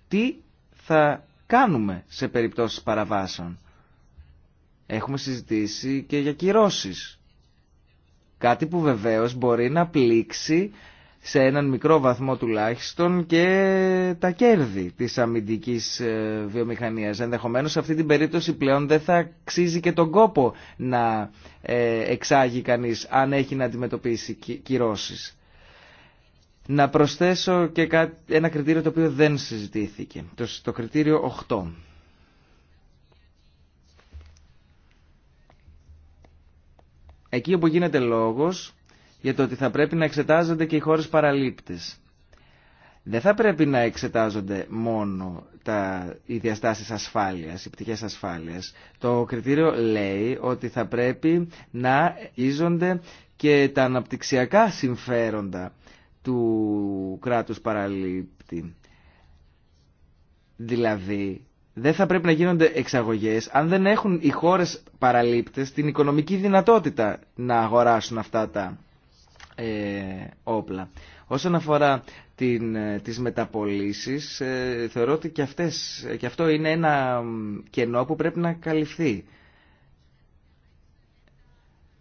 τι θα κάνουμε σε περιπτώσεις παραβάσεων. Έχουμε συζητήσει και για κυρώσεις. Κάτι που βεβαίως μπορεί να πλήξει σε έναν μικρό βαθμό τουλάχιστον και τα κέρδη της αμυντικής ε, βιομηχανίας. Ενδεχομένως σε αυτή την περίπτωση πλέον δεν θα αξίζει και τον κόπο να ε, εξάγει κανείς αν έχει να αντιμετωπίσει κυρώσεις. Να προσθέσω και ένα κριτήριο το οποίο δεν συζητήθηκε, το κριτήριο 8. Εκεί όπου γίνεται λόγος για το ότι θα πρέπει να εξετάζονται και οι χώρες παραλήπτες. Δεν θα πρέπει να εξετάζονται μόνο τα, οι διαστάσεις ασφάλειας, οι πτυχές ασφάλειας. Το κριτήριο λέει ότι θα πρέπει να ίζονται και τα αναπτυξιακά συμφέροντα του κράτους παραλήπτη. Δηλαδή, δεν θα πρέπει να γίνονται εξαγωγές αν δεν έχουν οι χώρες παραλήπτες την οικονομική δυνατότητα να αγοράσουν αυτά τα ε, όπλα. Όσον αφορά την, ε, τις μεταπολίσεις, ε, θεωρώ ότι και, αυτές, και αυτό είναι ένα κενό που πρέπει να καλυφθεί.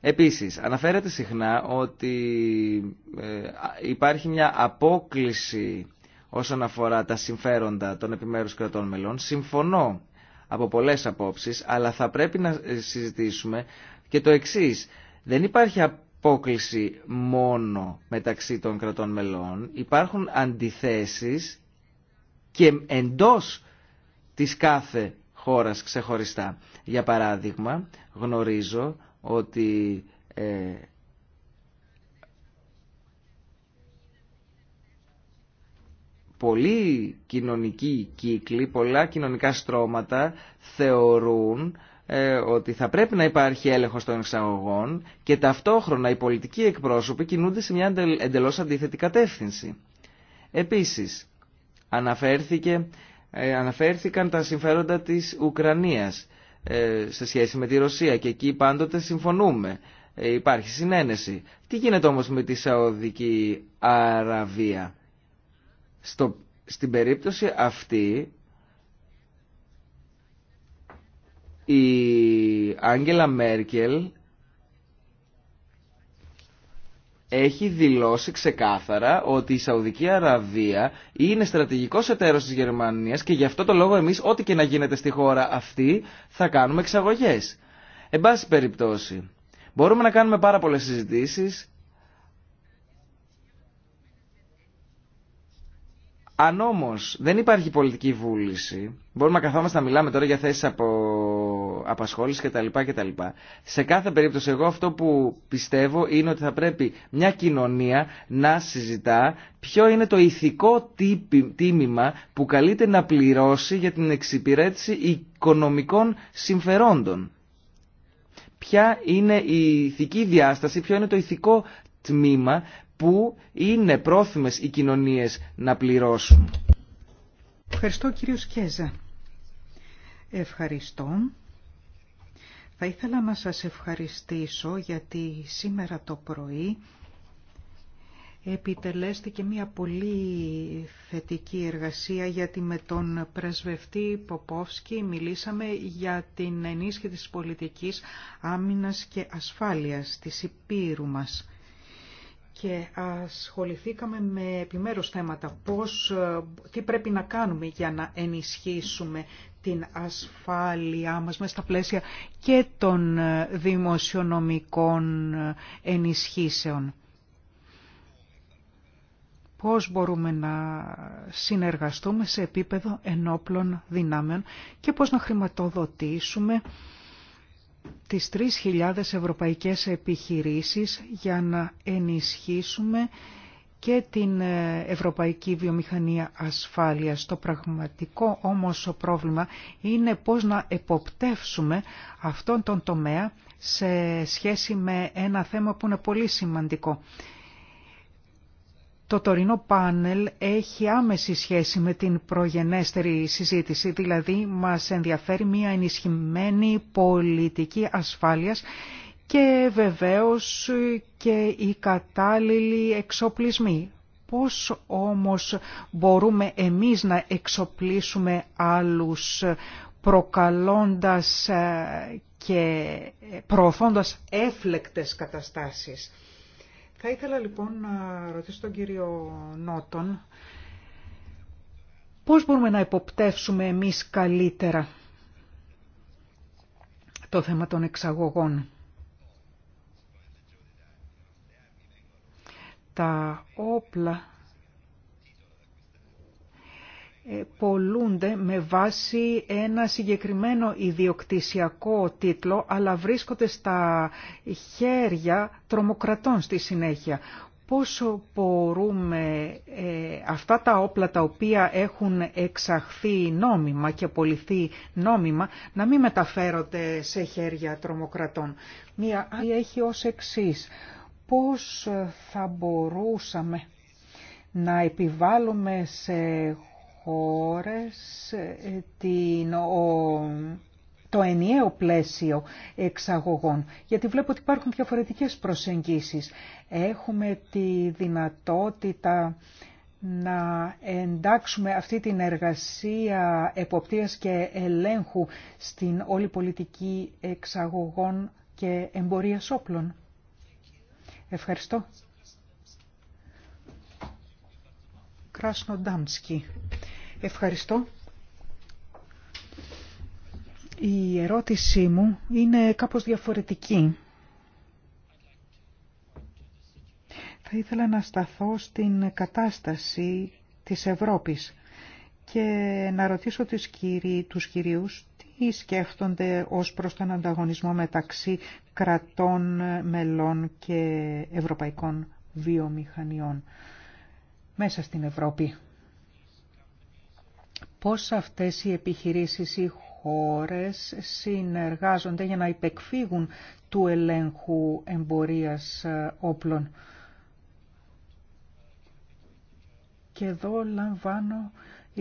Επίσης, αναφέρεται συχνά ότι υπάρχει μια απόκληση όσον αφορά τα συμφέροντα των επιμέρους κρατών μελών. Συμφωνώ από πολλές απόψεις, αλλά θα πρέπει να συζητήσουμε και το εξής. Δεν υπάρχει μόνο μεταξύ των κρατών μελών. Υπάρχουν αντιθέσεις και εντός της κάθε χώρας ξεχωριστά. Για παράδειγμα, γνωρίζω ότι ε, πολλοί κοινωνικοί κύκλοι, πολλά κοινωνικά στρώματα θεωρούν ε, ότι θα πρέπει να υπάρχει έλεγχος των εξαγωγών και ταυτόχρονα οι πολιτικοί εκπρόσωποι κινούνται σε μια εντελώς αντίθετη κατεύθυνση. Επίσης, αναφέρθηκε, ε, αναφέρθηκαν τα συμφέροντα της Ουκρανίας ε, σε σχέση με τη Ρωσία και εκεί πάντοτε συμφωνούμε. Υπάρχει συνένεση. Τι γίνεται όμως με τη Σαουδική Αραβία. Στο, στην περίπτωση αυτή η Άγγελα Μέρκελ έχει δηλώσει ξεκάθαρα ότι η Σαουδική Αραβία είναι στρατηγικός εταίρος της Γερμανίας και γι' αυτό το λόγο εμείς ό,τι και να γίνεται στη χώρα αυτή θα κάνουμε εξαγωγές. Εν πάση περιπτώσει, μπορούμε να κάνουμε πάρα πολλές συζητήσεις Αν όμως δεν υπάρχει πολιτική βούληση, μπορούμε να καθόμαστε να μιλάμε τώρα για θέσει από απασχόληση κτλ. κτλ. Σε κάθε περίπτωση εγώ αυτό που πιστεύω είναι ότι θα πρέπει μια κοινωνία να συζητά ποιο είναι το ηθικό τίμημα που καλείται να πληρώσει για την εξυπηρέτηση οικονομικών συμφερόντων. Ποια είναι η ηθική διάσταση, ποιο είναι το ηθικό τμήμα που είναι πρόθυμες οι κοινωνίες να πληρώσουν. Ευχαριστώ κύριο Σκέζα. Ευχαριστώ. Θα ήθελα να σας ευχαριστήσω γιατί σήμερα το πρωί επιτελέστηκε μια πολύ θετική εργασία γιατί με τον πρεσβευτή Ποπόφσκι μιλήσαμε για την ενίσχυση της πολιτικής άμυνας και ασφάλειας της Υπήρου μας. Και ασχοληθήκαμε με επιμέρους θέματα, πώς, ε, τι πρέπει να κάνουμε για να ενισχύσουμε την ασφάλειά μας μέσα στα πλαίσια και των ε, δημοσιονομικών ε, ενισχύσεων. Πώς μπορούμε να συνεργαστούμε σε επίπεδο ενόπλων δυνάμεων και πώς να χρηματοδοτήσουμε τις 3.000 ευρωπαϊκές επιχειρήσεις για να ενισχύσουμε και την ε, Ευρωπαϊκή Βιομηχανία Ασφάλειας. Το πραγματικό όμως πρόβλημα είναι πώς να εποπτεύσουμε αυτόν τον τομέα σε σχέση με ένα θέμα που είναι πολύ σημαντικό. Το τωρινό πάνελ έχει άμεση σχέση με την προγενέστερη συζήτηση, δηλαδή μας ενδιαφέρει μια ενισχυμένη πολιτική ασφάλειας και βεβαίως και οι κατάλληλοι εξοπλισμοί. Πώς όμως μπορούμε εμείς να εξοπλίσουμε άλλους προκαλώντας ε, και προωθώντας έφλεκτες καταστάσεις. Θα ήθελα λοιπόν να ρωτήσω τον κύριο Νότον, πώς μπορούμε να υποπτεύσουμε εμείς καλύτερα το θέμα των εξαγωγών. τα όπλα ε, πολλούνται με βάση ένα συγκεκριμένο ιδιοκτησιακό τίτλο, αλλά βρίσκονται στα χέρια τρομοκρατών στη συνέχεια. Πόσο μπορούμε ε, αυτά τα όπλα τα οποία έχουν εξαχθεί νόμιμα και πολιθεί νόμιμα να μην μεταφέρονται σε χέρια τρομοκρατών. Μία άλλη έχει ως εξής πώς ε, θα μπορούσαμε να επιβάλλουμε σε χώρες ε, το ενιαίο πλαίσιο εξαγωγών, γιατί βλέπω ότι υπάρχουν διαφορετικές προσεγγίσεις. Έχουμε τη δυνατότητα να εντάξουμε αυτή την εργασία εποπτείας και ελέγχου στην όλη πολιτική εξαγωγών και εμπορίας όπλων. Ευχαριστώ. Κράσνοντάμσκι. Ευχαριστώ. Η ερώτησή μου είναι κάπως διαφορετική. Θα ήθελα να σταθώ στην κατάσταση της Ευρώπης και να ρωτήσω τους, κυρίους ή σκέφτονται ως προς τον ανταγωνισμό μεταξύ κρατών, μελών και ευρωπαϊκών βιομηχανιών μέσα στην Ευρώπη. Πώς αυτές οι επιχειρήσεις ή χώρες συνεργάζονται για να υπεκφύγουν του ελέγχου εμπορίας ε, όπλων. Και εδώ λαμβάνω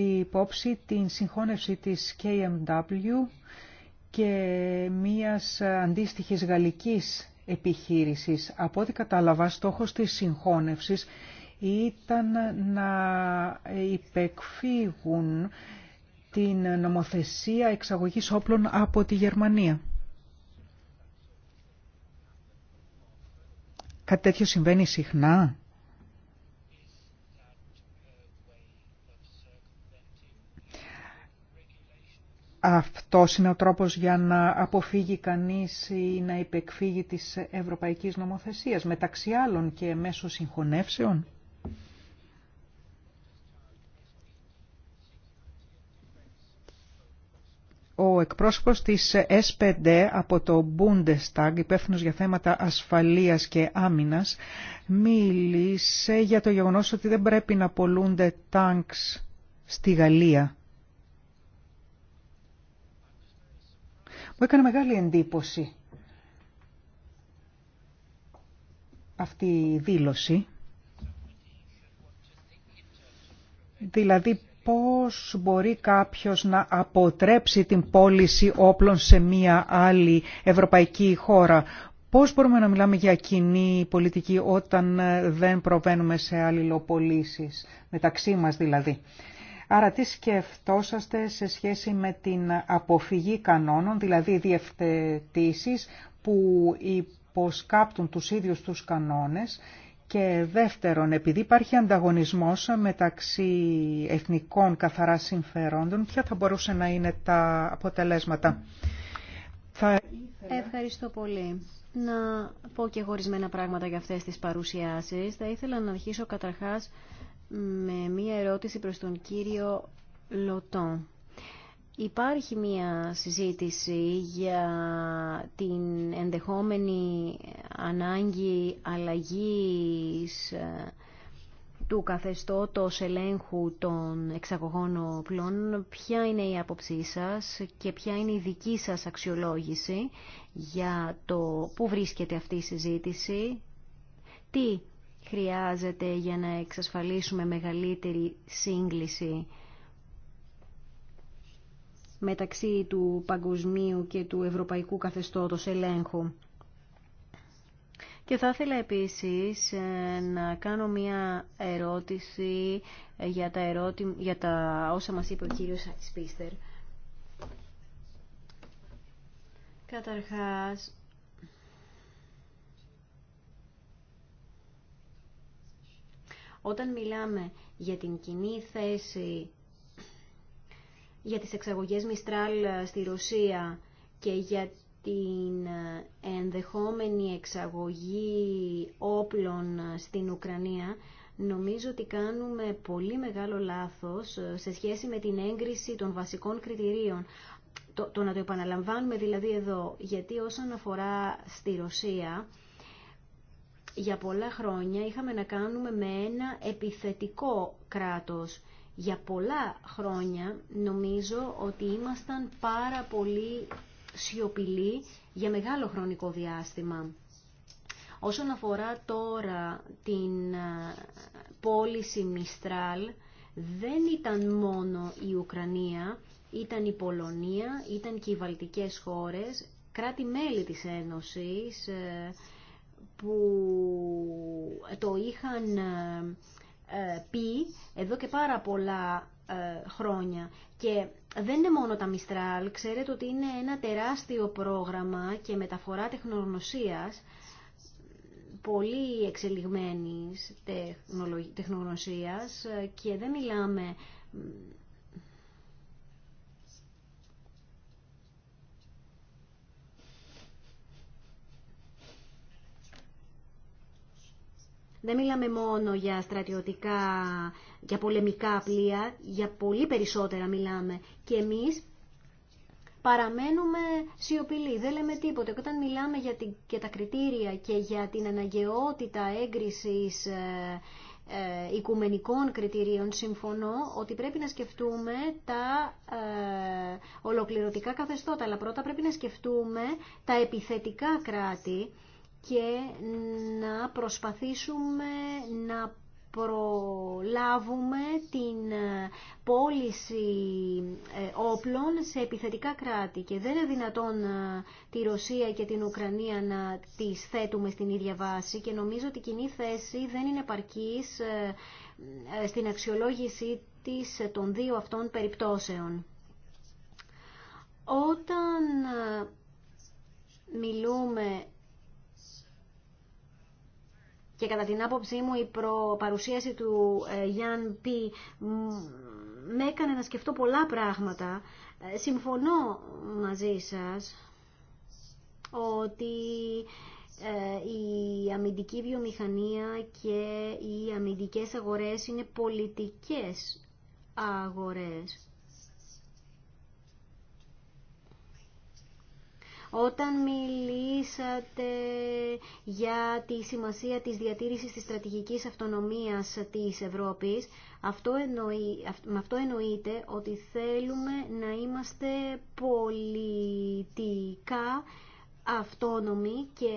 υπόψη την συγχώνευση της KMW και μίας αντίστοιχης γαλλικής επιχείρησης. Από ό,τι κατάλαβα, στόχος της συγχώνευσης ήταν να υπεκφύγουν την νομοθεσία εξαγωγής όπλων από τη Γερμανία. Κάτι τέτοιο συμβαίνει συχνά. Αυτό είναι ο τρόπος για να αποφύγει κανείς ή να υπεκφύγει της ευρωπαϊκής νομοθεσίας, μεταξύ άλλων και μέσω συγχωνεύσεων. Ο εκπρόσωπος της S5 από το Bundestag, υπεύθυνο για θέματα ασφαλείας και άμυνας, μίλησε για το γεγονός ότι δεν πρέπει να πολλούνται τάγκς στη Γαλλία Μου έκανε μεγάλη εντύπωση αυτή η δήλωση. Δηλαδή πώς μπορεί κάποιος να αποτρέψει την πώληση όπλων σε μία άλλη ευρωπαϊκή χώρα. Πώς μπορούμε να μιλάμε για κοινή πολιτική όταν δεν προβαίνουμε σε αλληλοπολίσεις, μεταξύ μας δηλαδή. Άρα τι σκεφτόσαστε σε σχέση με την αποφυγή κανόνων, δηλαδή διευθετήσεις που υποσκάπτουν τους ίδιους τους κανόνες και δεύτερον, επειδή υπάρχει ανταγωνισμός μεταξύ εθνικών καθαρά συμφερόντων, ποια θα μπορούσε να είναι τα αποτελέσματα. Ευχαριστώ πολύ. Να πω και χωρισμένα πράγματα για αυτές τις παρουσιάσεις. Θα ήθελα να αρχίσω καταρχάς με μία ερώτηση προς τον κύριο Λοτών. Υπάρχει μία συζήτηση για την ενδεχόμενη ανάγκη αλλαγής ε, του καθεστώτος ελέγχου των εξαγωγών όπλων. Ποια είναι η άποψή σας και ποια είναι η δική σας αξιολόγηση για το πού βρίσκεται αυτή η συζήτηση, τι χρειάζεται για να εξασφαλίσουμε μεγαλύτερη σύγκληση μεταξύ του παγκοσμίου και του ευρωπαϊκού καθεστώτος ελέγχου. Και θα ήθελα επίσης ε, να κάνω μια ερώτηση για τα, ερώτη... για τα όσα μας είπε ο κύριος Σπίστερ. Καταρχάς, Όταν μιλάμε για την κοινή θέση για τις εξαγωγές Μιστράλ ε, στη Ρωσία και για την ε, ενδεχόμενη εξαγωγή όπλων ε, στην Ουκρανία, νομίζω ότι κάνουμε πολύ μεγάλο λάθος σε σχέση με την έγκριση των βασικών κριτηρίων. Το, το να το επαναλαμβάνουμε δηλαδή εδώ, γιατί όσον αφορά στη Ρωσία, για πολλά χρόνια είχαμε να κάνουμε με ένα επιθετικό κράτος. Για πολλά χρόνια νομίζω ότι ήμασταν πάρα πολύ σιωπηλοί για μεγάλο χρονικό διάστημα. Όσον αφορά τώρα την πώληση Μιστράλ, δεν ήταν μόνο η Ουκρανία, ήταν η Πολωνία, ήταν και οι Βαλτικές χώρες, κράτη-μέλη της Ένωσης, ε, που ε, το είχαν ε, ε, πει εδώ και πάρα πολλά χρόνια. Και δεν είναι μόνο τα Μιστράλ, ξέρετε ότι είναι ένα τεράστιο πρόγραμμα και μεταφορά τεχνογνωσίας, πολύ εξελιγμένης τεχνογνωσίας και δεν μιλάμε Δεν μιλάμε μόνο για στρατιωτικά, για πολεμικά πλοία, για πολύ περισσότερα μιλάμε. Και εμείς παραμένουμε σιωπηλοί, δεν λέμε τίποτα. Και όταν μιλάμε για, για τα κριτήρια και για την αναγκαιότητα έγκρισης ε, ε, οικουμενικών κριτηρίων, συμφωνώ ότι πρέπει να σκεφτούμε τα ε, ολοκληρωτικά καθεστώτα, αλλά πρώτα πρέπει να σκεφτούμε τα επιθετικά κράτη, και να προσπαθήσουμε να προλάβουμε την ε, πώληση ε, όπλων σε επιθετικά κράτη και δεν είναι δυνατόν ε, τη Ρωσία και την Ουκρανία να τις θέτουμε στην ίδια βάση και νομίζω ότι η κοινή θέση δεν είναι παρκής στην αξιολόγησή της των δύο αυτών περιπτώσεων. Όταν μιλούμε και κατά την άποψή μου η παρουσίαση του ε, Γιάνν Πι με έκανε να σκεφτώ πολλά πράγματα. Ε, συμφωνώ μαζί σας ότι ε, η αμυντική βιομηχανία και οι αμυντικές αγορές είναι πολιτικές αγορές. Όταν μιλήσατε για τη σημασία της διατήρησης της στρατηγικής αυτονομίας της Ευρώπης, αυτό εννοεί, με αυτό εννοείται ότι θέλουμε να είμαστε πολιτικά αυτόνομοι και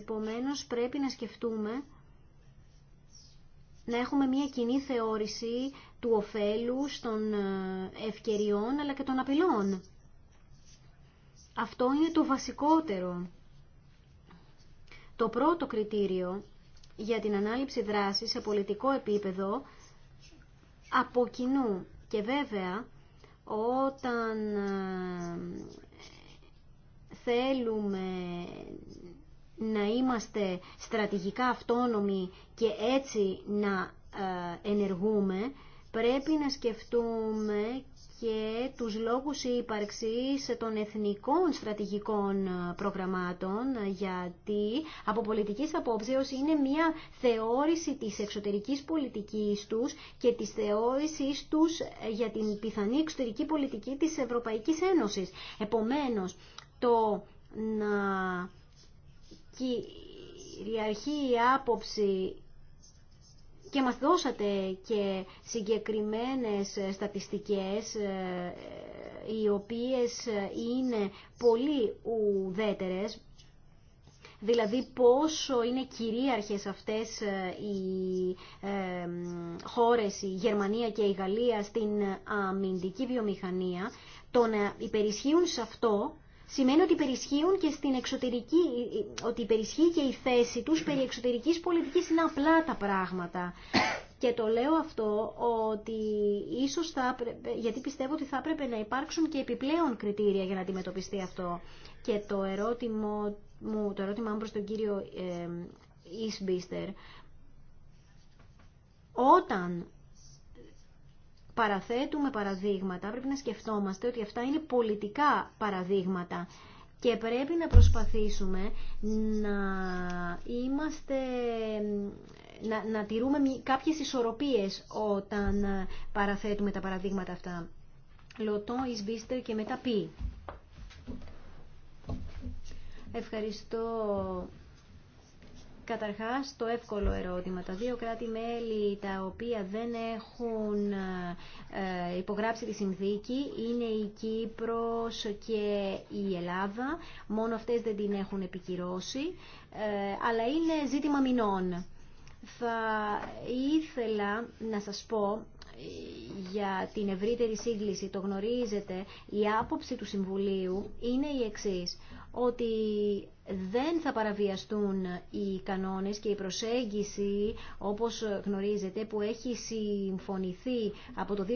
επομένως πρέπει να σκεφτούμε να έχουμε μια κοινή θεώρηση του ωφέλους, των ε, ευκαιριών αλλά και των απειλών. Αυτό είναι το βασικότερο. Το πρώτο κριτήριο για την ανάληψη δράσης σε πολιτικό επίπεδο από κοινού και βέβαια όταν ε, θέλουμε να είμαστε στρατηγικά αυτόνομοι και έτσι να ε, ενεργούμε, πρέπει να σκεφτούμε και τους λόγους ύπαρξης των εθνικών στρατηγικών ε, προγραμμάτων, ε, γιατί από πολιτικής απόψεως είναι μια θεώρηση της εξωτερικής πολιτικής τους και της θεώρησης τους ε, για την πιθανή εξωτερική πολιτική της Ευρωπαϊκής Ένωσης. Επομένως, το να κυριαρχεί η άποψη και μας δώσατε και συγκεκριμένες στατιστικές ε, οι οποίες είναι πολύ ουδέτερες, δηλαδή πόσο είναι κυρίαρχες αυτές ε, οι ε, χώρες, η Γερμανία και η Γαλλία στην αμυντική βιομηχανία, το να υπερισχύουν σε αυτό σημαίνει ότι περισχύουν και στην εξωτερική, ε, ε, ότι υπερισχύει και η θέση τους περί εξωτερικής πολιτικής είναι απλά τα πράγματα. Και το λέω αυτό ότι ίσως θα ε, γιατί πιστεύω ότι θα έπρεπε να υπάρξουν και επιπλέον κριτήρια για να αντιμετωπιστεί αυτό. Και το ερώτημα μου, το ερώτημα μου προς τον κύριο Ισμπίστερ, όταν παραθέτουμε παραδείγματα, πρέπει να σκεφτόμαστε ότι αυτά είναι πολιτικά παραδείγματα και πρέπει να προσπαθήσουμε να είμαστε να, να τηρούμε κάποιες ισορροπίες όταν παραθέτουμε τα παραδείγματα αυτά. Λωτό, Ισμπίστερ και μετά πι. Ευχαριστώ Καταρχάς, το εύκολο ερώτημα. Τα δύο κράτη-μέλη τα οποία δεν έχουν ε, υπογράψει τη συνθήκη είναι η Κύπρος και η Ελλάδα. Μόνο αυτές δεν την έχουν επικυρώσει, ε, αλλά είναι ζήτημα μηνών. Θα ήθελα να σας πω για την ευρύτερη σύγκληση, το γνωρίζετε, η άποψη του Συμβουλίου είναι η εξής, ότι δεν θα παραβιαστούν οι κανόνες και η προσέγγιση, όπως γνωρίζετε, που έχει συμφωνηθεί από το 2012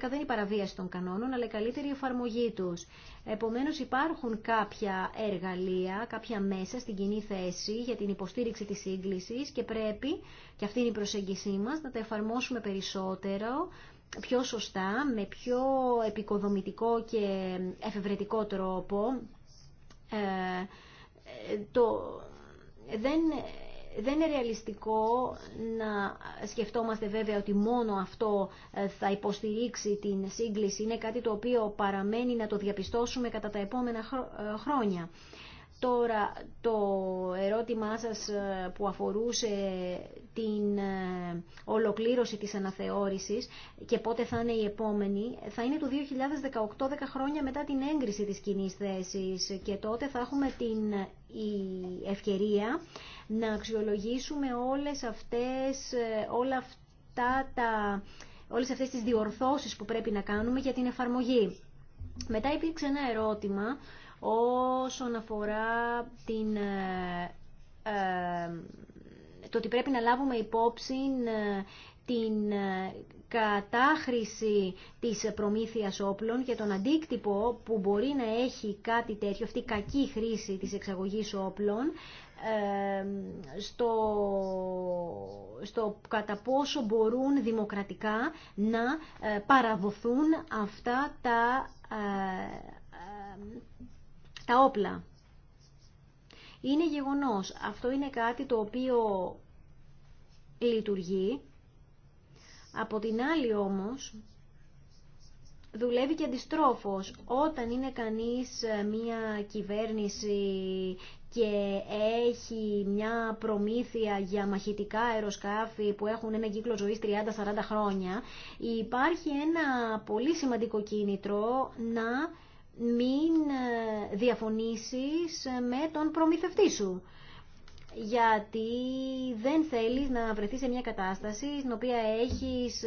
δεν είναι η παραβίαση των κανόνων, αλλά η καλύτερη εφαρμογή τους. Επομένως υπάρχουν κάποια εργαλεία, κάποια μέσα στην κοινή θέση για την υποστήριξη της σύγκλησης και πρέπει, και αυτή είναι η προσέγγισή μας, να τα εφαρμόσουμε περισσότερο, πιο σωστά, με πιο επικοδομητικό και εφευρετικό τρόπο, ε, ε, το, δεν, δεν είναι ρεαλιστικό να σκεφτόμαστε βέβαια ότι μόνο αυτό ε, θα υποστηρίξει την σύγκληση. Είναι κάτι το οποίο παραμένει να το διαπιστώσουμε κατά τα επόμενα ε, χρόνια. Τώρα το ερώτημά σας ε, που αφορούσε την ε, ολοκλήρωση της αναθεώρησης και πότε θα είναι η επόμενη θα είναι το 2018, 10 χρόνια μετά την έγκριση της κοινή θέσης και τότε θα έχουμε την ευκαιρία να αξιολογήσουμε όλες αυτές, ε, όλα αυτά τα, όλες αυτές τις διορθώσεις που πρέπει να κάνουμε για την εφαρμογή. Μετά υπήρξε ένα ερώτημα όσον αφορά την, ε, ε, το ότι πρέπει να λάβουμε υπόψη ε, την κατάχρηση της προμήθειας όπλων και τον αντίκτυπο που μπορεί να έχει κάτι τέτοιο, αυτή η κακή χρήση της εξαγωγής όπλων, στο, στο κατά πόσο μπορούν δημοκρατικά να παραδοθούν αυτά τα τα όπλα. Είναι γεγονός. Αυτό είναι κάτι το οποίο λειτουργεί. Από την άλλη όμως, δουλεύει και αντιστρόφως. Όταν είναι κανείς ε, μια κυβέρνηση και έχει μια προμήθεια για μαχητικά αεροσκάφη που έχουν ένα κύκλο ζωής 30-40 χρόνια, υπάρχει ένα πολύ σημαντικό κίνητρο να μην ε, διαφωνήσεις ε, με τον προμηθευτή σου γιατί δεν θέλεις να βρεθεί σε μια κατάσταση στην οποία έχεις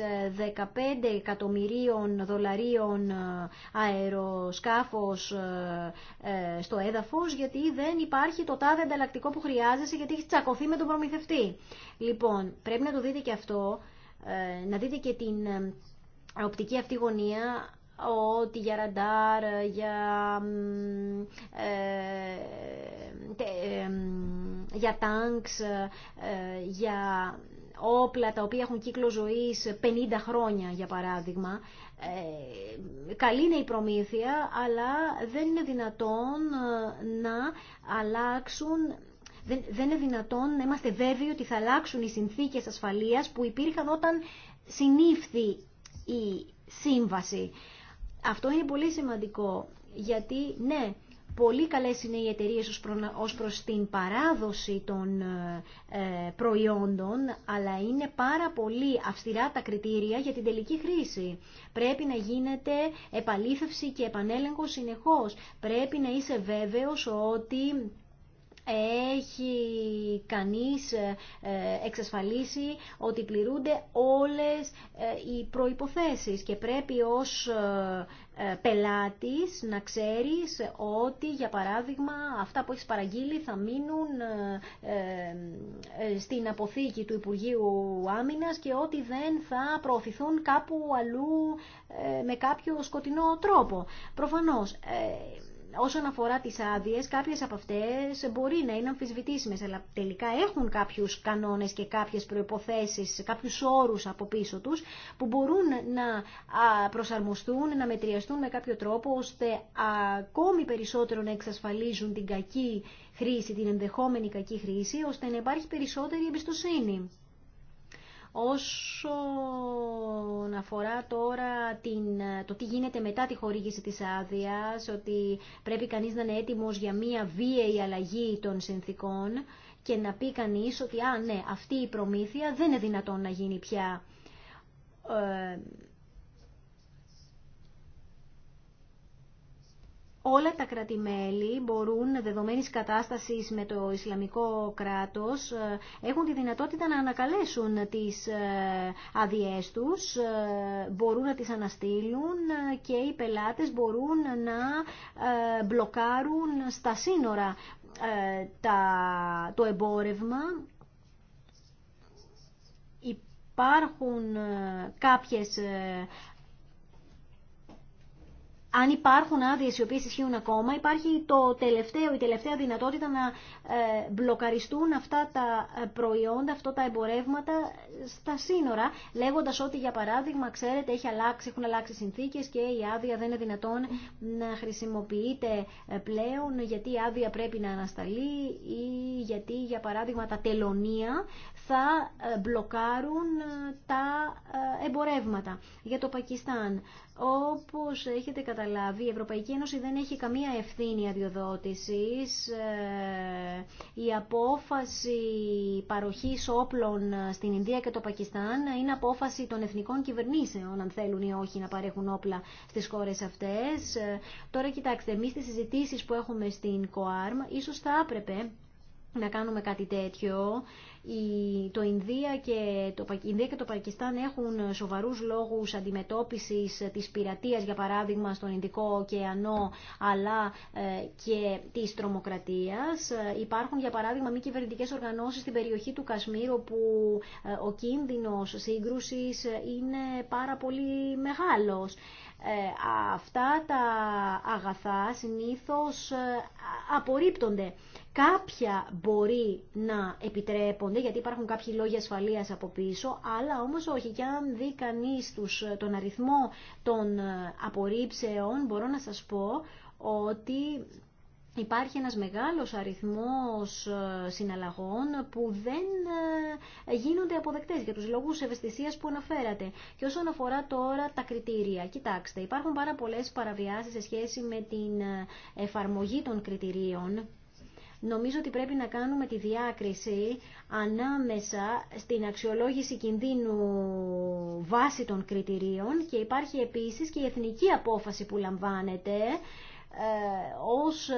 15 ε, εκατομμυρίων δολαρίων αεροσκάφος στο έδαφος γιατί δεν υπάρχει το τάδε ανταλλακτικό που χρειάζεσαι γιατί έχει τσακωθεί με τον προμηθευτή. Λοιπόν, πρέπει να το δείτε και αυτό, να δείτε και την οπτική αυτή γωνία ότι για ραντάρ, για, ε, ε, για τάγκς, ε, για όπλα τα οποία έχουν κύκλο ζωής 50 χρόνια για παράδειγμα. Καλή είναι η προμήθεια, αλλά δεν είναι δυνατόν να αλλάξουν δεν, δεν είναι δυνατόν να είμαστε βέβαιοι ότι θα αλλάξουν οι συνθήκες ασφαλείας που υπήρχαν όταν συνήφθη η σύμβαση. Αυτό είναι πολύ σημαντικό, γιατί ναι, πολύ καλές είναι οι εταιρείες ως προς την παράδοση των ε, ε, προϊόντων, αλλά είναι πάρα πολύ αυστηρά τα κριτήρια για την τελική χρήση. Πρέπει να γίνεται επαλήθευση και επανέλεγχο συνεχώς. Πρέπει να είσαι βέβαιος ότι έχει κανείς ε, ε, εξασφαλίσει ότι πληρούνται όλες ε, οι προϋποθέσεις και πρέπει ως πελάτης να ξέρεις ότι για παράδειγμα αυτά που έχει παραγγείλει θα μείνουν στην αποθήκη του Υπουργείου Άμυνας και ότι δεν θα προωθηθούν κάπου αλλού με κάποιο σκοτεινό τρόπο. Προφανώς όσον αφορά τις άδειε, κάποιες από αυτές μπορεί να είναι αμφισβητήσιμες, αλλά τελικά έχουν κάποιους κανόνες και κάποιες προϋποθέσεις, κάποιους όρους από πίσω τους, που μπορούν να προσαρμοστούν, να μετριαστούν με κάποιο τρόπο, ώστε ακόμη περισσότερο να εξασφαλίζουν την κακή χρήση, την ενδεχόμενη κακή χρήση, ώστε να υπάρχει περισσότερη εμπιστοσύνη. Όσον αφορά τώρα την, το τι γίνεται μετά τη χορήγηση της άδειας, ότι πρέπει κανείς να είναι έτοιμος για μία βίαιη αλλαγή των συνθήκων και να πει κανείς ότι ναι, αυτή η προμήθεια δεν είναι δυνατόν να γίνει πια ε, όλα τα κρατημέλη μπορούν, δεδομένης κατάστασης με το Ισλαμικό κράτος, ε, έχουν τη δυνατότητα να ανακαλέσουν τις ε, αδειές τους, ε, μπορούν να τις αναστείλουν και οι πελάτες μπορούν να μπλοκάρουν στα σύνορα το εμπόρευμα υπάρχουν κάποιες αν υπάρχουν άδειε οι οποίε ισχύουν ακόμα, υπάρχει το τελευταίο, η τελευταία δυνατότητα να ε, μπλοκαριστούν αυτά τα ε, προϊόντα, αυτά τα εμπορεύματα ε, στα σύνορα, λέγοντας ότι για παράδειγμα, ξέρετε, έχει αλλάξει, έχουν αλλάξει συνθήκες και η άδεια δεν είναι δυνατόν να χρησιμοποιείται πλέον, γιατί η άδεια πρέπει να ανασταλεί ή γιατί για παράδειγμα τα τελωνία θα μπλοκάρουν τα εμπορεύματα. Για το Πακιστάν όπως έχετε καταλάβει, η Ευρωπαϊκή Ένωση δεν έχει καμία ευθύνη αδειοδότησης. Ε, η απόφαση παροχής όπλων στην Ινδία και το Πακιστάν είναι απόφαση των εθνικών κυβερνήσεων, αν θέλουν ή όχι να παρέχουν όπλα στις χώρες αυτές. Ε, τώρα κοιτάξτε, εμείς τις συζητήσεις που έχουμε στην ΚΟΑΡΜ, ίσως θα έπρεπε να κάνουμε κάτι τέτοιο η, το Ινδία και το, Ινδία και το Πακιστάν έχουν σοβαρούς λόγους αντιμετώπισης της πειρατείας, για παράδειγμα, στον Ινδικό ωκεανό, αλλά ε, και της τρομοκρατίας. Ε, υπάρχουν, για παράδειγμα, μη κυβερνητικέ οργανώσεις στην περιοχή του Κασμίρου, που ε, ο κίνδυνος σύγκρουσης είναι πάρα πολύ μεγάλος. αυτά τα αγαθά συνήθως απορρίπτονται. Κάποια μπορεί να επιτρέπονται, γιατί υπάρχουν κάποιοι λόγοι ασφαλείας από πίσω, αλλά όμως όχι. Και αν δει κανείς τους, τον αριθμό των ε, απορρίψεων, μπορώ να σας πω ότι Υπάρχει ένας μεγάλος αριθμός ε, συναλλαγών που δεν ε, γίνονται αποδεκτές για τους λόγους ευαισθησίας που αναφέρατε. Και όσον αφορά τώρα τα κριτήρια, κοιτάξτε, υπάρχουν πάρα πολλές παραβιάσεις σε σχέση με την εφαρμογή των κριτηρίων Νομίζω ότι πρέπει να κάνουμε τη διάκριση ανάμεσα στην αξιολόγηση κινδύνου βάση των κριτηρίων και υπάρχει επίσης και η εθνική απόφαση που λαμβάνεται ε, ως ε,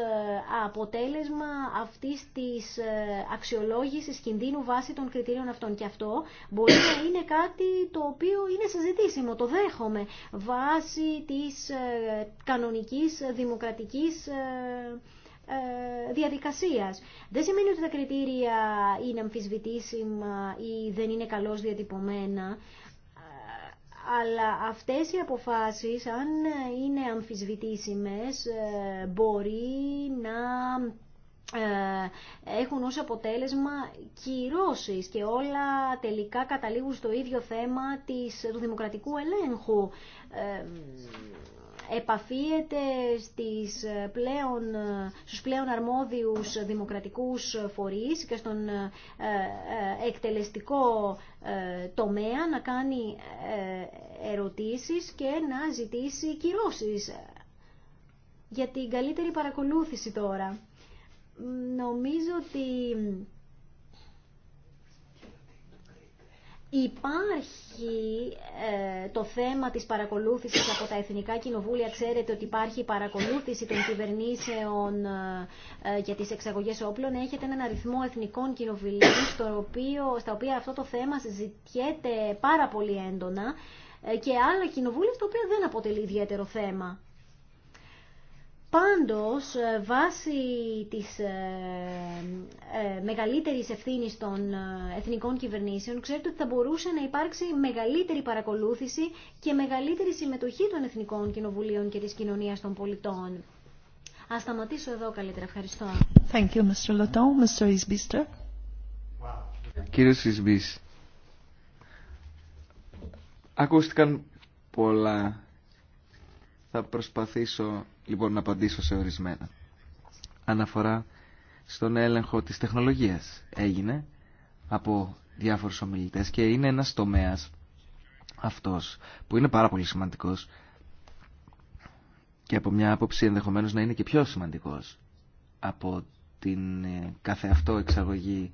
αποτέλεσμα αυτής της ε, αξιολόγησης κινδύνου βάσει των κριτήριων αυτών. Και αυτό μπορεί να είναι κάτι το οποίο είναι συζητήσιμο, το δέχομαι, βάσει της κανονικής δημοκρατικής ε, διαδικασίας. Δεν σημαίνει ότι τα κριτήρια είναι αμφισβητήσιμα ή δεν είναι καλώς διατυπωμένα, ε, αλλά αυτές οι αποφάσεις, αν είναι αμφισβητήσιμες, ε, μπορεί να έχουν ως αποτέλεσμα κυρώσεις και όλα τελικά καταλήγουν στο ίδιο θέμα της, του δημοκρατικού ελέγχου επαφίεται στις πλέον, στους πλέον αρμόδιους δημοκρατικούς φορείς και στον ε, ε, εκτελεστικό ε, τομέα να κάνει ερωτήσεις και να ζητήσει κυρώσεις για την καλύτερη παρακολούθηση τώρα. Νομίζω ότι Υπάρχει ε, το θέμα της παρακολούθησης από τα Εθνικά Κοινοβούλια. Ξέρετε ότι υπάρχει παρακολούθηση των κυβερνήσεων ε, για τις εξαγωγές όπλων. Έχετε έναν αριθμό εθνικών κοινοβουλίων στο οποίο, στα οποία αυτό το θέμα συζητιέται πάρα πολύ έντονα ε, και άλλα κοινοβούλια στα οποία δεν αποτελεί ιδιαίτερο θέμα. Πάντως, ε, βάσει της ε, ε, μεγαλύτερης ευθύνης των εθνικών κυβερνήσεων, ξέρετε ότι θα μπορούσε να υπάρξει μεγαλύτερη παρακολούθηση και μεγαλύτερη συμμετοχή των εθνικών κοινοβουλίων και της κοινωνίας των πολιτών. Ας σταματήσω εδώ καλύτερα. Ευχαριστώ. Thank you, Mr. Lotton. Mr. Isbister. Κύριος ακούστηκαν πολλά. Θα προσπαθήσω λοιπόν να απαντήσω σε ορισμένα. Αναφορά στον έλεγχο της τεχνολογίας έγινε από διάφορους ομιλητές και είναι ένας τομέας αυτός που είναι πάρα πολύ σημαντικός και από μια άποψη ενδεχομένως να είναι και πιο σημαντικός από την ε, κάθε αυτό εξαγωγή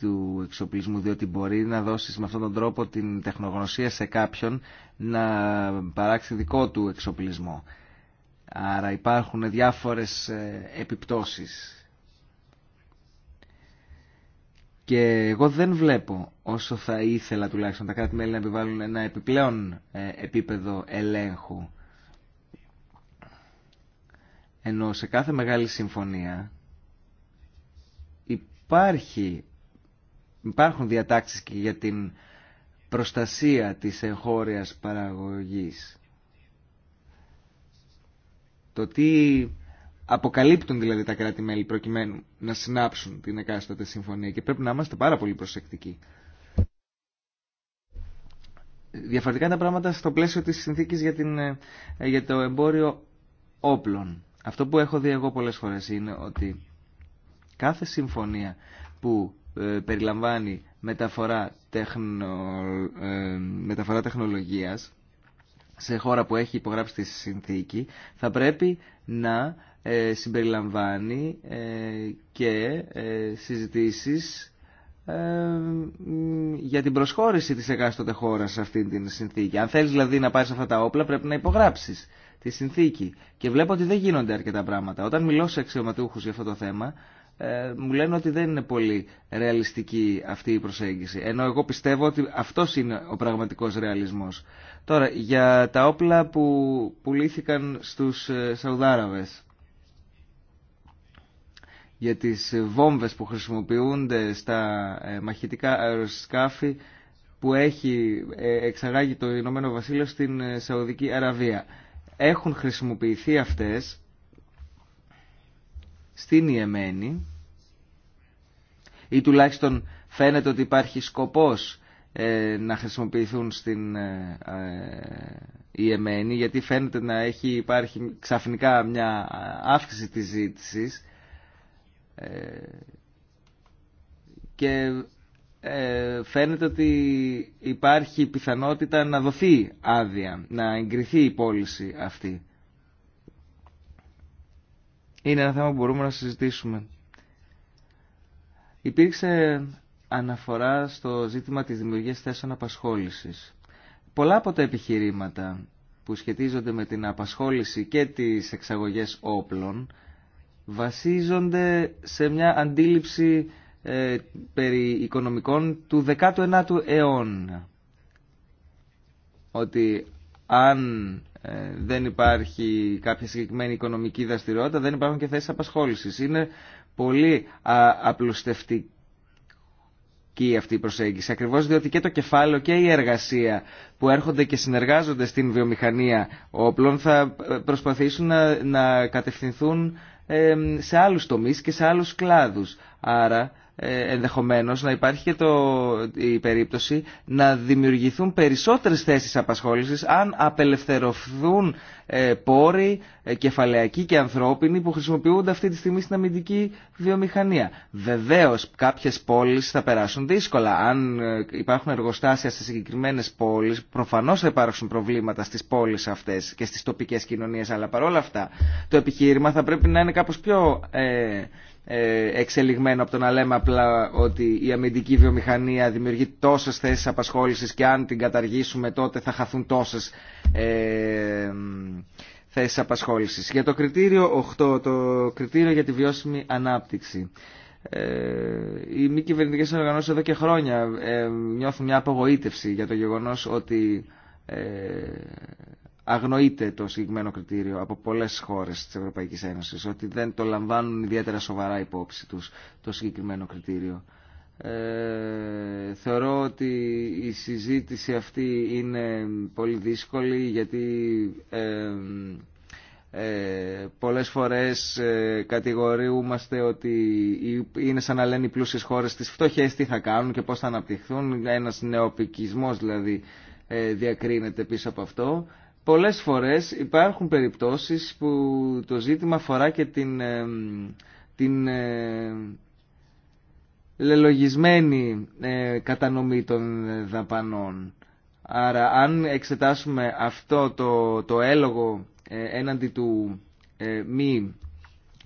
του εξοπλισμού διότι μπορεί να δώσεις με αυτόν τον τρόπο την τεχνογνωσία σε κάποιον να παράξει δικό του εξοπλισμό Άρα υπάρχουν διάφορες ε, επιπτώσεις. Και εγώ δεν βλέπω όσο θα ήθελα τουλάχιστον τα κράτη-μέλη να επιβάλλουν ένα επιπλέον ε, επίπεδο ελέγχου. Ενώ σε κάθε μεγάλη συμφωνία υπάρχει, υπάρχουν διατάξεις και για την προστασία της εγχώριας παραγωγής. Το τι αποκαλύπτουν δηλαδή τα κράτη-μέλη προκειμένου να συνάψουν την εκάστοτε συμφωνία και πρέπει να είμαστε πάρα πολύ προσεκτικοί. Διαφορετικά τα πράγματα στο πλαίσιο της συνθήκης για, την, ε, για το εμπόριο όπλων. Αυτό που έχω δει εγώ πολλές φορές είναι ότι κάθε συμφωνία που ε, περιλαμβάνει μεταφορά, τεχνο, ε, μεταφορά τεχνολογίας σε χώρα που έχει υπογράψει τη συνθήκη, θα πρέπει να ε, συμπεριλαμβάνει ε, και ε, συζητήσεις για την προσχώρηση της εκάστοτε χώρας σε αυτήν την συνθήκη. Αν θέλεις δηλαδή να πάρεις αυτά τα όπλα πρέπει να υπογράψεις τη συνθήκη. Και βλέπω ότι δεν γίνονται αρκετά πράγματα. Όταν μιλώ σε αξιωματούχους για αυτό το θέμα, ε, μου λένε ότι δεν είναι πολύ ρεαλιστική αυτή η προσέγγιση. Ενώ εγώ πιστεύω ότι αυτός είναι ο πραγματικός ρεαλισμός. Τώρα, για τα όπλα που πουλήθηκαν στους ε, Σαουδάραβες, για τις βόμβες που χρησιμοποιούνται στα ε, μαχητικά αεροσκάφη που έχει εξαγάγει το Ηνωμένο Βασίλειο στην Σαουδική Αραβία. Έχουν χρησιμοποιηθεί αυτές στην Ιεμένη ή τουλάχιστον φαίνεται ότι υπάρχει σκοπός ε, να χρησιμοποιηθούν στην ΙΕΜΕΝΗ ε, ε, γιατί φαίνεται να έχει υπάρχει ξαφνικά μια αύξηση της ζήτησης και φαίνεται ότι υπάρχει πιθανότητα να δοθεί άδεια, να εγκριθεί η πώληση αυτή. Είναι ένα θέμα που μπορούμε να συζητήσουμε. Υπήρξε αναφορά στο ζήτημα της δημιουργίας θέσεων απασχόλησης. Πολλά από τα επιχειρήματα που σχετίζονται με την απασχόληση και τις εξαγωγές όπλων βασίζονται σε μια αντίληψη ε, περί οικονομικών του 19ου αιώνα. Ότι αν ε, δεν υπάρχει κάποια συγκεκριμένη οικονομική δραστηριότητα δεν υπάρχουν και θέσεις απασχόλησης. Είναι πολύ απλουστευτική αυτή η προσέγγιση. Ακριβώς διότι και το κεφάλαιο και η εργασία που έρχονται και συνεργάζονται στην βιομηχανία όπλων θα ε, προσπαθήσουν να, να κατευθυνθούν σε άλλους τομείς και σε άλλους κλάδους. Άρα ε, ενδεχομένως να υπάρχει και το, η περίπτωση να δημιουργηθούν περισσότερες θέσεις απασχόλησης αν απελευθερωθούν ε, πόροι ε, και ανθρώπινοι που χρησιμοποιούνται αυτή τη στιγμή στην αμυντική βιομηχανία. Βεβαίως κάποιες πόλεις θα περάσουν δύσκολα. Αν ε, υπάρχουν εργοστάσια σε συγκεκριμένες πόλεις, προφανώς θα υπάρξουν προβλήματα στις πόλεις αυτές και στις τοπικές κοινωνίες, αλλά παρόλα αυτά το επιχείρημα θα πρέπει να είναι κάπως πιο... Ε, εξελιγμένο από το να λέμε απλά ότι η αμυντική βιομηχανία δημιουργεί τόσες θέσεις απασχόλησης και αν την καταργήσουμε τότε θα χαθούν τόσες ε, θέσεις απασχόλησης. Για το κριτήριο 8, το κριτήριο για τη βιώσιμη ανάπτυξη. Ε, οι μη κυβερνητικέ οργανώσει εδώ και χρόνια ε, νιώθουν μια απογοήτευση για το γεγονός ότι ε, αγνοείται το συγκεκριμένο κριτήριο από πολλές χώρες της Ευρωπαϊκής Ένωσης, ότι δεν το λαμβάνουν ιδιαίτερα σοβαρά υπόψη τους το συγκεκριμένο κριτήριο. Ε, θεωρώ ότι η συζήτηση αυτή είναι πολύ δύσκολη γιατί ε, ε, πολλές φορές ε, κατηγορούμαστε ότι είναι σαν να λένε οι πλούσιες χώρες τις φτωχές τι θα κάνουν και πώς θα αναπτυχθούν. Ένας νεοπικισμός δηλαδή ε, διακρίνεται πίσω από αυτό. Πολλές φορές υπάρχουν περιπτώσεις που το ζήτημα αφορά και την, ε, την ε, λελογισμένη ε, κατανομή των δαπανών. Άρα αν εξετάσουμε αυτό το, το έλογο έναντι του μη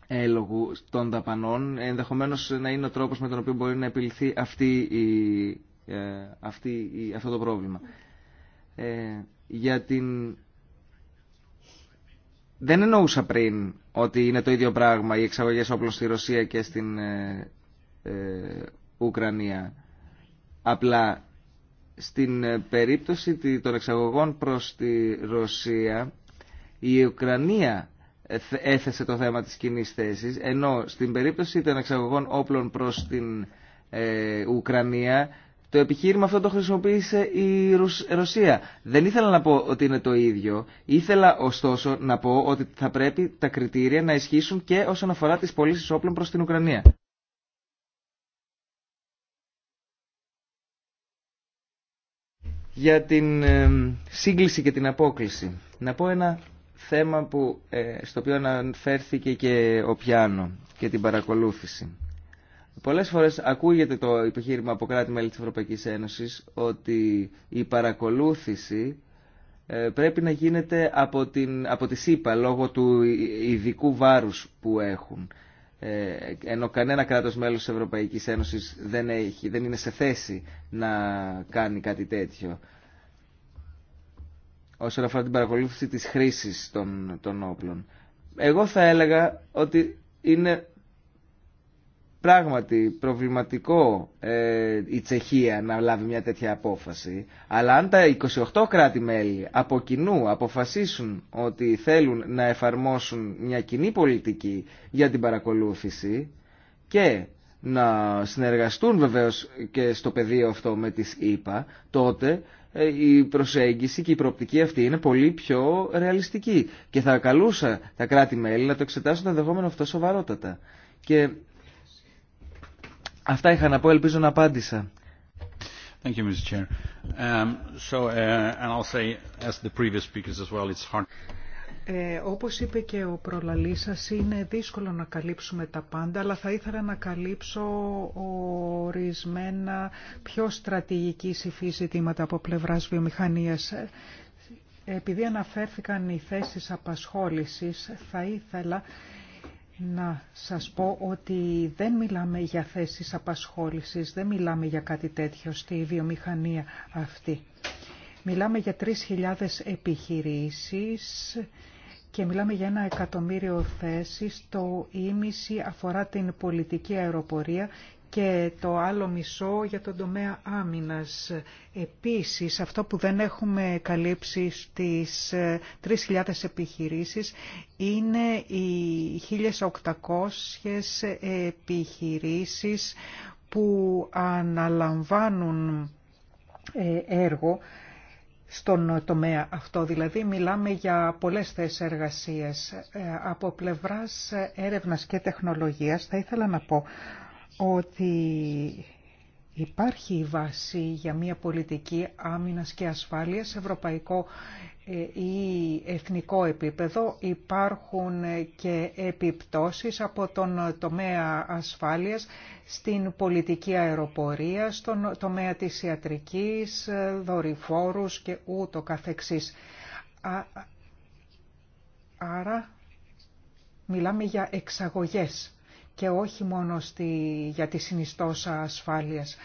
έλογου των δαπανών, ενδεχομένως να είναι ο τρόπος με τον οποίο μπορεί να επιληθεί αυτή αυτή αυτό το πρόβλημα. για την δεν εννοούσα πριν ότι είναι το ίδιο πράγμα οι εξαγωγέ όπλων στη Ρωσία και στην ε, ε, Ουκρανία. Απλά στην ε, περίπτωση των εξαγωγών προς τη Ρωσία η Ουκρανία έθεσε το θέμα της κοινή θέση, ενώ στην περίπτωση των εξαγωγών όπλων προς την Ουκρανία το επιχείρημα αυτό το χρησιμοποίησε η Ρωσία. Δεν ήθελα να πω ότι είναι το ίδιο. Ήθελα ωστόσο να πω ότι θα πρέπει τα κριτήρια να ισχύσουν και όσον αφορά τις πωλήσει όπλων προς την Ουκρανία. Για την σύγκληση και την απόκληση. Να πω ένα θέμα που, ε, στο οποίο αναφέρθηκε και ο Πιάνο και την παρακολούθηση. Πολλές φορές ακούγεται το επιχείρημα από κράτη-μέλη της Ευρωπαϊκής Ένωσης ότι η παρακολούθηση ε, πρέπει να γίνεται από, την, από τη ΣΥΠΑ λόγω του ειδικού βάρους που έχουν. Ε, ενώ κανένα κράτο μέλο της Ευρωπαϊκής Ένωσης δεν, δεν είναι σε θέση να κάνει κάτι τέτοιο όσον αφορά την παρακολούθηση της χρήσης των όπλων. Εγώ θα έλεγα ότι είναι Πράγματι, προβληματικό ε, η Τσεχία να λάβει μια τέτοια απόφαση, αλλά αν τα 28 κράτη-μέλη από κοινού αποφασίσουν ότι θέλουν να εφαρμόσουν μια κοινή πολιτική για την παρακολούθηση και να συνεργαστούν βεβαίως και στο πεδίο αυτό με τις ΗΠΑ, τότε ε, η προσέγγιση και η προοπτική αυτή είναι πολύ πιο ρεαλιστική. Και θα καλούσα τα κράτη-μέλη να το εξετάσουν το ενδεχόμενο αυτό σοβαρότατα. Αυτά είχα να πω, ελπίζω να απάντησα. Thank you, Mr. Chair. όπως είπε και ο προλαλής σας, είναι δύσκολο να καλύψουμε τα πάντα, αλλά θα ήθελα να καλύψω ορισμένα πιο στρατηγική υφή ζητήματα από πλευράς βιομηχανίας. Ε, επειδή αναφέρθηκαν οι θέσεις απασχόλησης, θα ήθελα να σας πω ότι δεν μιλάμε για θέσεις απασχόλησης, δεν μιλάμε για κάτι τέτοιο στη βιομηχανία αυτή. Μιλάμε για 3.000 επιχειρήσεις και μιλάμε για ένα εκατομμύριο θέσεις. Το ίμιση αφορά την πολιτική αεροπορία και το άλλο μισό για τον τομέα άμυνας. Επίσης, αυτό που δεν έχουμε καλύψει στις 3.000 ε, επιχειρήσεις είναι οι 1.800 επιχειρήσεις που αναλαμβάνουν ε, έργο στον τομέα αυτό. Δηλαδή μιλάμε για πολλές θέσεις εργασίας. Ε, από πλευράς έρευνας και τεχνολογίας θα ήθελα να πω ότι υπάρχει η βάση για μια πολιτική άμυνας και ασφάλειας σε ευρωπαϊκό ε, ή εθνικό επίπεδο. Υπάρχουν ε, και επιπτώσεις από τον τομέα ασφάλειας στην πολιτική αεροπορία, στον τομέα της ιατρικής, ε, δορυφόρους και ούτω καθεξής. Άρα μιλάμε για εξαγωγές και όχι μόνο στη, για τη συνιστόσα ασφάλειας.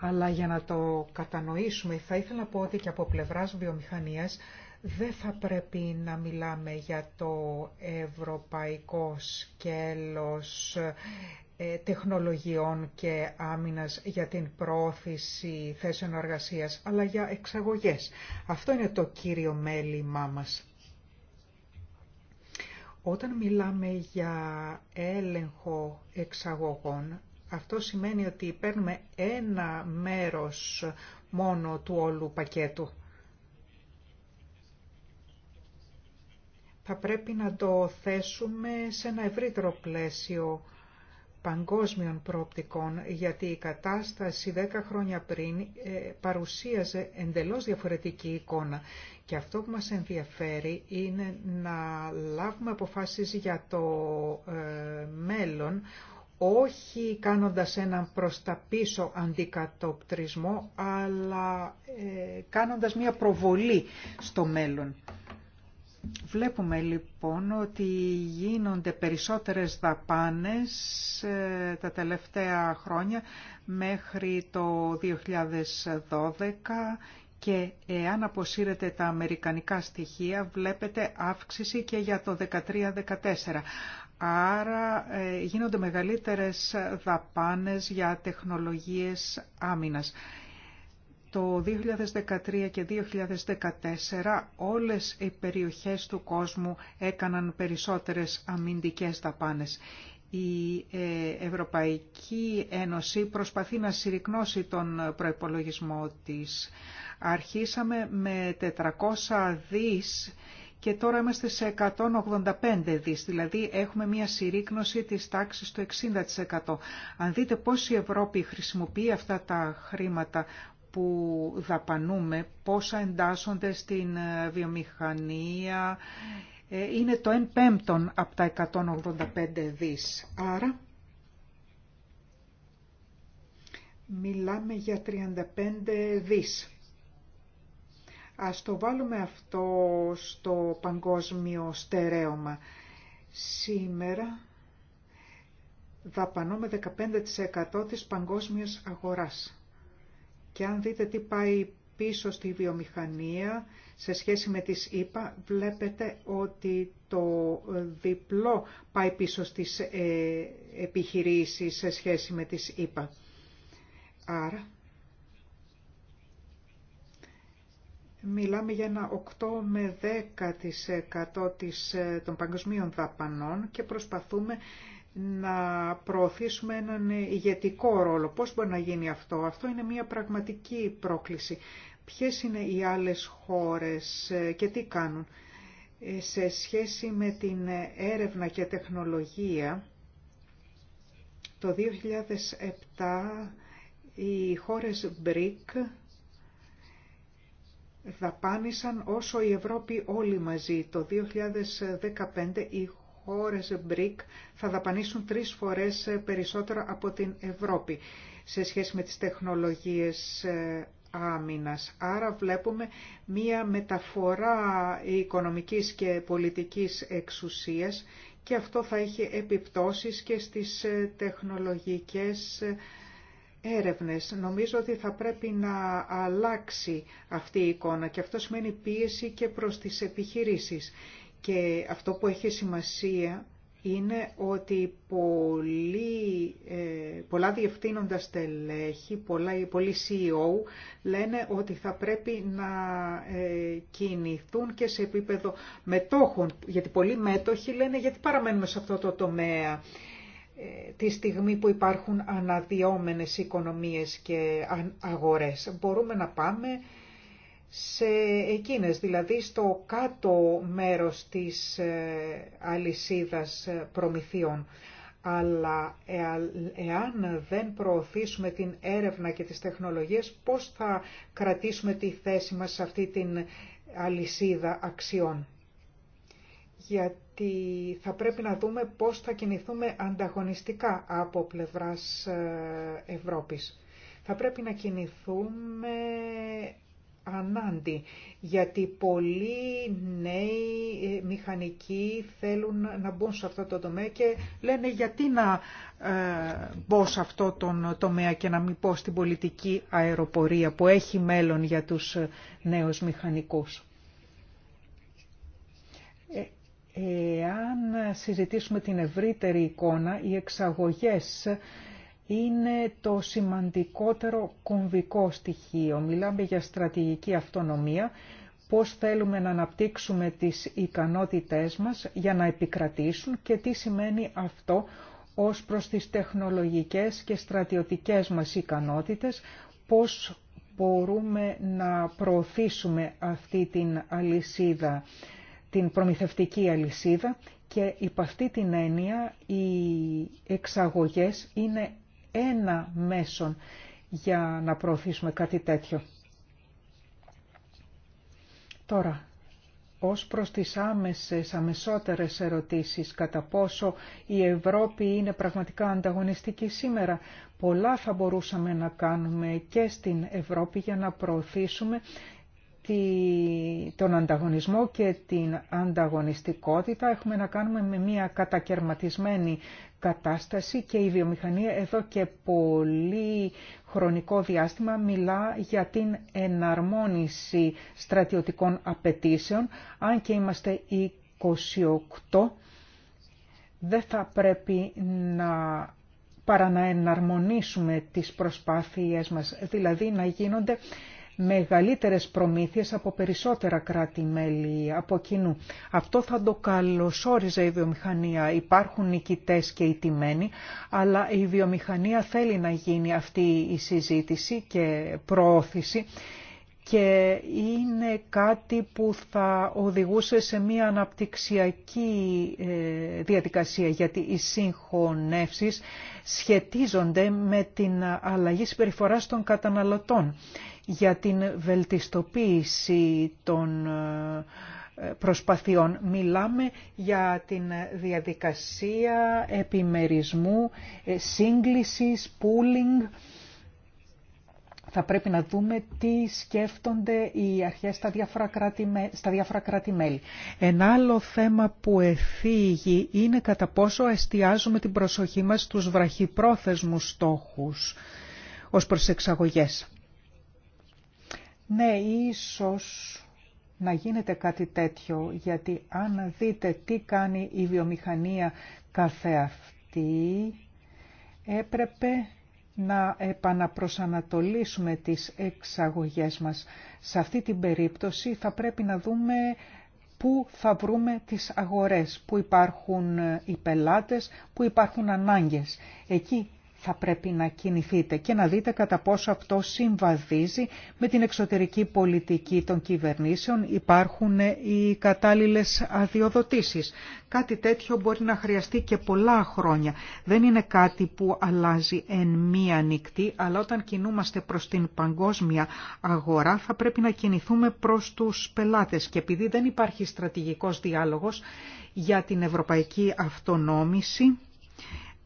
Αλλά για να το κατανοήσουμε, θα ήθελα να πω ότι και από πλευράς βιομηχανίας δεν θα πρέπει να μιλάμε για το ευρωπαϊκό σκέλος ε, τεχνολογιών και άμυνας για την πρόθεση θέσεων εργασίας, αλλά για εξαγωγές. Αυτό είναι το κύριο μέλημά μας. Όταν μιλάμε για έλεγχο εξαγωγών, αυτό σημαίνει ότι παίρνουμε ένα μέρος μόνο του όλου πακέτου. Θα πρέπει να το θέσουμε σε ένα ευρύτερο πλαίσιο παγκόσμιων προοπτικών, γιατί η κατάσταση δέκα χρόνια πριν ε, παρουσίαζε εντελώς διαφορετική εικόνα και αυτό που μας ενδιαφέρει είναι να λάβουμε αποφάσεις για το ε, μέλλον, όχι κάνοντας έναν προς τα πίσω αντικατοπτρισμό, αλλά ε, κάνοντας μια προβολή στο μέλλον. Βλέπουμε λοιπόν ότι γίνονται περισσότερες δαπάνες ε, τα τελευταία χρόνια μέχρι το 2012 και εάν αποσύρετε τα αμερικανικά στοιχεία βλέπετε αύξηση και για το 2013-2014. Άρα ε, γίνονται μεγαλύτερες δαπάνες για τεχνολογίες άμυνας. Το 2013 και 2014 όλες οι περιοχές του κόσμου έκαναν περισσότερες αμυντικές δαπάνες η ε, Ευρωπαϊκή Ένωση προσπαθεί να συρρυκνώσει τον προϋπολογισμό της. Αρχίσαμε με 400 δις και τώρα είμαστε σε 185 δις, δηλαδή έχουμε μια συρρήκνωση της τάξης του 60%. Αν δείτε πώς η Ευρώπη χρησιμοποιεί αυτά τα χρήματα που δαπανούμε, πόσα εντάσσονται στην ε, βιομηχανία, ε, είναι το 1 πέμπτον από τα 185 δις. Άρα μιλάμε για 35 δις. Ας το βάλουμε αυτό στο παγκόσμιο στερέωμα. Σήμερα δαπανούμε 15% της παγκόσμιας αγοράς. Και αν δείτε τι πάει πίσω στη βιομηχανία σε σχέση με τις ΗΠΑ, βλέπετε ότι το διπλό πάει πίσω στις ε, επιχειρήσεις σε σχέση με τις ΗΠΑ. Άρα, μιλάμε για ένα 8 με 10% της, ε, ε, των παγκοσμίων δαπανών και προσπαθούμε να προωθήσουμε έναν ηγετικό ρόλο. Πώς μπορεί να γίνει αυτό. Αυτό είναι μια πραγματική πρόκληση. Ποιες είναι οι άλλες χώρες ε, και τι κάνουν ε, σε σχέση με την έρευνα και τεχνολογία. Το 2007 οι χώρες BRIC δαπάνησαν όσο η Ευρώπη όλοι μαζί. Το 2015 οι χώρες BRIC θα δαπανίσουν τρεις φορές ε, περισσότερο από την Ευρώπη σε σχέση με τις τεχνολογίες άμυνας. Άρα βλέπουμε μία μεταφορά οικονομικής και πολιτικής εξουσίας και αυτό θα έχει επιπτώσεις και στις ε, τεχνολογικές ε, έρευνες. Νομίζω ότι θα πρέπει να αλλάξει αυτή η εικόνα και αυτό σημαίνει πίεση και προς τις επιχειρήσεις. Και αυτό που έχει σημασία είναι ότι ε, πολλά διευθύνοντα στελέχη, πολλοί CEO λένε ότι θα πρέπει να ε, κινηθούν και σε επίπεδο μετόχων, γιατί πολλοί μέτοχοι λένε γιατί παραμένουμε σε αυτό το τομέα ε, τη στιγμή που υπάρχουν αναδυόμενες οικονομίες και αγορές. Μπορούμε να πάμε σε εκείνες, δηλαδή στο κάτω μέρος της ε, αλυσίδας ε, προμηθείων. Αλλά εάν δεν προωθήσουμε την έρευνα και τις τεχνολογίες, πώς θα κρατήσουμε τη θέση μας σε αυτή την αλυσίδα αξιών. Γιατί θα πρέπει να δούμε πώς θα κινηθούμε ανταγωνιστικά από πλευράς ε, Ευρώπης. Θα πρέπει να κινηθούμε ανάντι, γιατί πολλοί νέοι ε, μηχανικοί θέλουν να μπουν σε αυτό το τομέα και λένε γιατί να ε, μπω σε αυτό τον τομέα και να μην πω στην πολιτική αεροπορία που έχει μέλλον για τους ε, νέους μηχανικούς. Ε, εάν συζητήσουμε την ευρύτερη εικόνα, οι εξαγωγές είναι το σημαντικότερο κομβικό στοιχείο. Μιλάμε για στρατηγική αυτονομία, πώς θέλουμε να αναπτύξουμε τις ικανότητές μας για να επικρατήσουν και τι σημαίνει αυτό ως προς τις τεχνολογικές και στρατιωτικές μας ικανότητες, πώς μπορούμε να προωθήσουμε αυτή την αλυσίδα, την προμηθευτική αλυσίδα και υπ' αυτή την έννοια οι εξαγωγές είναι ένα μέσον για να προωθήσουμε κάτι τέτοιο. Τώρα, ως προς τις άμεσες, αμεσότερες ερωτήσεις, κατά πόσο η Ευρώπη είναι πραγματικά ανταγωνιστική σήμερα, πολλά θα μπορούσαμε να κάνουμε και στην Ευρώπη για να προωθήσουμε τον ανταγωνισμό και την ανταγωνιστικότητα έχουμε να κάνουμε με μια κατακαιρματισμένη κατάσταση και η βιομηχανία εδώ και πολύ χρονικό διάστημα μιλά για την εναρμόνιση στρατιωτικών απαιτήσεων, αν και είμαστε 28 δεν θα πρέπει να παρά να εναρμονίσουμε τις προσπάθειές μας, δηλαδή να γίνονται μεγαλύτερες προμήθειες από περισσότερα κράτη-μέλη από κοινού. Αυτό θα το καλωσόριζε η βιομηχανία. Υπάρχουν νικητές και ιτημένοι, αλλά η βιομηχανία θέλει να γίνει αυτή η συζήτηση και προώθηση και είναι κάτι που θα οδηγούσε σε μια αναπτυξιακή ε, διαδικασία γιατί οι συγχωνεύσεις σχετίζονται με την αλλαγή συμπεριφοράς των καταναλωτών για την βελτιστοποίηση των ε, προσπαθειών. Μιλάμε για την διαδικασία επιμερισμού, ε, σύγκλησης, pooling. Θα πρέπει να δούμε τι σκέφτονται οι αρχές στα διάφορα, στα διάφορα κράτη-μέλη. Ένα άλλο θέμα που εφήγει είναι κατά πόσο εστιάζουμε την προσοχή μας στους βραχυπρόθεσμους στόχους ως προς εξαγωγές. Ναι, ίσως να γίνεται κάτι τέτοιο, γιατί αν δείτε τι κάνει η βιομηχανία αυτή έπρεπε να επαναπροσανατολίσουμε τις εξαγωγές μας. Σε αυτή την περίπτωση θα πρέπει να δούμε πού θα βρούμε τις αγορές, πού υπάρχουν οι πελάτες, πού υπάρχουν ανάγκες. Εκεί θα πρέπει να κινηθείτε και να δείτε κατά πόσο αυτό συμβαδίζει με την εξωτερική πολιτική των κυβερνήσεων. Υπάρχουν οι κατάλληλες αδειοδοτήσεις. Κάτι τέτοιο μπορεί να χρειαστεί και πολλά χρόνια. Δεν είναι κάτι που αλλάζει εν μία νυχτή, αλλά όταν κινούμαστε προς την παγκόσμια αγορά θα πρέπει να κινηθούμε προς τους πελάτες. Και επειδή δεν υπάρχει στρατηγικός διάλογος για την ευρωπαϊκή αυτονόμηση,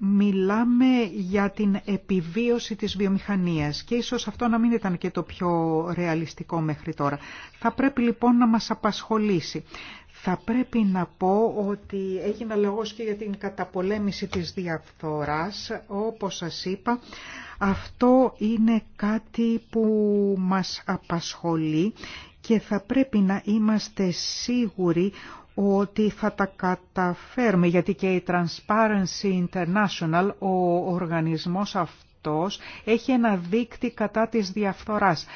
Μιλάμε για την επιβίωση της βιομηχανίας και ίσως αυτό να μην ήταν και το πιο ρεαλιστικό μέχρι τώρα. Θα πρέπει λοιπόν να μας απασχολήσει. Θα πρέπει να πω ότι έγινα λόγος και για την καταπολέμηση της διαφθοράς. Όπως σας είπα, αυτό είναι κάτι που μας απασχολεί και θα πρέπει να είμαστε σίγουροι ότι θα τα καταφέρουμε, γιατί και η Transparency International, ο οργανισμός αυτός, έχει ένα δίκτυο κατά της διαφθοράς.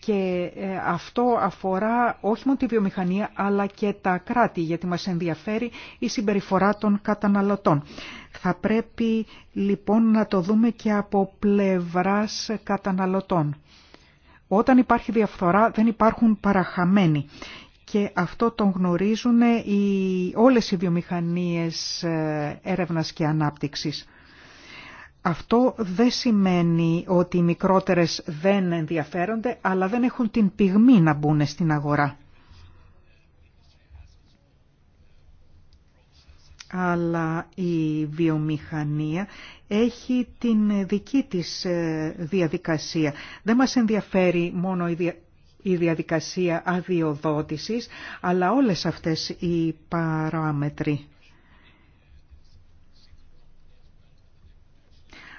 Και ε, αυτό αφορά όχι μόνο τη βιομηχανία, αλλά και τα κράτη, γιατί μας ενδιαφέρει η συμπεριφορά των καταναλωτών. Θα πρέπει λοιπόν να το δούμε και από πλευράς καταναλωτών. Όταν υπάρχει διαφθορά δεν υπάρχουν παραχαμένοι και αυτό τον γνωρίζουν οι, όλες οι βιομηχανίες ε, έρευνας και ανάπτυξης. Αυτό δεν σημαίνει ότι οι μικρότερες δεν ενδιαφέρονται, αλλά δεν έχουν την πυγμή να μπουν στην αγορά. αλλά η βιομηχανία έχει την δική της ε, διαδικασία. Δεν μας ενδιαφέρει μόνο η η διαδικασία αδειοδότησης, αλλά όλες αυτές οι παράμετροι.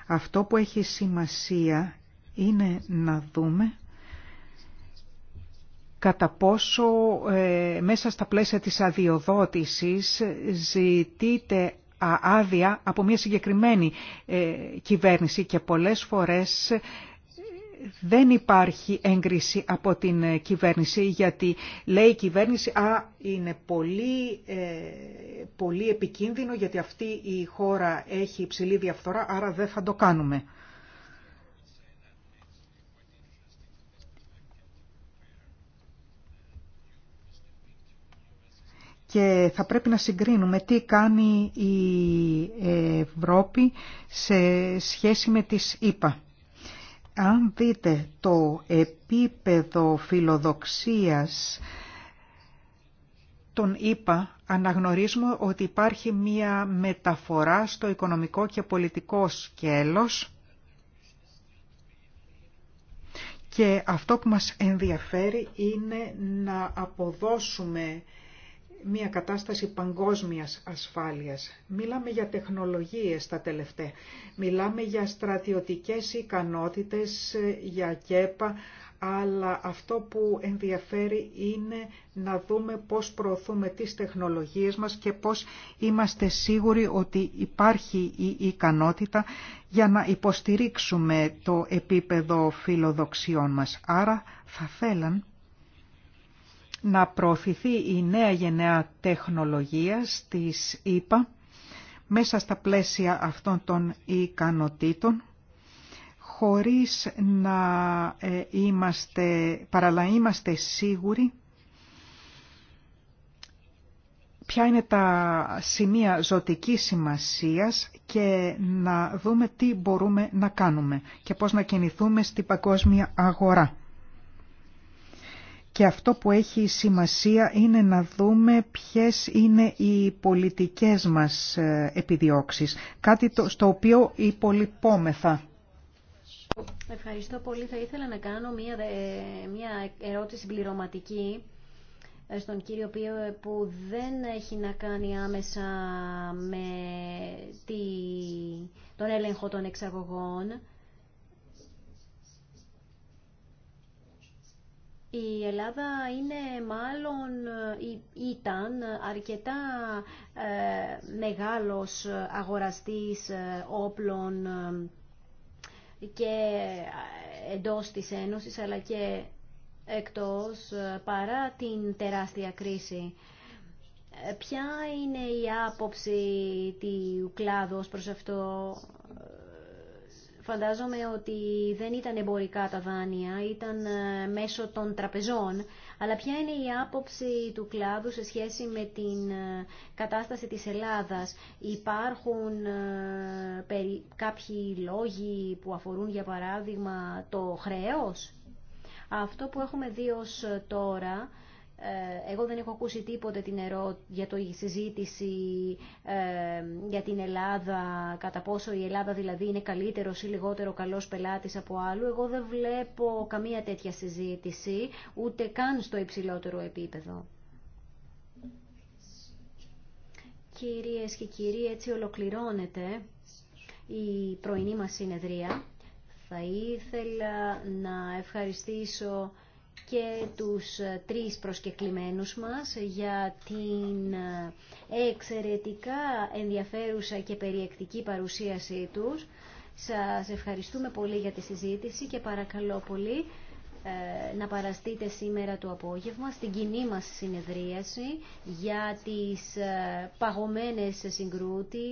Αυτό που έχει σημασία είναι να δούμε κατά πόσο ε, μέσα στα πλαίσια της αδειοδότησης ζητείται άδεια από μια συγκεκριμένη ε, κυβέρνηση και πολλές φορές δεν υπάρχει έγκριση από την ε, κυβέρνηση γιατί λέει η κυβέρνηση «Α, είναι πολύ, ε, πολύ επικίνδυνο γιατί αυτή η χώρα έχει υψηλή διαφθορά, άρα δεν θα το κάνουμε». και θα πρέπει να συγκρίνουμε τι κάνει η ε, Ευρώπη σε σχέση με τις ΗΠΑ. Αν δείτε το επίπεδο φιλοδοξίας τον είπα, αναγνωρίζουμε ότι υπάρχει μία μεταφορά στο οικονομικό και πολιτικό σκέλος και αυτό που μας ενδιαφέρει είναι να αποδώσουμε μια κατάσταση παγκόσμιας ασφάλειας. Μιλάμε για τεχνολογίες τα τελευταία. Μιλάμε για στρατιωτικές ικανότητες, για κέπα, αλλά αυτό που ενδιαφέρει είναι να δούμε πώς προωθούμε τις τεχνολογίες μας και πώς είμαστε σίγουροι ότι υπάρχει η ικανότητα για να υποστηρίξουμε το επίπεδο φιλοδοξιών μας. Άρα θα θέλαν να προωθηθεί η νέα γενναιά τεχνολογία της ΕΠΑ μέσα στα πλαίσια αυτών των ικανοτήτων χωρίς να ε, είμαστε, είμαστε σίγουροι ποια είναι τα σημεία ζωτικής σημασίας και να δούμε τι μπορούμε να κάνουμε και πώς να κινηθούμε στην παγκόσμια αγορά. Και αυτό που έχει σημασία είναι να δούμε ποιες είναι οι πολιτικές μας ε, επιδιώξεις. Κάτι το, στο οποίο υπολοιπόμεθα. Ευχαριστώ πολύ. Θα ήθελα να κάνω μία, ε, μία ερώτηση πληρωματική ε, στον κύριο Πίο που δεν έχει να κάνει άμεσα με τον έλεγχο των εξαγωγών Η Ελλάδα είναι μάλλον ε, ήταν αρκετά ε, μεγάλος αγοραστής ε, όπλων και εντός της Ένωσης αλλά και εκτός παρά την τεράστια κρίση. Ποια είναι η άποψη του κλάδου προς αυτό Φαντάζομαι ότι δεν ήταν εμπορικά τα δάνεια, ήταν ε, μέσω των τραπεζών. Αλλά ποια είναι η άποψη του κλάδου σε σχέση με την ε, κατάσταση της Ελλάδας. Υπάρχουν ε, κάποιοι λόγοι που αφορούν για παράδειγμα το χρέος. Αυτό που έχουμε δει ως τώρα ε, εγώ δεν έχω ακούσει τίποτε την ερώ... για το συζήτηση ε, για την Ελλάδα, κατά πόσο η Ελλάδα δηλαδή είναι καλύτερος ή λιγότερο καλός πελάτης από άλλου. Εγώ δεν βλέπω καμία τέτοια συζήτηση, ούτε καν στο υψηλότερο επίπεδο. Κυρίες και κύριοι, έτσι ολοκληρώνεται η πρωινή μας συνεδρία. Θα ήθελα να ευχαριστήσω και τους ε, τρεις προσκεκλημένους μας για την ε, εξαιρετικά ενδιαφέρουσα και περιεκτική παρουσίασή τους. Σας ευχαριστούμε πολύ για τη συζήτηση και παρακαλώ πολύ ε, να παραστείτε σήμερα το απόγευμα στην κοινή μας συνεδρίαση για τις ε, παγωμένες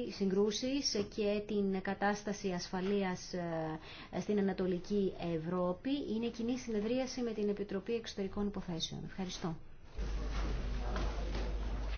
συγκρούσεις και την κατάσταση ασφαλείας ε, στην Ανατολική Ευρώπη. Είναι κοινή συνεδρίαση με την Επιτροπή Εξωτερικών Υποθέσεων. Ευχαριστώ.